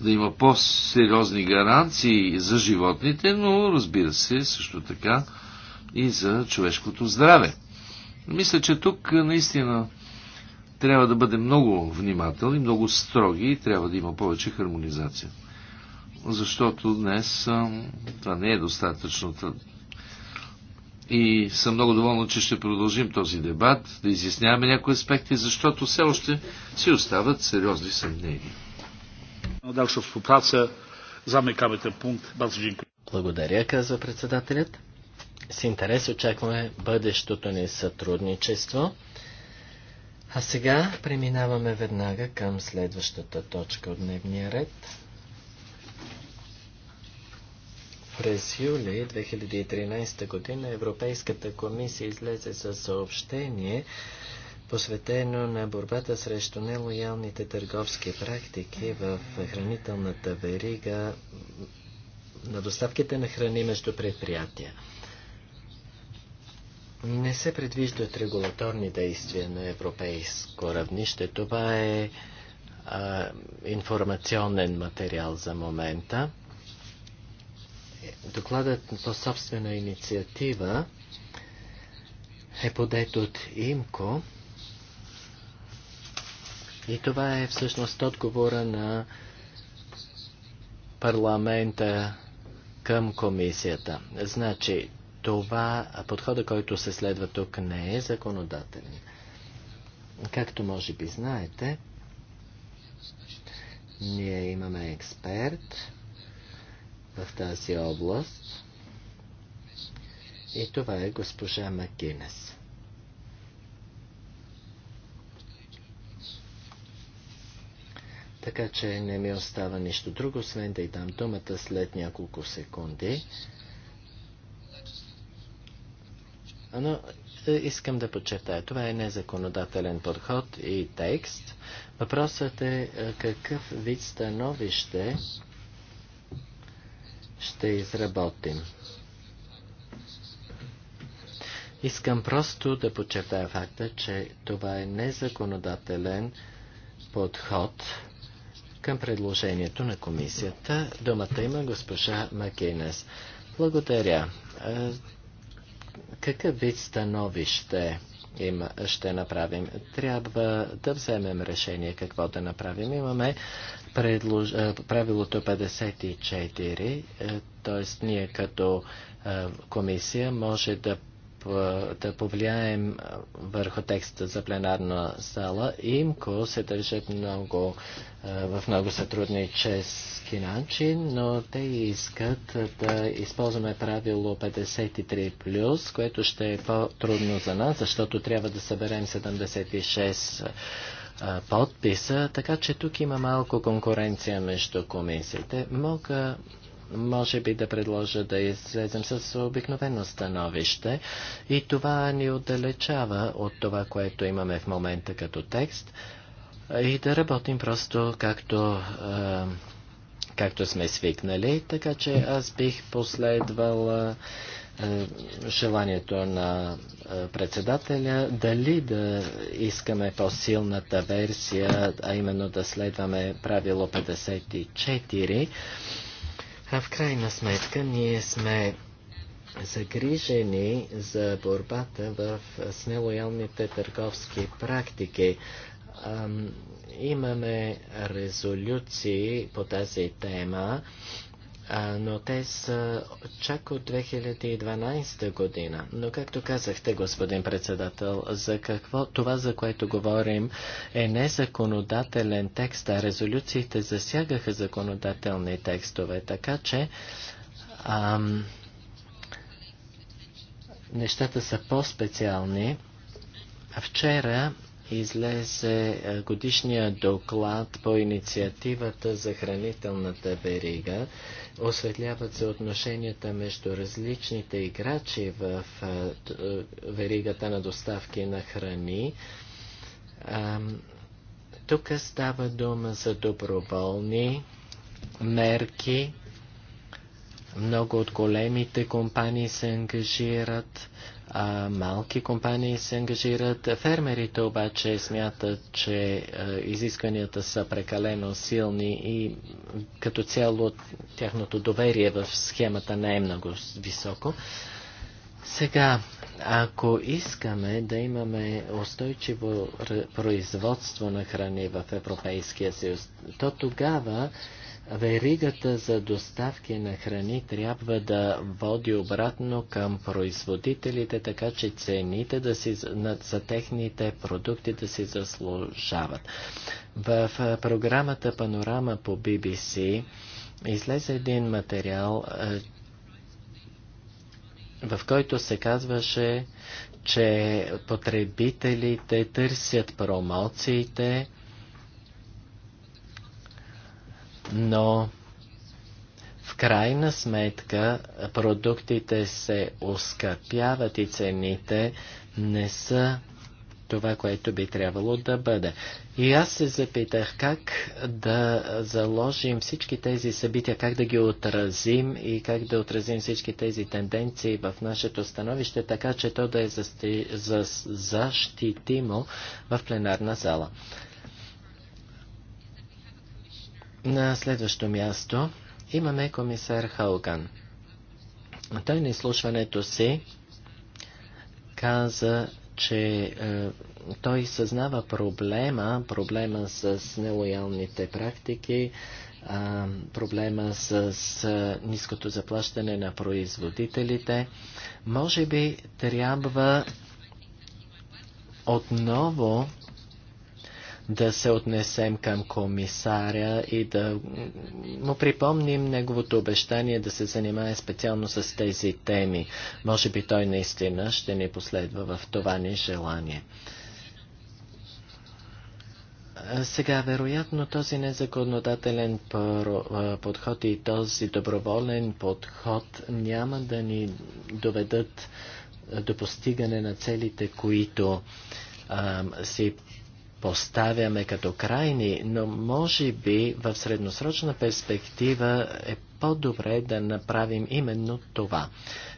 Speaker 2: Да има по-сериозни гаранции за животните, но разбира се също така и за човешкото здраве. Мисля, че тук наистина трябва да бъдем много внимателни, много строги и трябва да има повече хармонизация. Защото днес това не е достатъчно и съм много доволна, че ще продължим този дебат, да изясняваме някои аспекти, защото все още си остават сериозни съмнения.
Speaker 3: Благодаря, казва председателят. С интерес очакваме бъдещото ни сътрудничество. А сега преминаваме веднага към следващата точка от дневния ред. През юли 2013 година Европейската комисия излезе със съобщение, посветено на борбата срещу нелоялните търговски практики в хранителната верига на доставките на храни между предприятия. Не се предвиждат регулаторни действия на европейско равнище. Това е а, информационен материал за момента. Докладът по собствена инициатива е подет от ИМКО и това е всъщност отговора на парламента към комисията. Значи, това подхода, който се следва тук, не е законодателен. Както може би знаете, ние имаме експерт, в тази област. И това е госпожа Макинес. Така че не ми остава нищо друго, освен да й дам думата след няколко секунди. Но е, искам да подчертая, това е незаконодателен подход и текст. Въпросът е, е какъв вид становище ще изработим. Искам просто да подчертая факта, че това е незаконодателен подход към предложението на комисията. Думата има госпожа Макейнес. Благодаря. Какъв вид становище им ще направим. Трябва да вземем решение какво да направим. Имаме предлож... Е, правилото 54, е, т.е. ние като е, комисия може да да повлияем върху текста за пленарна сала. Имко се държат много, в много сътруднически начин, но те искат да използваме правило 53+, което ще е по-трудно за нас, защото трябва да съберем 76 подписа, така че тук има малко конкуренция между комисиите. Мога може би да предложа да излезем с обикновено становище и това ни отдалечава от това, което имаме в момента като текст и да работим просто както, е, както сме свикнали, така че аз бих последвал е, желанието на председателя дали да искаме по-силната версия, а именно да следваме правило 54 а в крайна сметка ние сме загрижени за борбата в, с нелоялните търговски практики. Ам, имаме резолюции по тази тема но те са чак от 2012 година. Но както казахте, господин председател, за какво това, за което говорим, е не законодателен текст, а резолюциите засягаха законодателни текстове, така че ам, нещата са по-специални. Вчера излезе годишния доклад по инициативата за хранителната верига. Осветляват се отношенията между различните играчи в веригата на доставки на храни. Тук става дума за доброволни мерки. Много от големите компании се ангажират малки компании се ангажират. Фермерите обаче смятат, че изискванията са прекалено силни и като цяло тяхното доверие в схемата не е много високо. Сега, ако искаме да имаме устойчиво производство на храни в Европейския съюз, то тогава веригата за доставки на храни трябва да води обратно към производителите, така че цените да си, за техните продукти да си заслужават. В програмата Панорама по BBC излезе един материал, в който се казваше, че потребителите търсят промоциите, но в крайна сметка продуктите се оскъпяват и цените не са това, което би трябвало да бъде. И аз се запитах как да заложим всички тези събития, как да ги отразим и как да отразим всички тези тенденции в нашето становище, така че то да е защитимо в пленарна зала. На следващо място имаме комисар Хауган. Той на изслушването си каза, че е, той съзнава проблема, проблема с нелоялните практики, е, проблема с, с е, ниското заплащане на производителите. Може би трябва отново да се отнесем към комисаря и да му припомним неговото обещание да се занимае специално с тези теми. Може би той наистина ще ни последва в това ни желание. Сега, вероятно, този незаконодателен подход и този доброволен подход няма да ни доведат до постигане на целите, които а, си поставяме като крайни, но може би в средносрочна перспектива е по-добре да направим именно това.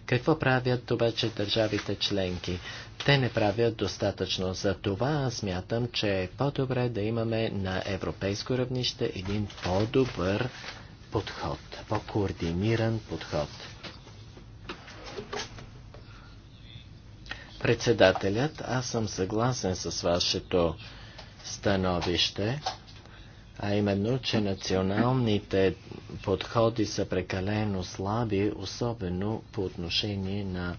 Speaker 3: Какво правят обаче държавите членки? Те не правят достатъчно. За това аз мятам, че е по-добре да имаме на европейско равнище един по-добър подход, по-координиран подход. Председателят, аз съм съгласен с вашето становище, а именно, че националните подходи са прекалено слаби, особено по отношение на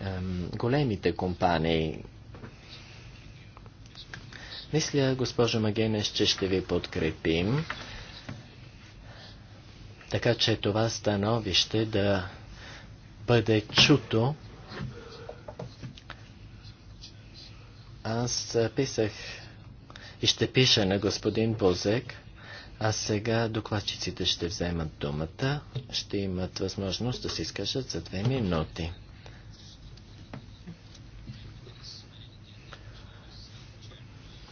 Speaker 3: ем, големите компании. Мисля, госпожо Магенес, че ще ви подкрепим, така че това становище да бъде чуто. Аз писах и ще пиша на господин Бозек. А сега докладчиците ще вземат думата. Ще имат възможност да се изкажат за две минути.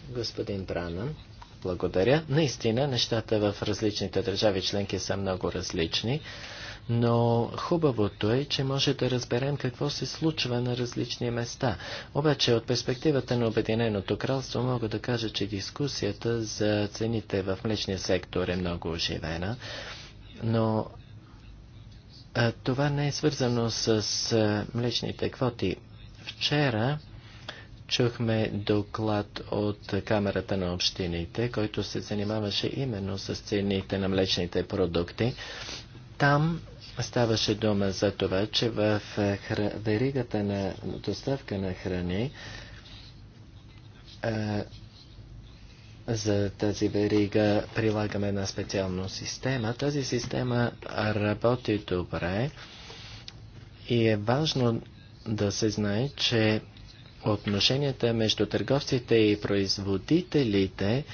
Speaker 3: Господин Бранан, благодаря. Наистина, нещата в различните държави членки са много различни но хубавото е, че може да разберем какво се случва на различни места. Обаче от перспективата на Обединеното кралство мога да кажа, че дискусията за цените в млечния сектор е много оживена, но а, това не е свързано с а, млечните квоти. Вчера чухме доклад от Камерата на общините, който се занимаваше именно с цените на млечните продукти. Там Ставаше дума за това, че в е, хра... веригата на доставка на храни а, е, за тази верига прилагаме една специална система. Тази система работи добре и е важно да се знае, че отношенията между търговците и производителите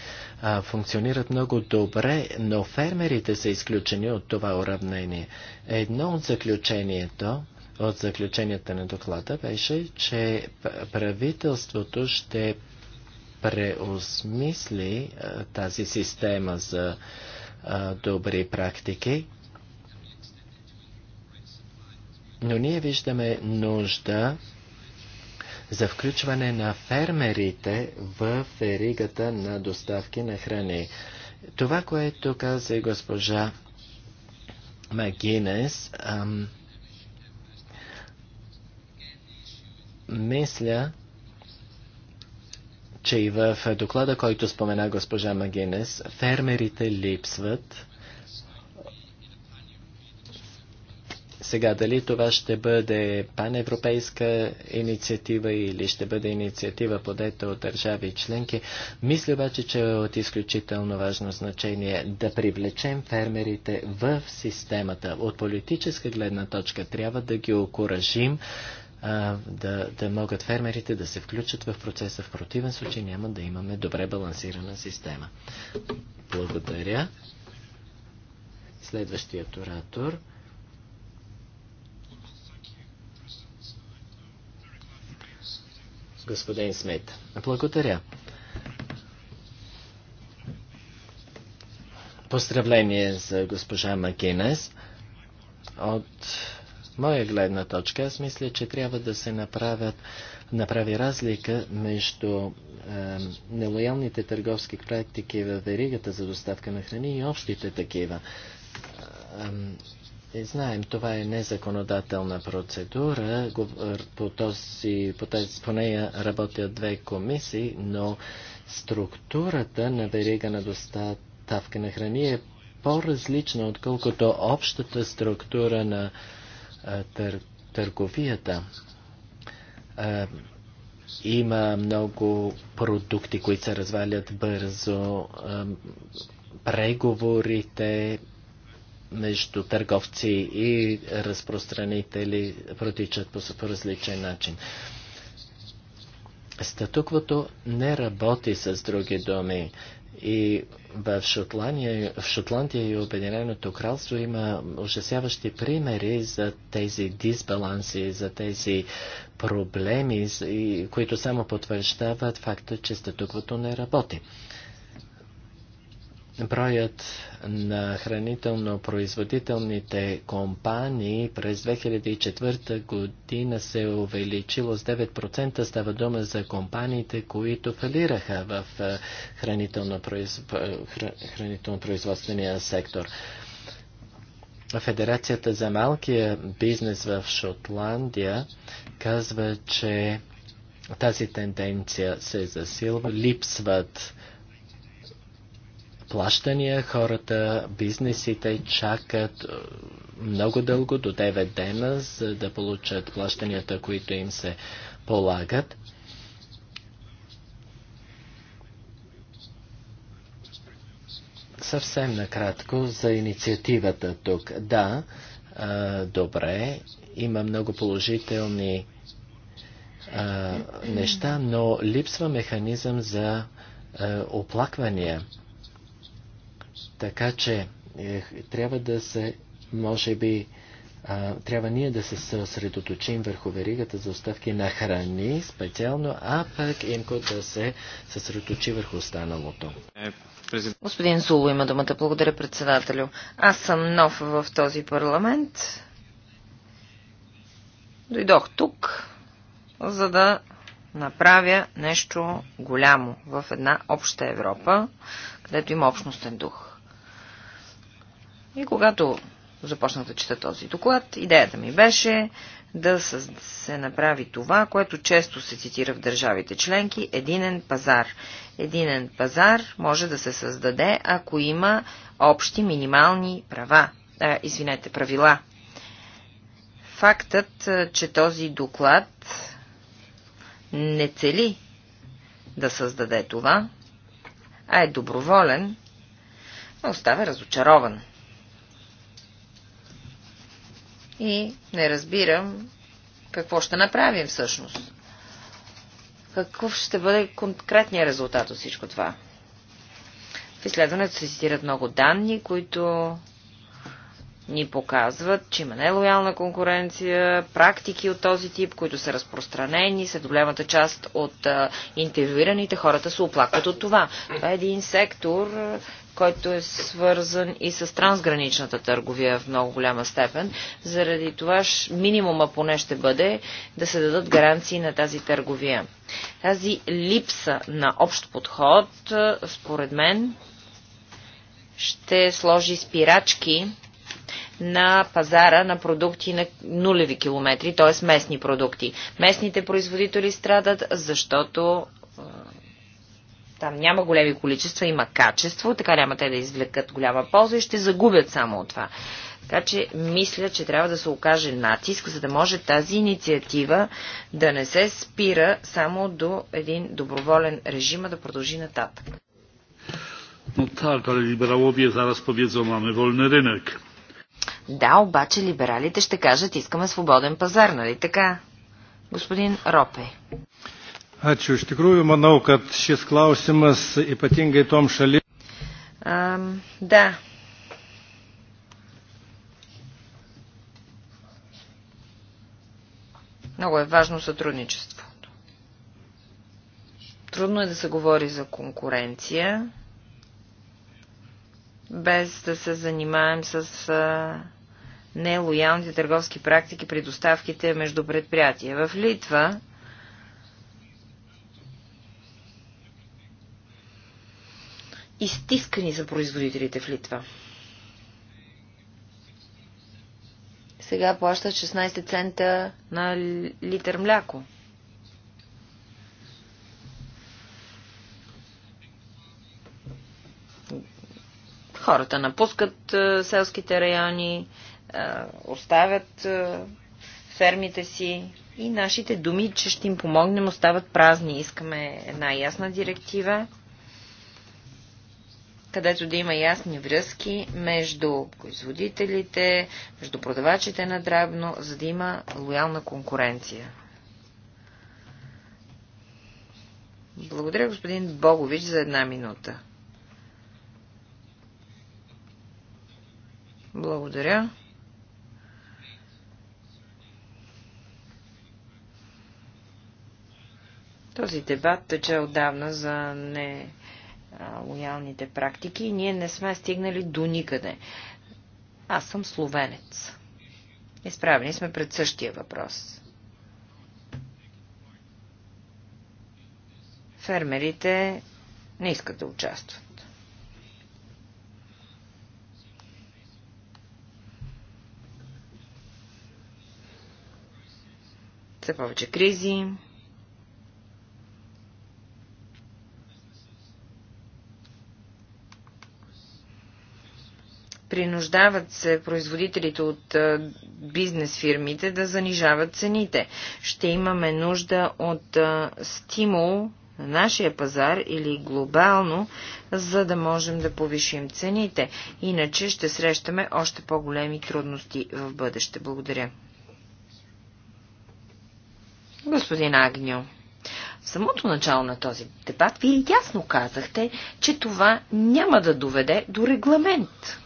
Speaker 3: а, функционират много добре, но фермерите са изключени от това уравнение. Едно от заключението от заключенията на доклада беше, че правителството ще преосмисли а, тази система за а, добри практики, но ние виждаме нужда за включване на фермерите в веригата на доставки на храни. Това, което каза и госпожа Магинес, ам, мисля, че и в доклада, който спомена госпожа Магинес, фермерите липсват Сега, дали това ще бъде паневропейска инициатива или ще бъде инициатива подета от държави и членки, мисля обаче, че е от изключително важно значение да привлечем фермерите в системата. От политическа гледна точка трябва да ги окоражим, да, да могат фермерите да се включат в процеса. В противен случай няма да имаме добре балансирана система. Благодаря. Следващият оратор. господин Смит. Благодаря. Поздравление за госпожа Макинес. От моя гледна точка, аз мисля, че трябва да се направят, направи разлика между е, нелоялните търговски практики в веригата за доставка на храни и общите такива. Е, е, е, знаем, това е незаконодателна процедура. По, този, по, тази, по нея работят две комисии, но структурата на верига на доставка на храни е по-различна, отколкото общата структура на тър, търговията. Има много продукти, които се развалят бързо. Преговорите между търговци и разпространители протичат по, по различен начин. Статуквото не работи с други думи. И в Шотландия, в Шотландия и Обединеното кралство има ужасяващи примери за тези дисбаланси, за тези проблеми, които само потвърждават факта, че статуквото не работи. Броят на хранително-производителните компании през 2004 година се е увеличило с 9%. Става дума за компаниите, които фалираха в хранително-производствения сектор. Федерацията за малкия бизнес в Шотландия казва, че тази тенденция се е засилва, липсват плащания, хората, бизнесите чакат е, много дълго, до 9 дена, за да получат плащанията, които им се полагат. Съвсем накратко за инициативата тук. Да, е, добре, има много положителни е, неща, но липсва механизъм за оплаквания. Така че е, трябва да се, може би, а, трябва ние да се съсредоточим върху веригата за оставки на храни специално, а пък имко да се съсредоточи върху останалото.
Speaker 4: Господин Зулу има думата. Благодаря, председателю. Аз съм нов в този парламент. Дойдох тук, за да направя нещо голямо в една обща Европа, където има общностен дух. И когато започнах да чета този доклад, идеята ми беше да се направи това, което често се цитира в държавите членки – единен пазар. Единен пазар може да се създаде, ако има общи минимални права, а, извинете, правила. Фактът, че този доклад не цели да създаде това, а е доброволен, остава разочарован – и не разбирам какво ще направим всъщност. Какъв ще бъде конкретният резултат от всичко това? В изследването се цитират много данни, които ни показват, че има нелоялна конкуренция, практики от този тип, които са разпространени, след голямата част от а, интервюираните хората се оплакват от това. Това е един сектор, който е свързан и с трансграничната търговия в много голяма степен. Заради това минимума поне ще бъде да се дадат гаранции на тази търговия. Тази липса на общ подход, според мен, ще сложи спирачки на пазара на продукти на нулеви километри, т.е. местни продукти. Местните производители страдат, защото там няма големи количества, има качество, така няма те да извлекат голяма полза и ще загубят само от това. Така че мисля, че трябва да се окаже натиск, за да може тази инициатива да не се спира само до един доброволен режим, а да продължи нататък.
Speaker 2: No tak, ale liberałowie zaraz powiedzą, mamy wolny
Speaker 4: Да, обаче либералите ще кажат, искаме свободен пазар, нали така? Господин Ропе.
Speaker 1: Ačiū. Iš tikrųjų, manau, kad šis klausimas ypatingai tom šalim.
Speaker 4: Um, да. Много е важно сътрудничеството. Трудно е да се говори за конкуренция, без да се занимаем с нелоялните търговски практики при доставките между предприятия. В Литва изтискани за производителите в Литва. Сега плаща 16 цента на литър мляко. Хората напускат е, селските райони, е, оставят е, фермите си и нашите думи, че ще им помогнем, остават празни. Искаме една ясна директива където да има ясни връзки между производителите, между продавачите на дребно, за да има лоялна конкуренция. Благодаря, господин Богович, за една минута. Благодаря. Този дебат тече отдавна за не лоялните практики и ние не сме стигнали до никъде. Аз съм словенец. Изправени сме пред същия въпрос. Фермерите не искат да участват. Все повече кризи, Принуждават се производителите от бизнес фирмите да занижават цените. Ще имаме нужда от стимул на нашия пазар или глобално, за да можем да повишим цените. Иначе ще срещаме още по-големи трудности в бъдеще. Благодаря. Господин Агньо, в самото начало на този дебат вие ясно казахте, че това няма да доведе до регламент.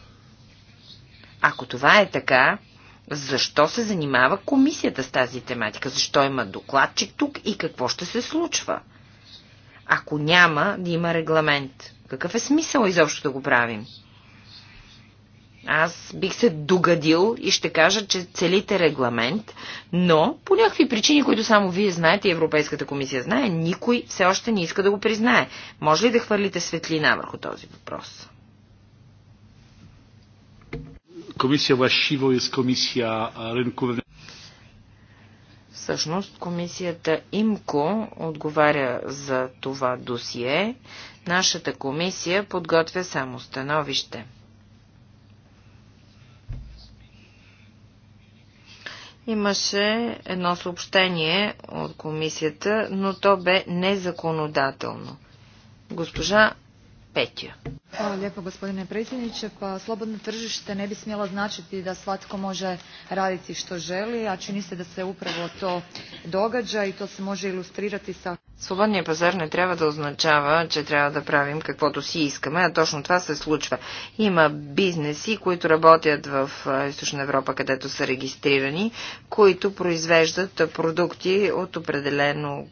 Speaker 4: Ако това е така, защо се занимава комисията с тази тематика? Защо има докладчик тук и какво ще се случва? Ако няма да има регламент, какъв е смисъл изобщо да го правим? Аз бих се догадил и ще кажа, че целите регламент, но по някакви причини, които само вие знаете и Европейската комисия знае, никой все още не иска да го признае. Може ли да хвърлите светлина върху този въпрос?
Speaker 2: Комисия Вашиво е комисия Рынку. Всъщност
Speaker 4: комисията ИМКО отговаря за това досие. Нашата комисия подготвя само становище. Имаше едно съобщение от комисията, но то бе незаконодателно. Госпожа Петя. Hvala lijepo gospodine predsjedniče. Pa slobodno tržište ne bi smjelo značiti da svatko može raditi što želi, a čini se da se upravo to događa i to se može ilustrirati sa... Свободният пазар не трябва да означава, че трябва да правим каквото си искаме, а точно това се случва. Има бизнеси, които работят в Източна Европа, където са регистрирани, които произвеждат продукти от определено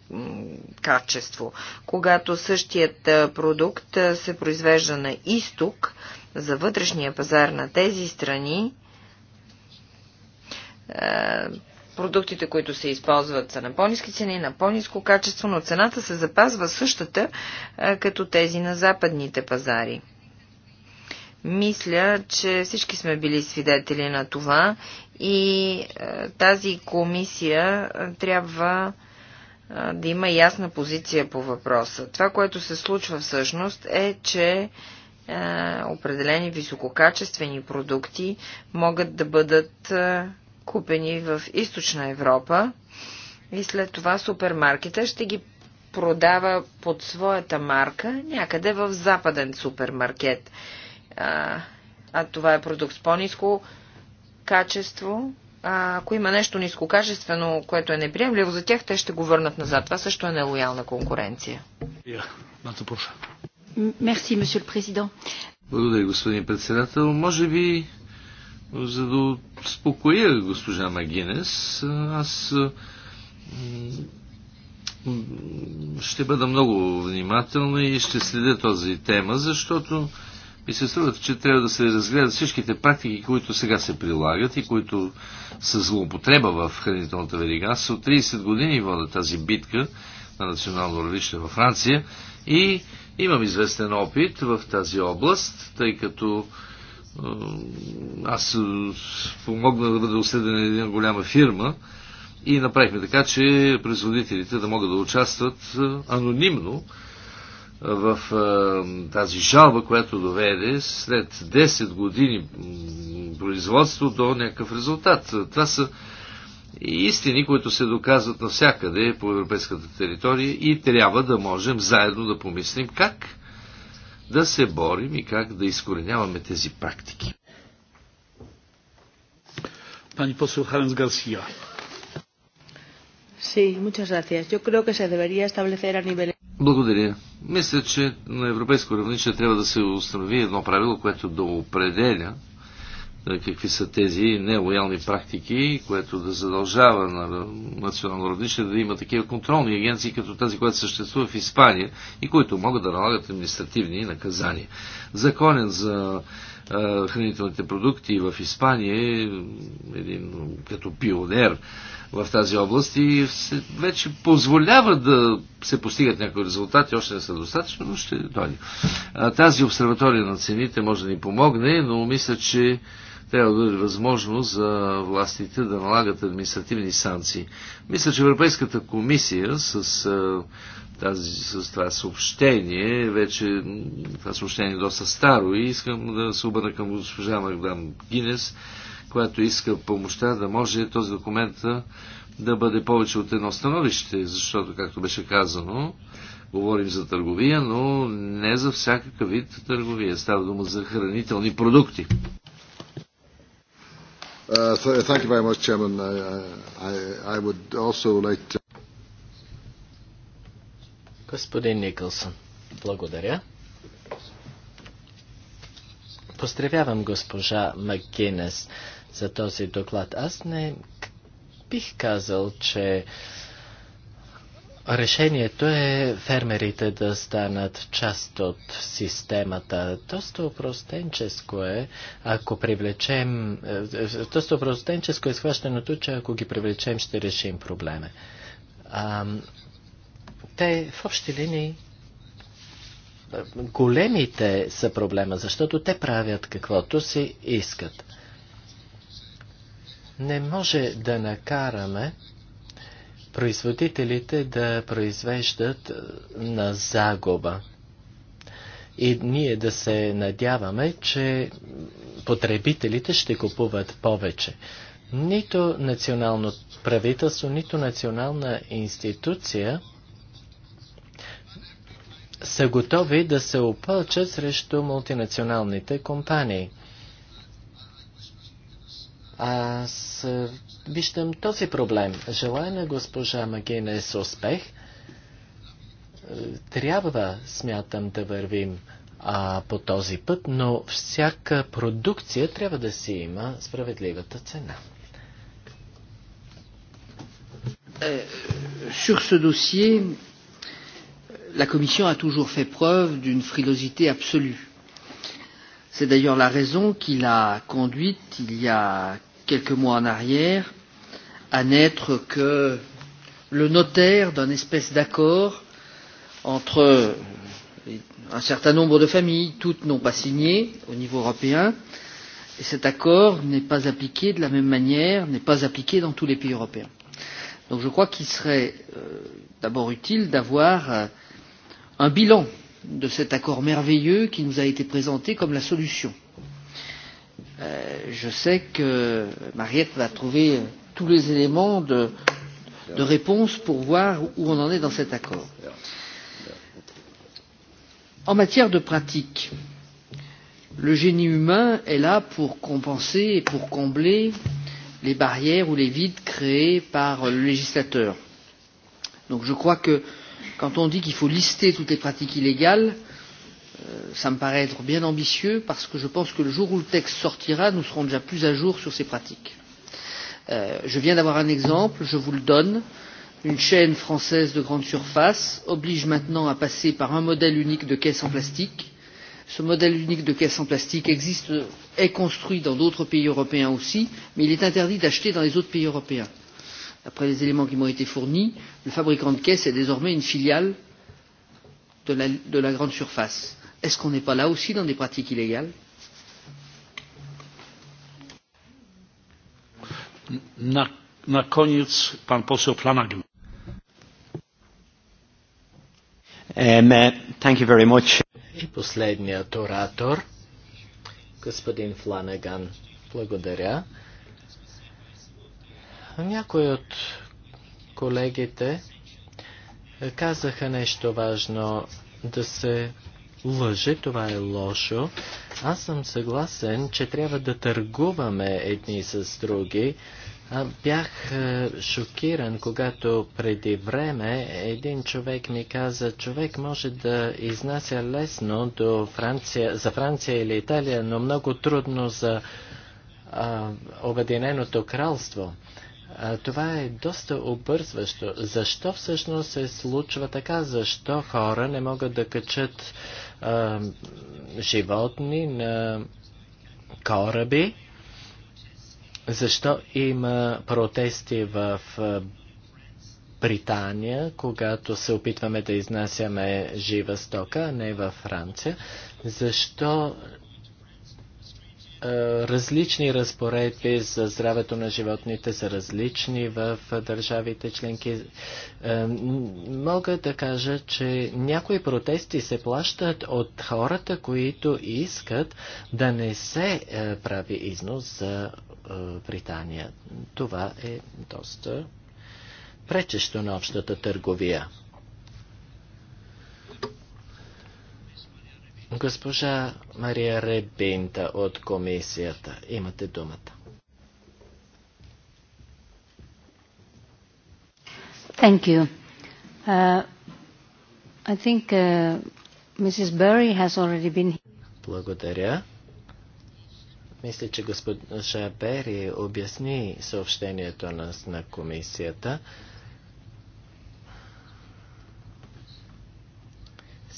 Speaker 4: качество. Когато същият продукт се произвежда на изток, за вътрешния пазар на тези страни, е, продуктите, които се използват са на по-низки цени, на по-низко качество, но цената се запазва същата, е, като тези на западните пазари. Мисля, че всички сме били свидетели на това и е, тази комисия трябва да има ясна позиция по въпроса. Това, което се случва всъщност е, че е, определени висококачествени продукти могат да бъдат е, купени в източна Европа и след това супермаркета ще ги продава под своята марка някъде в западен супермаркет. А, е, а това е продукт с по-низко качество. А, ако има нещо нискокачествено, което е неприемливо за тях, те ще го върнат назад. Това също е нелоялна конкуренция. Yeah,
Speaker 2: благодаря, господин председател. Може би, за да успокоя госпожа Магинес, аз ще бъда много внимателна и ще следя този тема, защото ми се струва, че трябва да се разгледат всичките практики, които сега се прилагат и които са злоупотреба в хранителната верига. Аз от 30 години вода тази битка на национално равнище във Франция и Имам известен опит в тази област, тъй като аз е, помогна да бъде осъдена една голяма фирма и направихме така, че производителите да могат да участват е, анонимно в е, тази жалба, която доведе след 10 години производство до някакъв резултат. Това са истини, които се доказват навсякъде по европейската територия и трябва да можем заедно да помислим как да се борим и как да изкореняваме тези практики. Пани посол Харенс Гарсия.
Speaker 5: Sí, muchas gracias. Yo creo que se debería establecer a nivel...
Speaker 2: Благодаря. Мисля, че на европейско равнище трябва да се установи едно правило, което да определя какви са тези нелоялни практики, което да задължава на национално равнище да има такива контролни агенции, като тази, която съществува в Испания и които могат да налагат административни наказания. Законен за хранителните продукти в Испания е един като пионер в тази област и се, вече позволява да се постигат някои резултати, още не са достатъчно, но ще дойде. Тази обсерватория на цените може да ни помогне, но мисля, че трябва да бъде възможно за властите да налагат административни санкции. Мисля, че Европейската комисия с, тази, с това съобщение, вече това съобщение е доста старо и искам да се обърна към госпожа Магдан Гинес, която иска помощта да може този документ да бъде повече от едно становище, защото, както беше казано, говорим за търговия, но не за всякакъв вид търговия. Става дума за хранителни продукти.
Speaker 3: Uh, th- uh, thank you very much, Chairman. I, I, I would also like to... Господин Николсон, благодаря. Поздравявам госпожа Макгинес за този доклад. Аз не бих казал, че uh, Решението е фермерите да станат част от системата. Доста простенческо е, ако привлечем... Е, е, доста простенческо е схващеното, че ако ги привлечем, ще решим проблеме. А, те в общи линии големите са проблема, защото те правят каквото си искат. Не може да накараме производителите да произвеждат е, на загуба. И ние да се надяваме, че потребителите ще купуват повече. Нито национално правителство, нито национална институция са готови да се опълчат срещу мултинационалните компании. Аз е, виждам този проблем. Желая на госпожа с успех. Трябва, смятам, да вървим а, по този път, но всяка продукция трябва да си има справедливата цена.
Speaker 5: Е, sur ce dossier, la Commission a toujours fait preuve d'une frilosité absolue. C'est d'ailleurs la raison qui l'a conduite, il y a quelques mois en arrière, à n'être que le notaire d'un espèce d'accord entre un certain nombre de familles, toutes n'ont pas signé au niveau européen, et cet accord n'est pas appliqué de la même manière, n'est pas appliqué dans tous les pays européens. Donc je crois qu'il serait euh, d'abord utile d'avoir euh, un bilan de cet accord merveilleux qui nous a été présenté comme la solution je sais que Mariette va trouver tous les éléments de, de réponse pour voir où on en est dans cet accord. En matière de pratique, le génie humain est là pour compenser et pour combler les barrières ou les vides créés par le législateur. Donc je crois que quand on dit qu'il faut lister toutes les pratiques illégales, ça me paraît être bien ambitieux parce que je pense que le jour où le texte sortira, nous serons déjà plus à jour sur ces pratiques. Euh, je viens d'avoir un exemple, je vous le donne. Une chaîne française de grande surface oblige maintenant à passer par un modèle unique de caisse en plastique. Ce modèle unique de caisse en plastique existe, est construit dans d'autres pays européens aussi, mais il est interdit d'acheter dans les autres pays européens. Après les éléments qui m'ont été fournis, le fabricant de caisse est désormais une filiale de la, de la grande surface Est-ce qu'on n'est pas là aussi dans des pratiques illégales
Speaker 2: Na, na koniec pan
Speaker 3: poseł Flanagan. Um, thank you very much. И последният оратор, господин Фланаган. Благодаря. Някои от колегите казаха нещо важно да се лъже, това е лошо. Аз съм съгласен, че трябва да търгуваме едни с други. А, бях е, шокиран, когато преди време един човек ми каза, човек може да изнася лесно до Франция, за Франция или Италия, но много трудно за а, Обединеното кралство. Това е доста обързващо. Защо всъщност се случва така? Защо хора не могат да качат а, животни на кораби? Защо има протести в Британия, когато се опитваме да изнасяме жива стока, а не във Франция? Защо различни разпоредби за здравето на животните са различни в държавите членки. Мога да кажа, че някои протести се плащат от хората, които искат да не се прави износ за Британия. Това е доста пречещо на общата търговия. Госпожа Мария Ребинта от комисията, имате думата.
Speaker 5: Thank you. Uh, I think uh,
Speaker 4: Mrs. Berry has already been
Speaker 3: Благодаря. Мисля, че госпожа Бери обясни съобщението на, на комисията. Uh,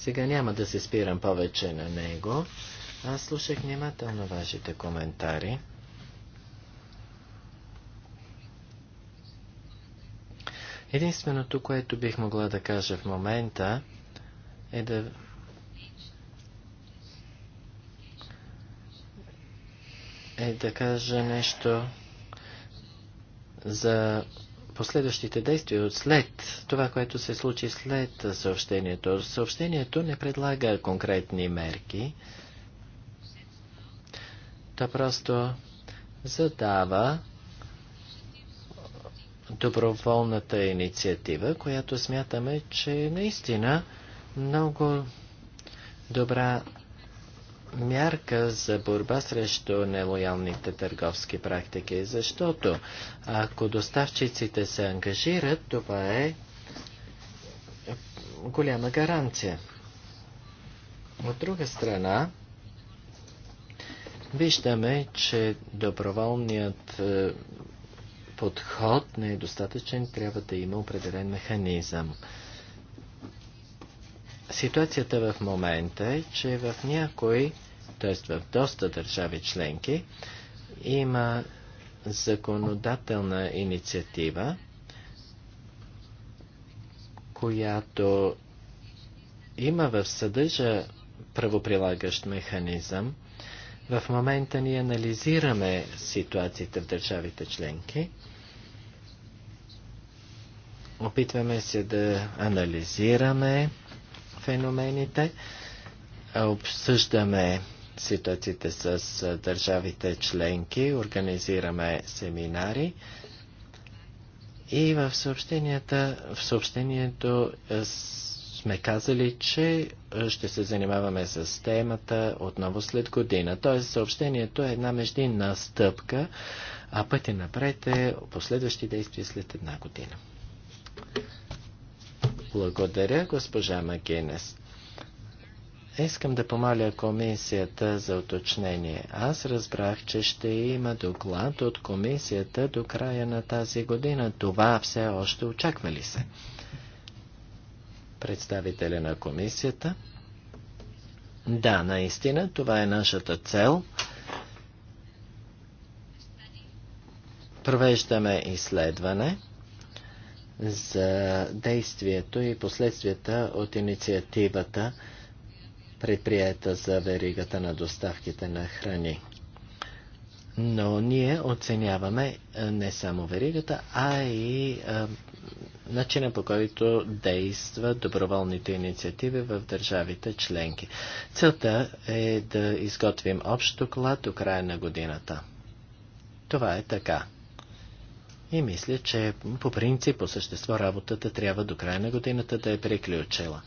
Speaker 3: Сега няма да се спирам повече на него. Аз слушах внимателно вашите коментари. Единственото, което бих могла да кажа в момента, е да е да кажа нещо за последващите действия след това, което се случи след съобщението. Съобщението не предлага конкретни мерки. Та просто задава доброволната инициатива, която смятаме, че е наистина много добра мярка за борба срещу нелоялните търговски практики, защото ако доставчиците се ангажират, това е голяма гаранция. От друга страна, виждаме, че доброволният е, подход не е достатъчен, трябва да има определен механизъм. Ситуацията в момента е, че в някои, т.е. в доста държави членки, има законодателна инициатива, която има в съдържа правоприлагащ механизъм. В момента ние анализираме ситуациите в държавите членки. Опитваме се да анализираме феномените. Обсъждаме ситуациите с държавите членки, организираме семинари. И в, съобщенията, в съобщението сме казали, че ще се занимаваме с темата отново след година. Тоест съобщението е една междинна стъпка, а пъти напред е последващи действия след една година. Благодаря, госпожа Магинес. Искам да помоля комисията за уточнение. Аз разбрах, че ще има доклад от комисията до края на тази година. Това все още очаква ли се? Представителя на комисията. Да, наистина, това е нашата цел. Провеждаме изследване за действието и последствията от инициативата, предприета за веригата на доставките на храни. Но ние оценяваме не само веригата, а и а, начина по който действат доброволните инициативи в държавите членки. Целта е да изготвим общ доклад до края на годината. Това е така. И мисля, че по принцип, по същество, работата трябва до края на годината да е приключила.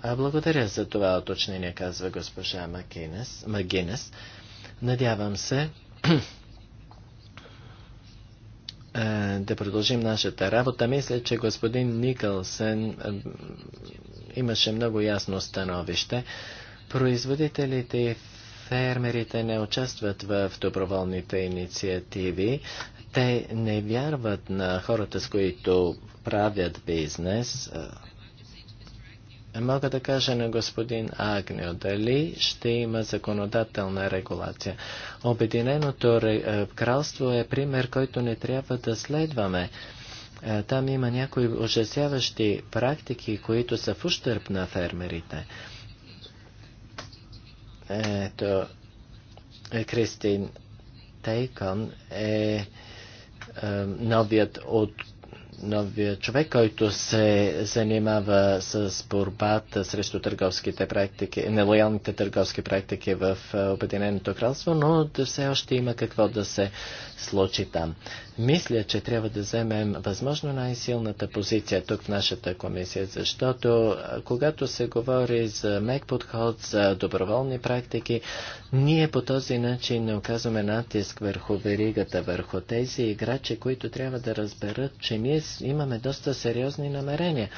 Speaker 3: А благодаря за това оточнение, казва госпожа Магинес. Магинес. Надявам се [clears throat] е, да продължим нашата работа. Мисля, че господин Никълсен е, имаше много ясно становище. Производителите и фермерите не участват в доброволните инициативи. Те не вярват на хората, с които правят бизнес. Е, мога да кажа на господин Агнио, дали ще има законодателна регулация. Обединеното е, кралство е пример, който не трябва да следваме. Е, там има някои ужасяващи практики, които са в ущърп на фермерите. Ето, Кристин Тейкон е е, новият от новия човек, който се занимава с борбата срещу търговските практики, нелоялните търговски практики в е, Обединеното кралство, но да все още има какво да се случи там. Мисля, че трябва да вземем възможно най-силната позиция тук в нашата комисия, защото е, когато се говори за мек подход, за доброволни практики, ние по този начин не оказваме натиск върху веригата, върху тези играчи, които трябва да разберат, че ние имаме доста сериозни намерения.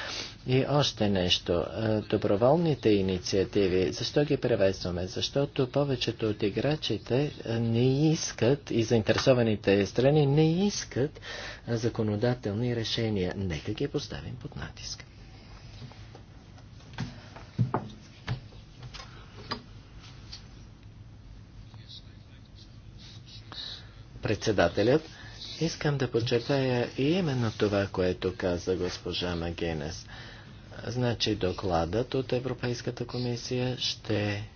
Speaker 3: И още нещо. Е, доброволните инициативи. Защо ги приветстваме? Защото повечето от играчите е, не искат и заинтересованите страни не искат е, законодателни решения. Нека ги поставим под натиск. Председателят Искам да подчертая и именно това, което каза госпожа Магенес. Значи докладът от Европейската комисия ще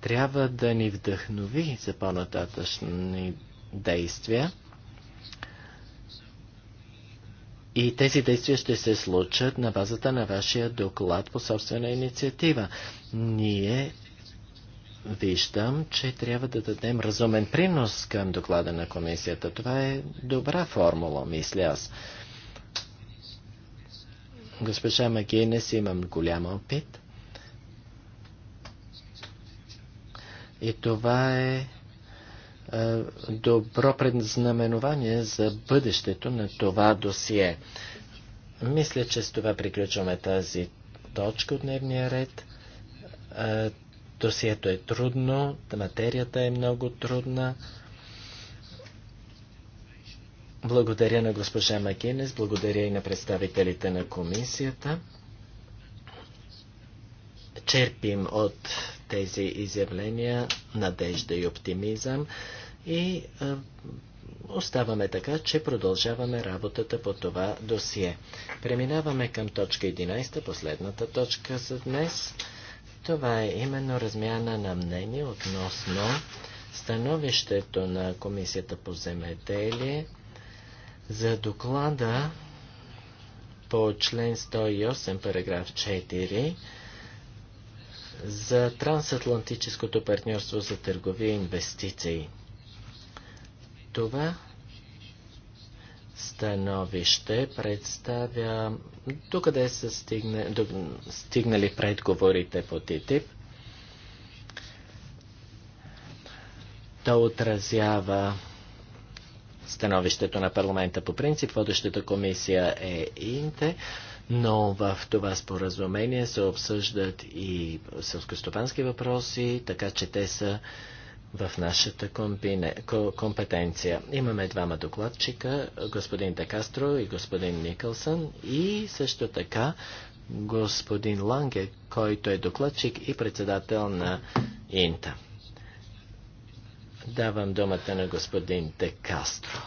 Speaker 3: трябва да ни вдъхнови за по-нататъчни действия. И тези действия ще се случат на базата на вашия доклад по собствена инициатива. Ние виждам, че трябва да дадем разумен принос към доклада на комисията. Това е добра формула, мисля аз. Госпожа Магинес, имам голям опит. И това е, е добро предзнаменование за бъдещето на това досие. Мисля, че с това приключваме тази точка от дневния ред. Е, Досието е трудно, материята е много трудна. Благодаря на госпожа Макенес, благодаря и на представителите на комисията. Черпим от тези изявления надежда и оптимизъм и а, оставаме така, че продължаваме работата по това досие. Преминаваме към точка 11, последната точка за днес. Това е именно размяна на мнение относно становището на Комисията по земеделие за доклада по член 108, параграф 4 за трансатлантическото партньорство за търговия и инвестиции. Това становище представя докъде са стигна, до, стигнали предговорите по ТИТИП. То отразява становището на парламента по принцип. Водещата комисия е ИНТЕ, но в това споразумение се обсъждат и селскостопански въпроси, така че те са в нашата компетенция. Имаме двама докладчика, господин Декастро и господин Никълсън и също така господин Ланге, който е докладчик и председател на Инта. Давам думата на господин Декастро.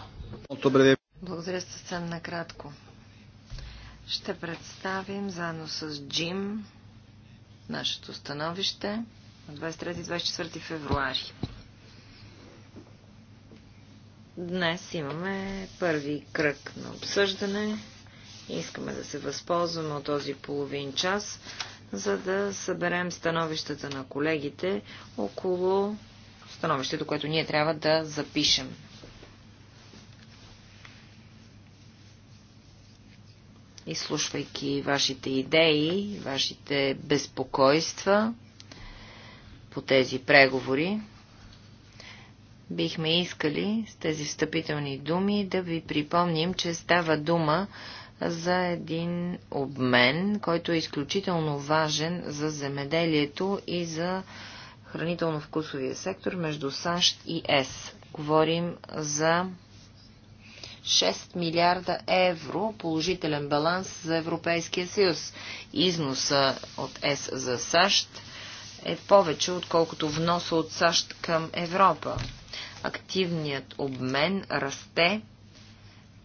Speaker 4: Благодаря съвсем накратко. Ще представим заедно с Джим нашето становище на 23-24 февруари. Днес имаме първи кръг на обсъждане. Искаме да се възползваме от този половин час, за да съберем становищата на колегите около становището, което ние трябва да запишем. изслушвайки вашите идеи, вашите безпокойства по тези преговори бихме искали с тези встъпителни думи да ви припомним, че става дума за един обмен, който е изключително важен за земеделието и за хранително-вкусовия сектор между САЩ и ЕС. Говорим за 6 милиарда евро положителен баланс за Европейския съюз. Износа от ЕС за САЩ е повече, отколкото вноса от САЩ към Европа активният обмен расте.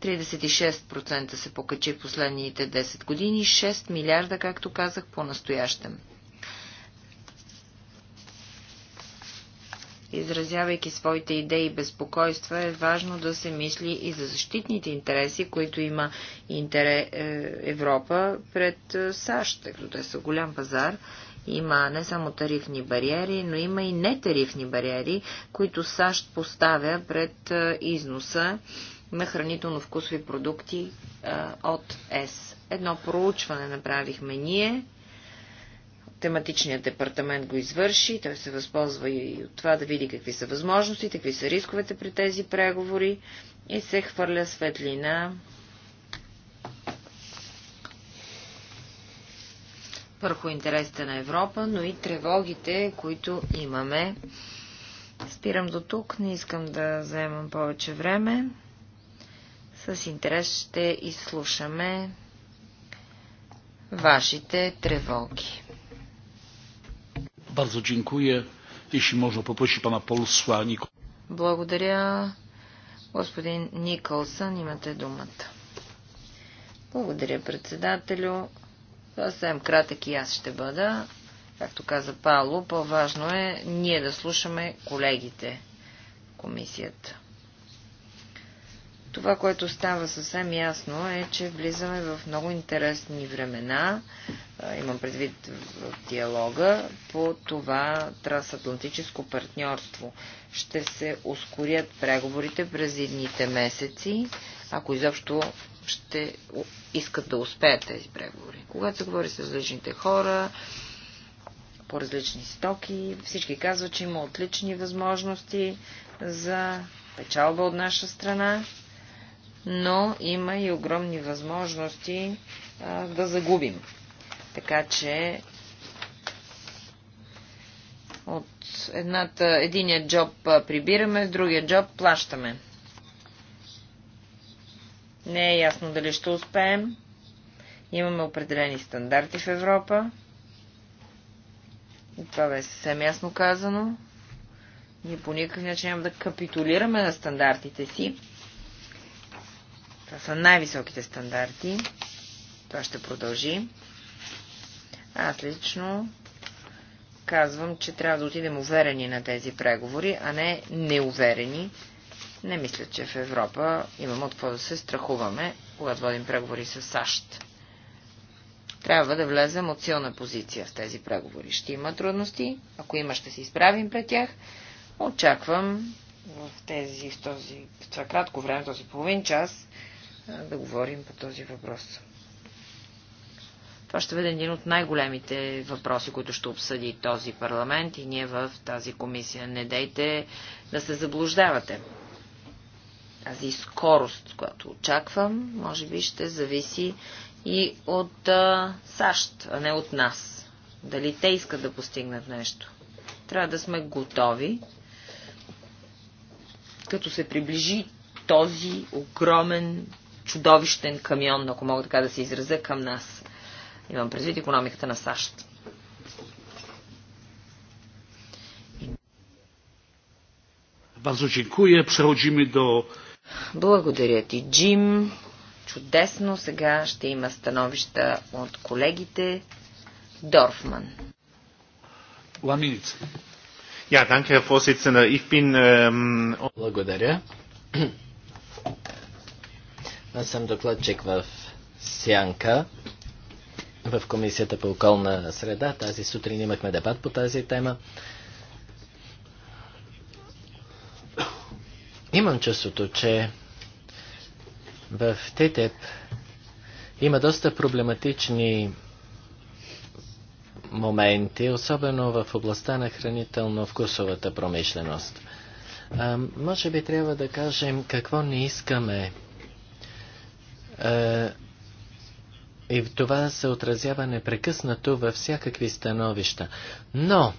Speaker 4: 36% се покачи последните 10 години, 6 милиарда, както казах, по-настоящем. Изразявайки своите идеи и безпокойства, е важно да се мисли и за защитните интереси, които има е, Европа пред е, САЩ, тъй като те са голям пазар има не само тарифни бариери, но има и нетарифни бариери, които САЩ поставя пред износа на хранително-вкусови продукти от ЕС. Едно проучване направихме ние. Тематичният департамент го извърши. Той се възползва и от това да види какви са възможности, какви са рисковете при тези преговори и се хвърля светлина върху интересите на Европа, но и тревогите, които имаме. Спирам до тук, не искам да заемам повече време. С интерес ще изслушаме вашите
Speaker 2: тревоги. Bardzo dziękuję. Jeśli można poprosić pana
Speaker 5: posła
Speaker 4: Благодаря. Господин Николсън, имате думата. Благодаря, председателю. Съвсем кратък и аз ще бъда. Както каза Пало, по-важно е ние да слушаме колегите комисията. Това, което става съвсем ясно е, че влизаме в много интересни времена, имам предвид в диалога, по това трансатлантическо партньорство. Ще се ускорят преговорите през едните месеци, ако изобщо ще искат да успеят тези преговори. Когато се говори с различните хора, по различни стоки, всички казват, че има отлични възможности за печалба от наша страна, но има и огромни възможности а, да загубим. Така че от едната, единия джоб прибираме, другия джоб плащаме. Не е ясно дали ще успеем. Имаме определени стандарти в Европа. И това бе съвсем ясно казано. Ние по никакъв начин няма да капитулираме на стандартите си. Това са най-високите стандарти. Това ще продължи. Аз лично казвам, че трябва да отидем уверени на тези преговори, а не неуверени, не мисля, че в Европа имаме от какво да се страхуваме, когато водим преговори с САЩ. Трябва да влезем от силна позиция в тези преговори. Ще има трудности, ако има, ще се изправим пред тях. Очаквам в, тези, в, този, в това кратко време, този половин час, да говорим по този въпрос. Това ще бъде един от най-големите въпроси, които ще обсъди този парламент и ние в тази комисия. Не дейте да се заблуждавате. Тази скорост, която очаквам, може би ще зависи и от а, САЩ, а не от нас. Дали те искат да постигнат нещо. Трябва да сме готови, като се приближи този огромен, чудовищен камион, ако мога така да се изразя, към нас. Имам предвид економиката на САЩ. Bardzo dziękuję. Przechodzimy do благодаря ти, Джим. Чудесно. Сега ще има становища от колегите. Дорфман.
Speaker 1: Ламиница. Ähm,
Speaker 3: Благодаря. Аз съм докладчик в Сянка в Комисията по околна среда. Тази сутрин имахме дебат по тази тема. Имам чувството, че в ТТЕП има доста проблематични моменти, особено в областта на хранително-вкусовата промишленост. А, може би трябва да кажем какво не искаме. А, и това се отразява непрекъснато във всякакви становища. Но,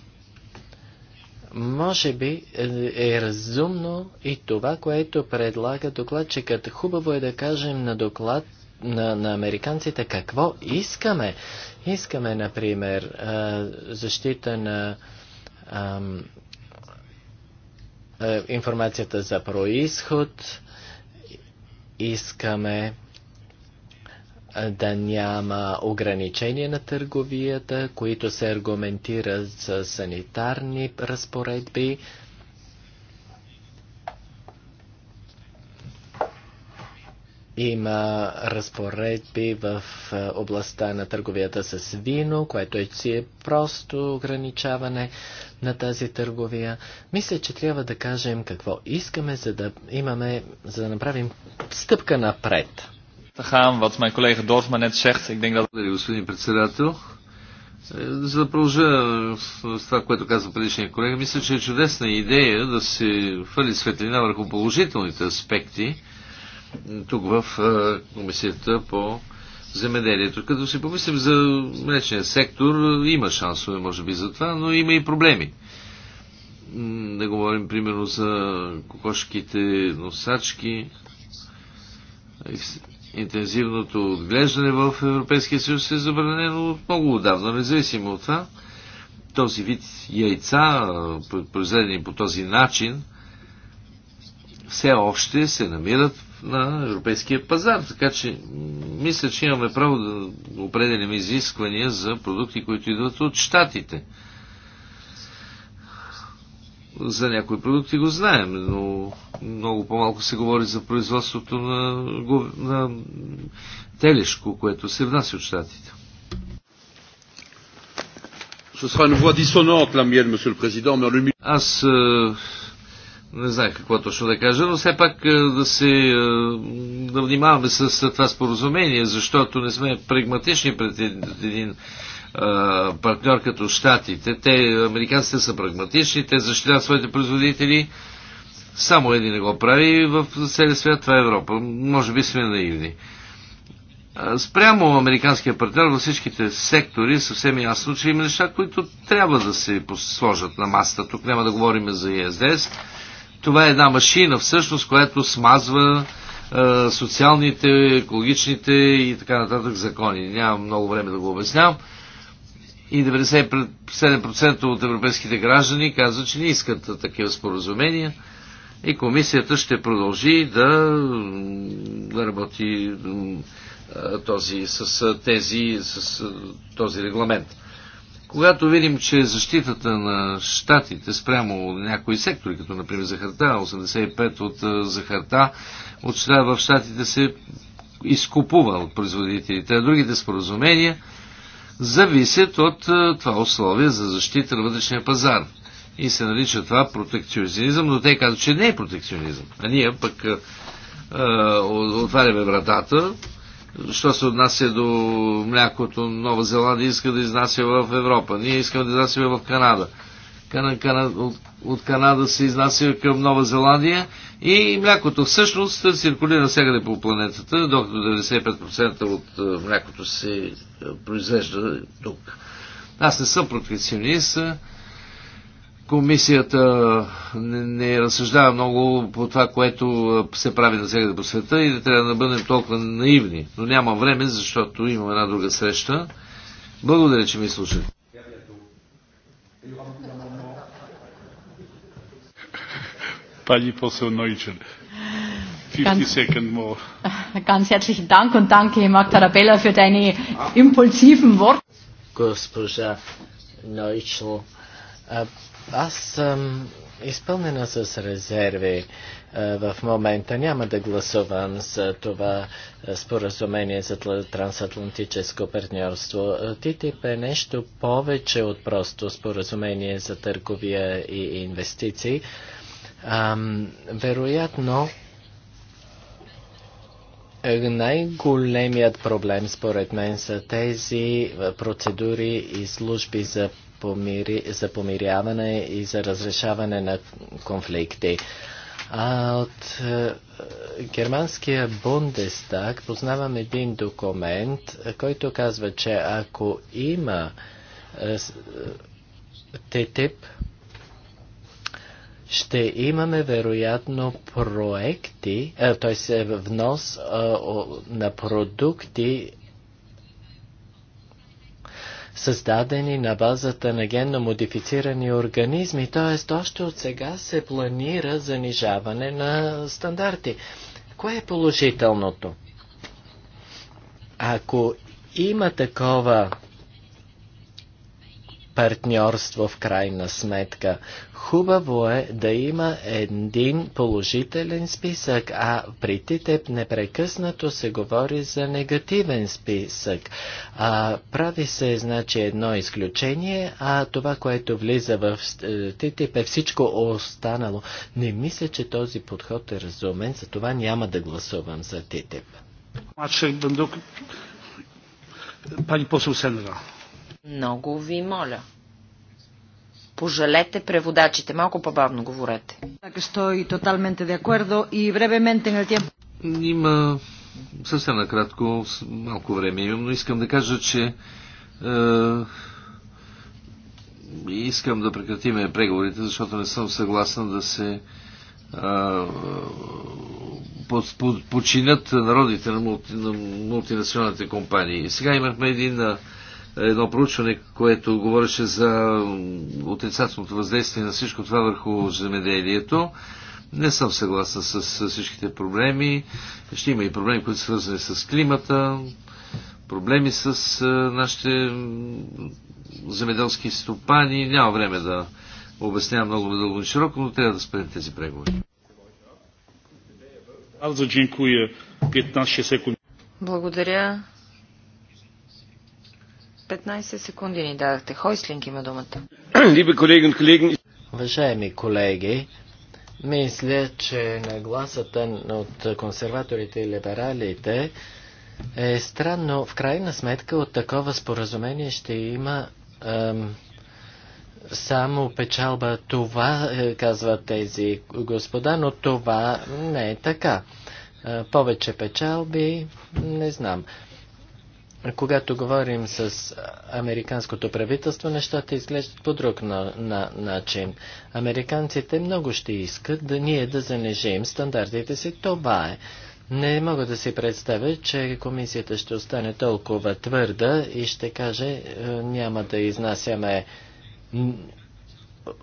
Speaker 3: може би е, е разумно и това, което предлага докладчикът. Хубаво е да кажем на доклад на, на американците какво искаме. Искаме, например, е, защита на ам, е, информацията за происход, искаме да няма ограничения на търговията, които се аргументират с санитарни разпоредби. Има разпоредби в е, областта на търговията с вино, което е си е просто ограничаване на тази търговия. Мисля, че трябва да кажем какво искаме, за да имаме, за да направим стъпка напред
Speaker 2: te gaan, wat mijn collega Dorfman net zegt. Ik denk dat... Господин председател, е, за да продължа с това, което каза предишния колега, мисля, че е чудесна идея да се хвърли светлина върху положителните аспекти тук в е, комисията по земеделието. Като си помислим за млечния сектор, има шансове, може би, за това, но има и проблеми. Да говорим, примерно, за кокошките носачки, интензивното отглеждане в Европейския съюз е забранено много отдавна, независимо от това. Този вид яйца, произведени по този начин, все още се намират на европейския пазар. Така че мисля, че имаме право да определим изисквания за продукти, които идват от щатите. За някои продукти го знаем, но много по-малко се говори за производството на, на телешко, което се внася от щатите. Аз е, не знаех какво точно да кажа, но все пак е, да се е, да внимаваме с това споразумение, защото не сме прагматични пред един партньор като Штатите. Те, американците са прагматични, те защитават своите производители. Само един не го прави в целия свят, това е Европа. Може би сме наивни. Спрямо американския партньор във всичките сектори съвсем ясно, че има неща, които трябва да се сложат на масата. Тук няма да говорим за ЕСДС. Това е една машина всъщност, която смазва е, социалните, екологичните и така нататък закони. Няма много време да го обяснявам и 97% от европейските граждани казват, че не искат такива споразумения и комисията ще продължи да, да работи този, с, тези, с този регламент. Когато видим, че защитата на щатите спрямо някои сектори, като например захарта, 85 от захарта, от в щатите се изкупува от производителите, а другите споразумения зависят от е, това условие за защита на вътрешния пазар. И се нарича това протекционизъм, но те казват, че не е протекционизъм. А ние пък е, е, отваряме вратата. Що се отнася до млякото, Нова Зеландия иска да изнася в Европа. Ние искаме да изнасяме в Канада. Кана, Кана, от, от Канада се изнася към Нова Зеландия и млякото всъщност циркулира всякъде по планетата, докато 95% от е, млякото се е, произвежда тук. Аз не съм протекционист. Е, комисията не, не разсъждава много по това, което се прави сега по света и не трябва да бъдем толкова наивни. Но няма време, защото имам една друга среща. Благодаря, че ми слушате.
Speaker 1: Pani poseł Neuchel. Ganz,
Speaker 3: [laughs] ganz herzlichen Dank und danke, Marc Tarabella, für deine impulsiven Worte. Госпожа Нойчл, аз съм изпълнена с резерви в момента. Няма да гласувам за това споразумение за трансатлантическо партньорство. ТТП е нещо повече от просто споразумение за търговия и инвестиции. Ам, вероятно, най-големият проблем, според мен, са тези процедури и служби за, помири, за помиряване и за разрешаване на конфликти. А от е, германския Бундестаг познавам един документ, който казва, че ако има е, ТТИП, ще имаме вероятно проекти, е, т.е. Е внос е, на продукти създадени на базата на генно модифицирани организми, т.е. още от сега се планира занижаване на стандарти. Кое е положителното? Ако има такова партньорство в крайна сметка. Хубаво е да има един положителен списък, а при ТИТЕП непрекъснато се говори за негативен списък. А, прави се, значи, едно изключение, а това, което влиза в е, ТИТЕП е всичко останало. Не мисля, че този подход е разумен, за това няма да гласувам за ТИТЕП.
Speaker 2: Пани посол Сенова. Много
Speaker 4: ви моля. Пожалете преводачите. Малко по-бавно говорете.
Speaker 2: Има съвсем накратко, малко време имам, но искам да кажа, че е, искам да прекратиме преговорите, защото не съм съгласен да се е, подчинят народите на, мулти, на мултинационалните компании. Сега имахме един е, едно проучване, което говореше за отрицателното въздействие на всичко това върху земеделието. Не съм съгласен с, с всичките проблеми. Ще има и проблеми, които са свързани с климата, проблеми с е, нашите земеделски стопани. Няма време да обяснявам много дълго и широко, но трябва да спрем тези преговори.
Speaker 4: Благодаря. 15 секунди ни дадахте.
Speaker 3: Хойслинг има думата. [clears throat] Уважаеми колеги, мисля, че нагласата от консерваторите и либералите е странно. В крайна сметка от такова споразумение ще има ем, само печалба. Това е, казват тези господа, но това не е така. Е, повече печалби, не знам когато говорим с американското правителство, нещата изглеждат по друг на, на, начин. Американците много ще искат да ние да занижим стандартите си. Това е. Не мога да си представя, че комисията ще остане толкова твърда и ще каже, е, няма да изнасяме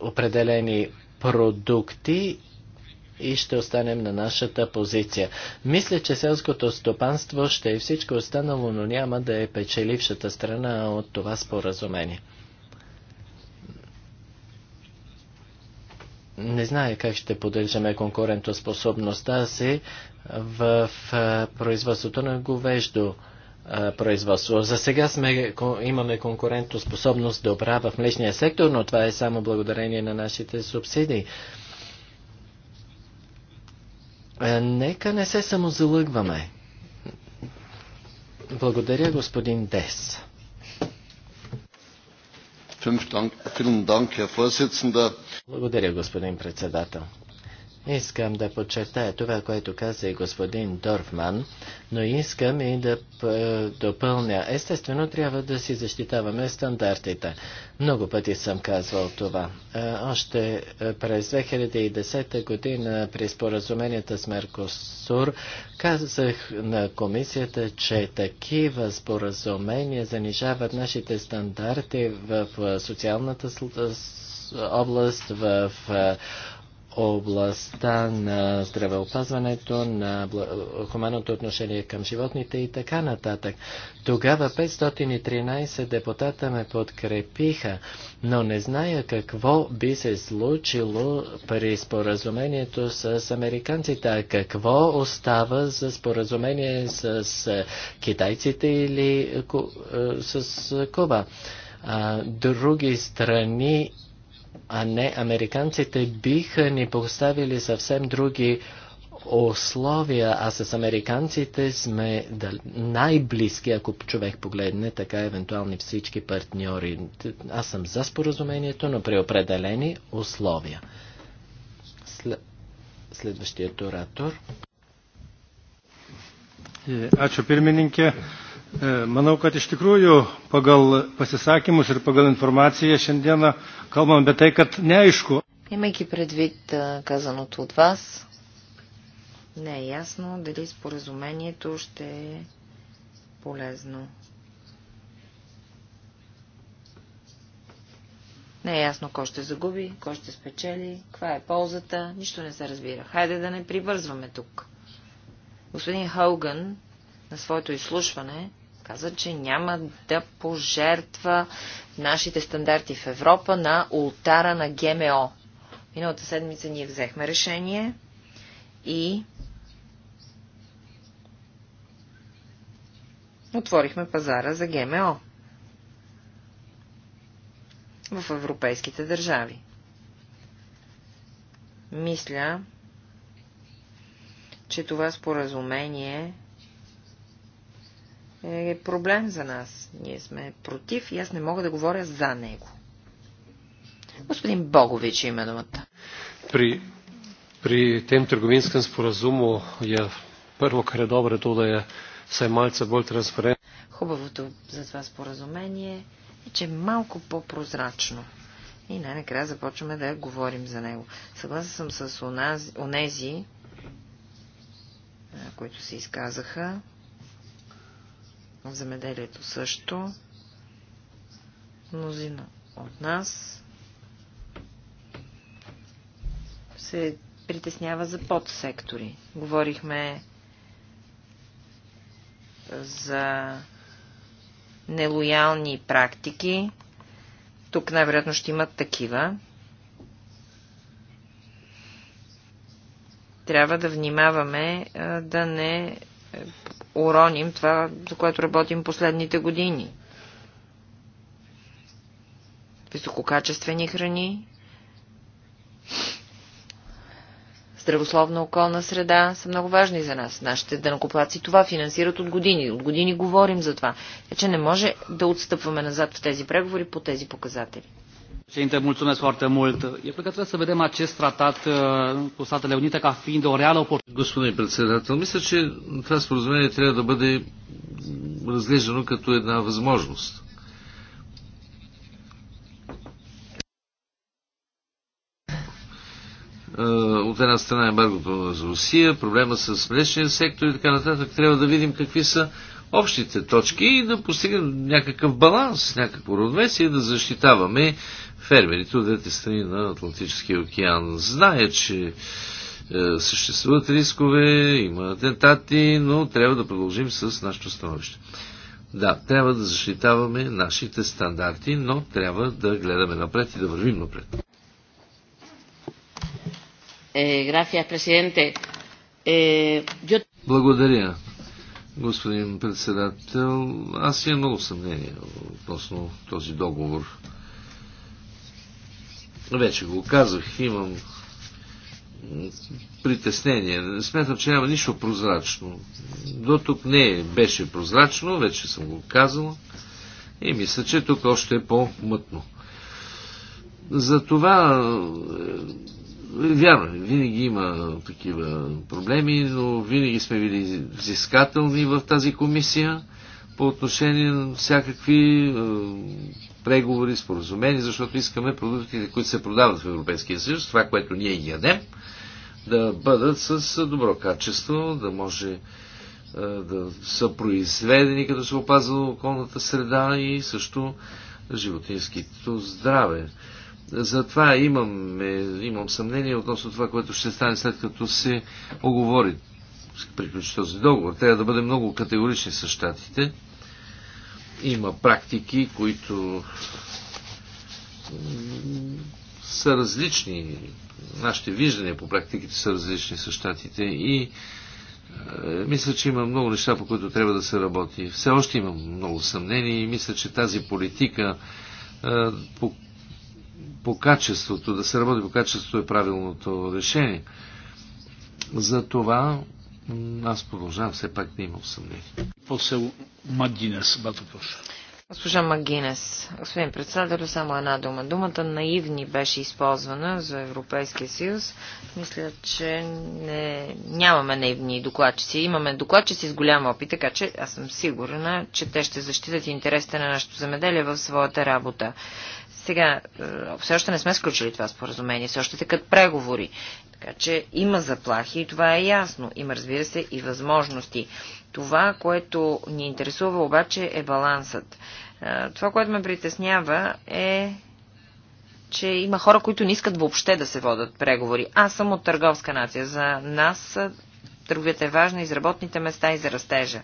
Speaker 3: определени продукти и ще останем на нашата позиция. Мисля, че селското стопанство ще е всичко останало, но няма да е печелившата страна от това споразумение. не знае как ще поддържаме конкурентоспособността си в производството на говеждо производство. За сега сме, имаме конкурентоспособност добра в млечния сектор, но това е само благодарение на нашите субсидии. Нека не се самозалъгваме. Благодаря, господин Дес. Благодаря, господин председател. Искам да подчертая това, което каза и господин Дорфман, но искам и да е, допълня. Естествено, трябва да си защитаваме стандартите. Много пъти съм казвал това. Е, още е, през 2010 година при споразуменията с Меркосур казах на комисията, че такива споразумения занижават нашите стандарти в социалната област, в областта на здравеопазването, на хуманното отношение към животните и така нататък. Тогава 513 депутата ме подкрепиха, но не зная какво би се случило при споразумението с американците, а какво остава за споразумение с китайците или с Куба. Други страни а не американците биха ни поставили съвсем други условия, а с американците сме най-близки, ако човек погледне така евентуални всички партньори. Аз съм за споразумението, но при определени условия. Следващият оратор. Е, Ачо
Speaker 1: Пирмининке. Manau, е, kad iš tikrųjų pagal pasisakymus ir pagal informaciją šiandieną kalbam apie tai, kad neaišku.
Speaker 4: Имайки предвид е, казаното от вас, не е ясно дали споразумението ще е полезно. Не е ясно кой ще загуби, кой ще спечели, каква е ползата, нищо не се разбира. Хайде да не прибързваме тук. Господин Хаугън на своето изслушване каза, че няма да пожертва нашите стандарти в Европа на ултара на ГМО. Миналата седмица ние взехме решение и отворихме пазара за ГМО в европейските държави. Мисля, че това споразумение е проблем за нас. Ние сме против и аз не мога да говоря за него. Господин Богович има думата.
Speaker 2: При, при тем trgovinskem sporazumu je първо, kar je dobro, to, da je vsaj малце bolj трансферен.
Speaker 4: Хубавото за това споразумение е, че е малко по-прозрачно. И най-накрая започваме да говорим за него. Съгласен съм с онези, които се изказаха, в земеделието също. Мнозина от нас се притеснява за подсектори. Говорихме за нелоялни практики. Тук най-вероятно ще имат такива. Трябва да внимаваме да не уроним това, за което работим последните години. Висококачествени храни, здравословна околна среда са много важни за нас. Нашите дънакоплаци това финансират от години. От години говорим за това. Е, че не може да отстъпваме назад в тези преговори по тези
Speaker 2: показатели. Președinte, mulțumesc foarte mult. E plecătură să vedem acest tratat uh, cu Statele Unite ca fiind o reală oportunitate. Господин председател, мисля, че това споразумение трябва да бъде разглеждано като една възможност. От една страна ембаргото за Русия, проблема с млечния сектор и така нататък. Трябва да видим какви са общите точки и да постигнем някакъв баланс, някакво равновесие, да защитаваме фермерите от двете страни на Атлантическия океан. Зная, че е, съществуват рискове, има атентати, но трябва да продължим с нашето становище. Да, трябва да защитаваме нашите стандарти, но трябва да гледаме напред и да вървим напред.
Speaker 5: Е, е,
Speaker 2: Благодаря, Господин председател, аз имам много съмнение относно този договор. Вече го казах, имам притеснение. Смятам, че няма нищо прозрачно. До тук не беше прозрачно, вече съм го казал. И мисля, че тук още е по-мътно. Затова Вярно, винаги има такива проблеми, но винаги сме били взискателни в тази комисия по отношение на всякакви е, преговори, споразумения, защото искаме продуктите, които се продават в Европейския съюз, това, което ние ядем, да бъдат с добро качество, да може е, да са произведени, като се опазва околната среда и също животинското здраве. Затова имам, е, имам съмнение относно това, което ще стане след като се оговори приключи този договор. Трябва да бъде много категорични с щатите. Има практики, които са различни. Нашите виждания по практиките са различни с щатите и е, мисля, че има много неща, по които трябва да се работи. Все още имам много съмнение и мисля, че тази политика, е, по по качеството, да се работи по качеството е правилното решение. За това аз продължавам все пак да имам съмнение. Посел Магинес, Батопош.
Speaker 4: Госпожа Магинес, господин председател, само една дума. Думата наивни беше използвана за Европейския съюз. Мисля, че не, нямаме наивни докладчици. Имаме докладчици с голям опит, така че аз съм сигурна, че те ще защитат интересите на нашето замеделие в своята работа. Сега, е, все още не сме сключили това споразумение, все още текат преговори. Така че има заплахи и това е ясно. Има, разбира се, и възможности. Това, което ни интересува обаче е балансът. Е, това, което ме притеснява е че има хора, които не искат въобще да се водат преговори. Аз съм от търговска нация. За нас търговията е, е важна и за работните места, и за растежа.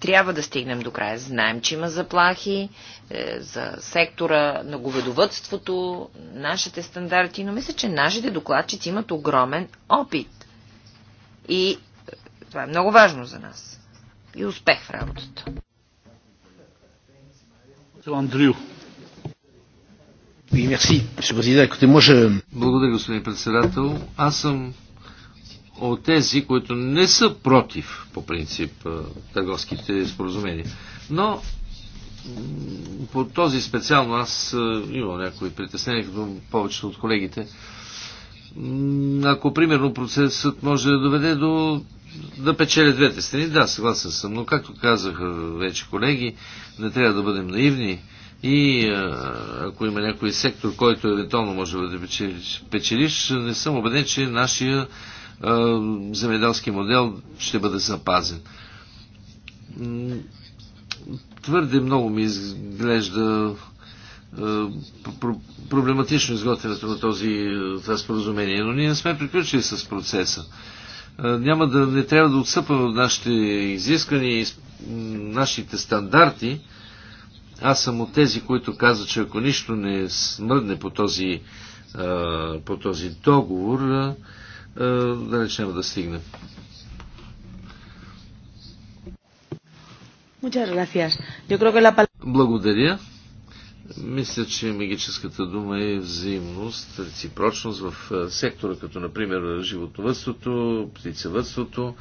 Speaker 4: Трябва да стигнем до края. Знаем, че има заплахи е, за сектора на говедовътството, нашите стандарти, но мисля, че нашите докладчици имат огромен опит. И е, това е много важно за нас. И успех в работата.
Speaker 2: Андрю. Благодаря, господин председател. Аз съм от тези, които не са против, по принцип, търговските споразумения. Но по този специално аз имам някои притеснения, като повечето от колегите. Ако, примерно, процесът може да доведе до да печели двете страни, да, съгласен съм, но както казаха вече колеги, не трябва да бъдем наивни и ако има някой сектор, който евентуално може да бъде печелиш, не съм убеден, че нашия земеделски модел ще бъде запазен. Твърде много ми изглежда проблематично изготвянето на този, това споразумение, но ние не сме приключили с процеса. Няма да не трябва да отсъпваме от нашите изисквания и нашите стандарти. Аз съм от тези, които казват, че ако нищо не смръдне по този, по този договор, е, да речем да стигнем. Благодаря. Мисля, че магическата дума е взаимност, реципрочност в е, сектора, като например животновътството, птицевътството.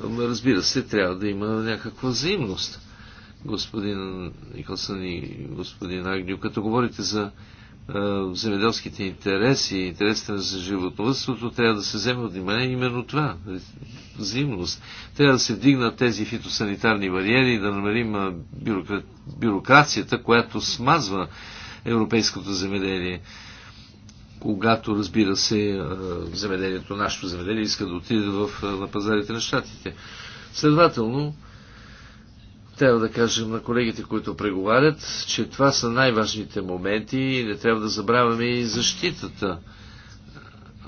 Speaker 2: Разбира се, трябва да има някаква взаимност. Господин Николсън и господин Агню, като говорите за е, земеделските интереси и интересите на животновътството, трябва да се вземе от внимание именно това. Взаимност. Трябва да се вдигнат тези фитосанитарни бариери и да намерим е, бюрокра... бюрокрацията, която смазва европейското земеделие. Когато, разбира се, е, земеделието, нашето земеделие иска да отиде в, на пазарите на щатите. Следователно, трябва да кажем на колегите, които преговарят, че това са най-важните моменти и не трябва да забравяме и защитата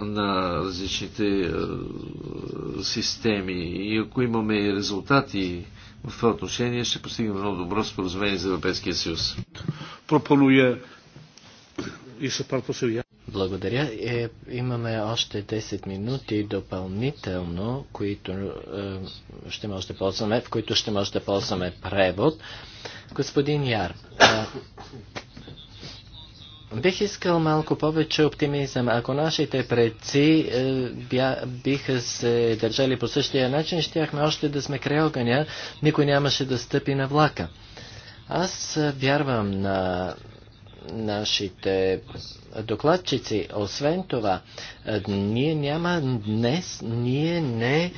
Speaker 2: на различните е, системи. И ако имаме резултати в това отношение, ще постигнем много добро споразумение за Европейския съюз. Пропонуя и се благодаря.
Speaker 3: Е, имаме още 10 минути допълнително, които е, ще може да ползваме, в които ще може да ползваме превод. Господин Яр, е, бих искал малко повече оптимизъм. Ако нашите предци е, бя, биха се държали по същия начин, щяхме още да сме край огъня, никой нямаше да стъпи на влака. Аз е, вярвам на нашите докладчици. Освен това, ние няма днес, ние не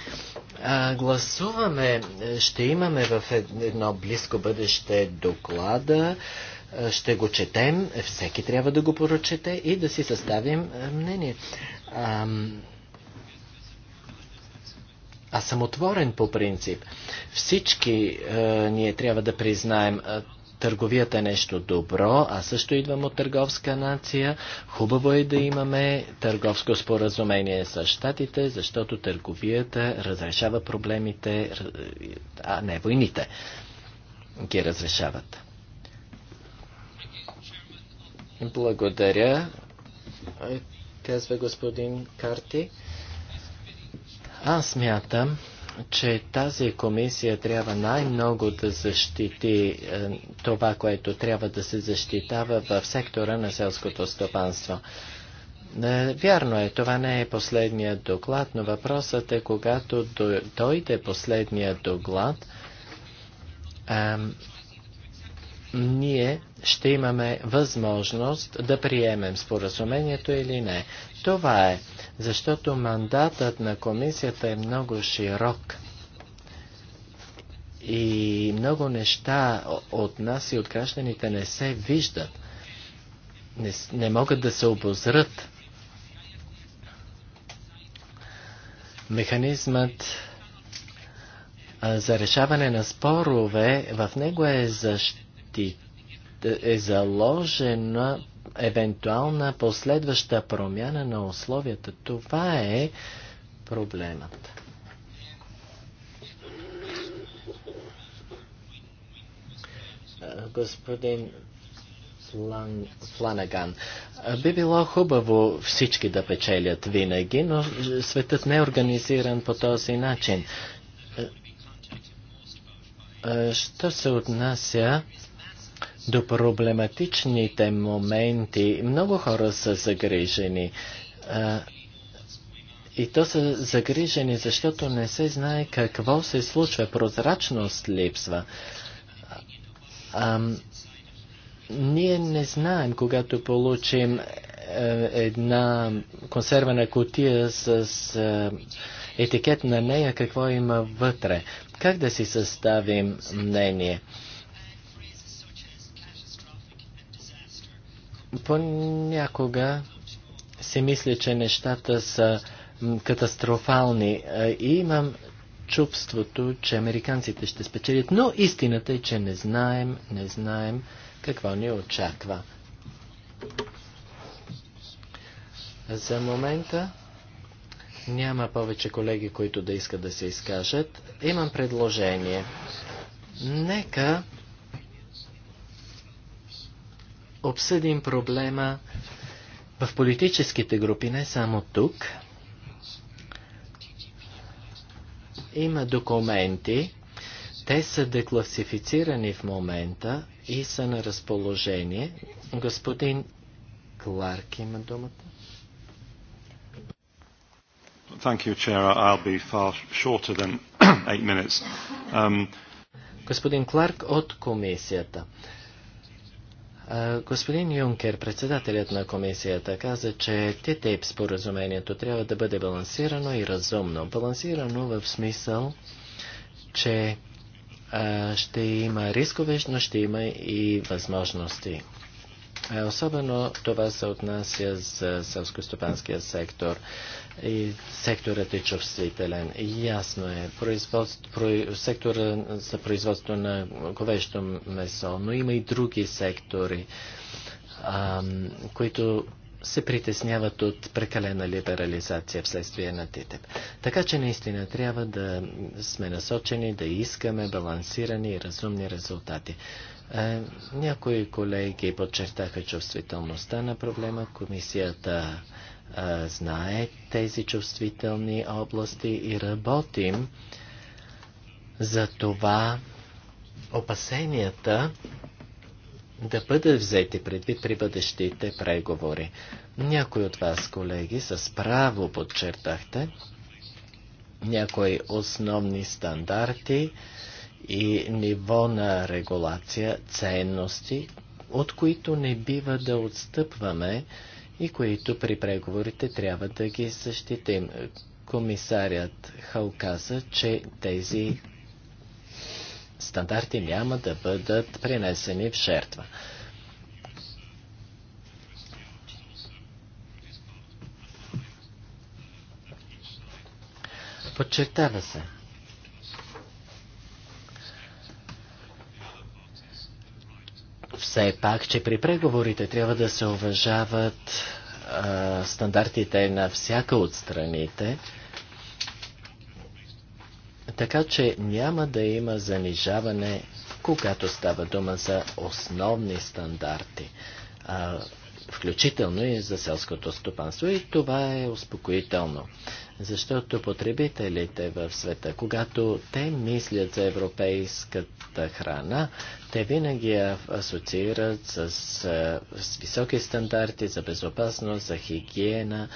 Speaker 3: а, гласуваме, ще имаме в едно близко бъдеще доклада, ще го четем, всеки трябва да го поръчете и да си съставим мнение. А, аз съм отворен по принцип. Всички ние трябва да признаем, Търговията е нещо добро, аз също идвам от търговска нация. Хубаво е да имаме търговско споразумение с щатите, защото търговията разрешава проблемите, а не войните ги разрешават. Благодаря, казва господин Карти. Аз мятам, че тази комисия трябва най-много да защити е, това, което трябва да се защитава в сектора на селското стопанство. Е, вярно е, това не е последният доклад, но въпросът е, когато дойде последният доклад, ние ще имаме възможност да приемем споразумението или не. Това е защото мандатът на комисията е много широк и много неща от нас и от гражданите не се виждат, не, не могат да се обозрат. Механизмът за решаване на спорове, в него е защита е заложена евентуална последваща промяна на условията. Това е проблемът. Господин Флан... Фланаган, би било хубаво всички да печелят винаги, но светът не е организиран по този начин. Що се отнася до проблематичните моменти. Много хора са загрижени. А, и то са загрижени, защото не се знае какво се случва. Прозрачност липсва. А, ние не знаем, когато получим е, една консервена котия с е, етикет на нея, какво има вътре. Как да си съставим мнение? понякога се мисля, че нещата са катастрофални и имам чувството, че американците ще спечелят, но истината е, че не знаем, не знаем какво ни очаква. За момента няма повече колеги, които да искат да се изкажат. Имам предложение. Нека обсъдим проблема в политическите групи, не само тук. Има документи, те са декласифицирани в момента и са на разположение. Господин Кларк има думата. Thank you, Chair. I'll be far shorter than [clears throat] eight minutes. Um... Господин Кларк от комисията. Uh, Господин Юнкер, председателят на комисията, каза, че ТТИП споразумението трябва да бъде балансирано и разумно. Балансирано в смисъл, че ще има рискове, но ще има и възможности. Е, особено това се отнася за селскостопанския сектор и секторът е чувствителен. ясно е, сектора за производство на говещо месо, но има и други сектори, които се притесняват от прекалена либерализация вследствие на ТИТЕП. Така че наистина трябва да сме насочени, да искаме балансирани и разумни резултати. Е, някои колеги подчертаха чувствителността на проблема. Комисията е, знае тези чувствителни области и работим за това опасенията да бъдат взети предвид при бъдещите преговори. Някои от вас, колеги, с право подчертахте някои основни стандарти, и ниво на регулация, ценности, от които не бива да отстъпваме и които при преговорите трябва да ги защитим. Комисарят Хал каза, че тези стандарти няма да бъдат принесени в жертва. Подчертава се, все пак, че при преговорите трябва да се уважават а, стандартите на всяка от страните, така че няма да има занижаване, когато става дума за основни стандарти. А, включително и за селското стопанство. И това е успокоително, защото потребителите в света, когато те мислят за европейската храна, те винаги я асоциират с, с, с високи стандарти за безопасност, за хигиена,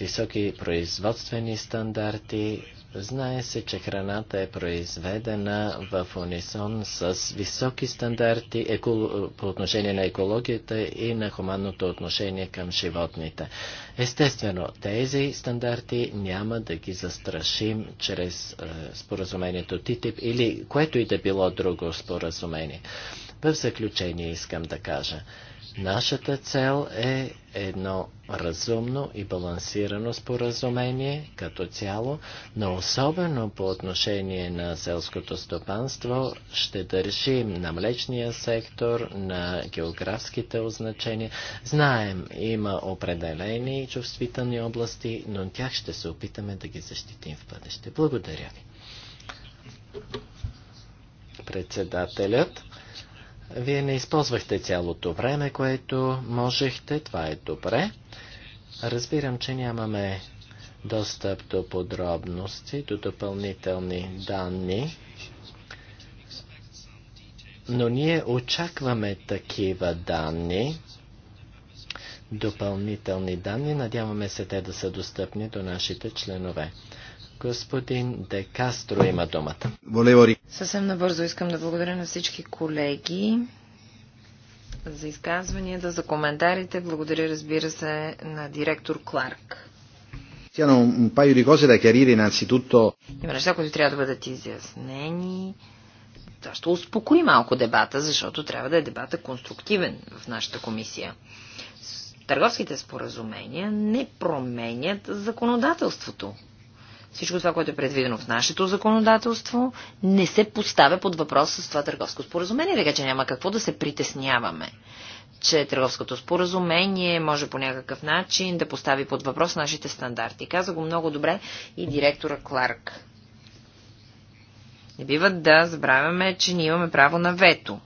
Speaker 3: високи производствени стандарти, Знае се, че храната е произведена в унисон с високи стандарти по отношение на екологията и на хуманното отношение към животните. Естествено, тези стандарти няма да ги застрашим чрез е, споразумението ТИТИП или което и да било друго споразумение. В заключение искам да кажа, Нашата цел е едно разумно и балансирано споразумение като цяло, но особено по отношение на селското стопанство ще държим на млечния сектор, на географските означения. Знаем, има определени чувствителни области, но тях ще се опитаме да ги защитим в бъдеще. Благодаря ви. Председателят вие не използвахте цялото време, което можехте. Това е добре. Разбирам, че нямаме достъп до подробности, до допълнителни данни, но ние очакваме такива данни, допълнителни данни. Надяваме се те да са достъпни до нашите членове. Господин Де Кастро има думата.
Speaker 4: Съвсем набързо искам да благодаря на всички колеги за изказванията, за коментарите. Благодаря, разбира се, на директор Кларк.
Speaker 3: Има
Speaker 4: неща, които трябва да бъдат изяснени. Това ще успокои малко дебата, защото трябва да е дебата конструктивен в нашата комисия. Търговските споразумения не променят законодателството. Всичко това, което е предвидено в нашето законодателство, не се поставя под въпрос с това търговско споразумение, така че няма какво да се притесняваме че търговското споразумение може по някакъв начин да постави под въпрос нашите стандарти. Каза го много добре и директора Кларк. Не бива да забравяме, че ние имаме право на вето.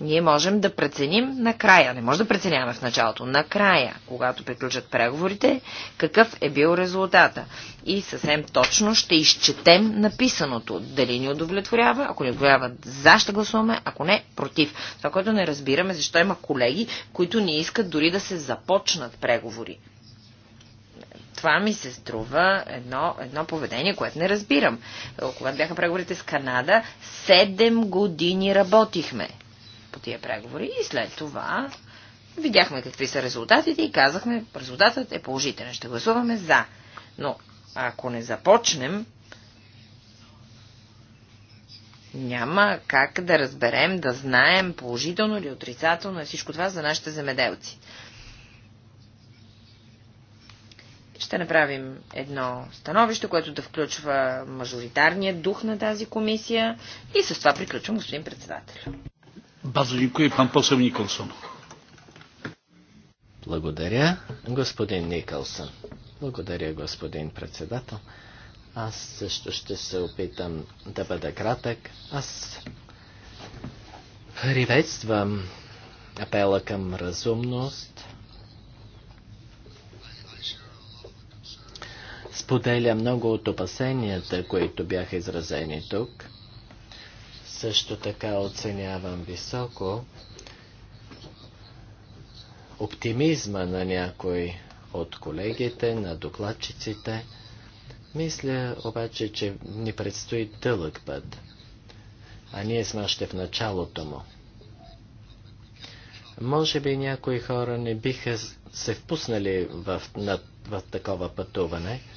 Speaker 4: Ние можем да преценим накрая, не може да преценяваме в началото, накрая, когато приключат преговорите, какъв е бил резултата. И съвсем точно ще изчетем написаното. Дали ни удовлетворява, ако ни удовлетворява за ще гласуваме, ако не против. Това, което не разбираме, защо има колеги, които не искат дори да се започнат преговори това ми се струва едно, едно поведение, което не разбирам. Когато бяха преговорите с Канада, 7 години работихме по тия преговори и след това видяхме какви са резултатите и казахме, резултатът е положителен, ще гласуваме за. Но ако не започнем, няма как да разберем, да знаем положително или отрицателно е всичко това за нашите земеделци. Ще направим едно становище, което да включва мажоритарния дух на тази комисия и с това приключвам, господин председател.
Speaker 3: Bardzo dziękuję, pan poseł Благодаря, господин Никълсън. Благодаря, господин председател. Аз също ще се опитам да бъда кратък. Аз приветствам апела към разумност. Споделя много от опасенията, които бяха изразени тук. Също така оценявам високо оптимизма на някой от колегите, на докладчиците. Мисля обаче, че ни предстои дълъг път, а ние сме още в началото му. Може би някои хора не биха се впуснали в, на, в такова пътуване –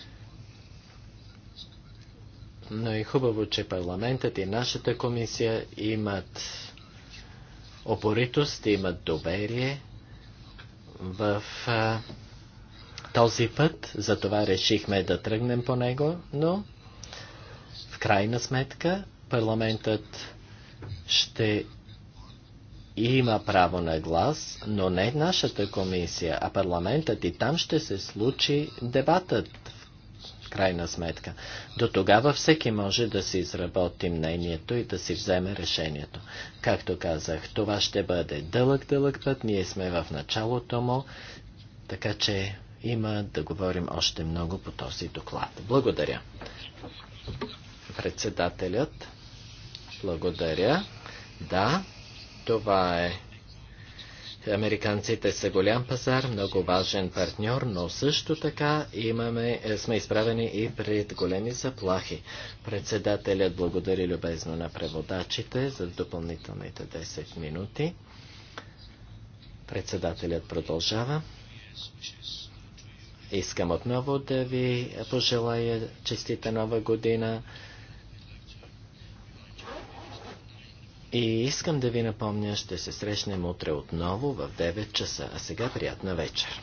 Speaker 3: но е хубаво, че парламентът и нашата комисия имат опоритост, имат доверие в а, този път. Затова решихме да тръгнем по него, но в крайна сметка парламентът ще има право на глас, но не нашата комисия, а парламентът и там ще се случи дебатът крайна сметка. До тогава всеки може да си изработи мнението и да си вземе решението. Както казах, това ще бъде дълъг-дълъг път, ние сме в началото му, така че има да говорим още много по този доклад. Благодаря. Председателят, благодаря. Да, това е Американците са голям пазар, много важен партньор, но също така имаме, е, сме изправени и пред големи заплахи. Председателят благодари любезно на преводачите за допълнителните 10 минути. Председателят продължава. Искам отново да ви пожелая честита нова година. И искам да ви напомня, ще се срещнем утре отново в 9 часа, а сега приятна вечер.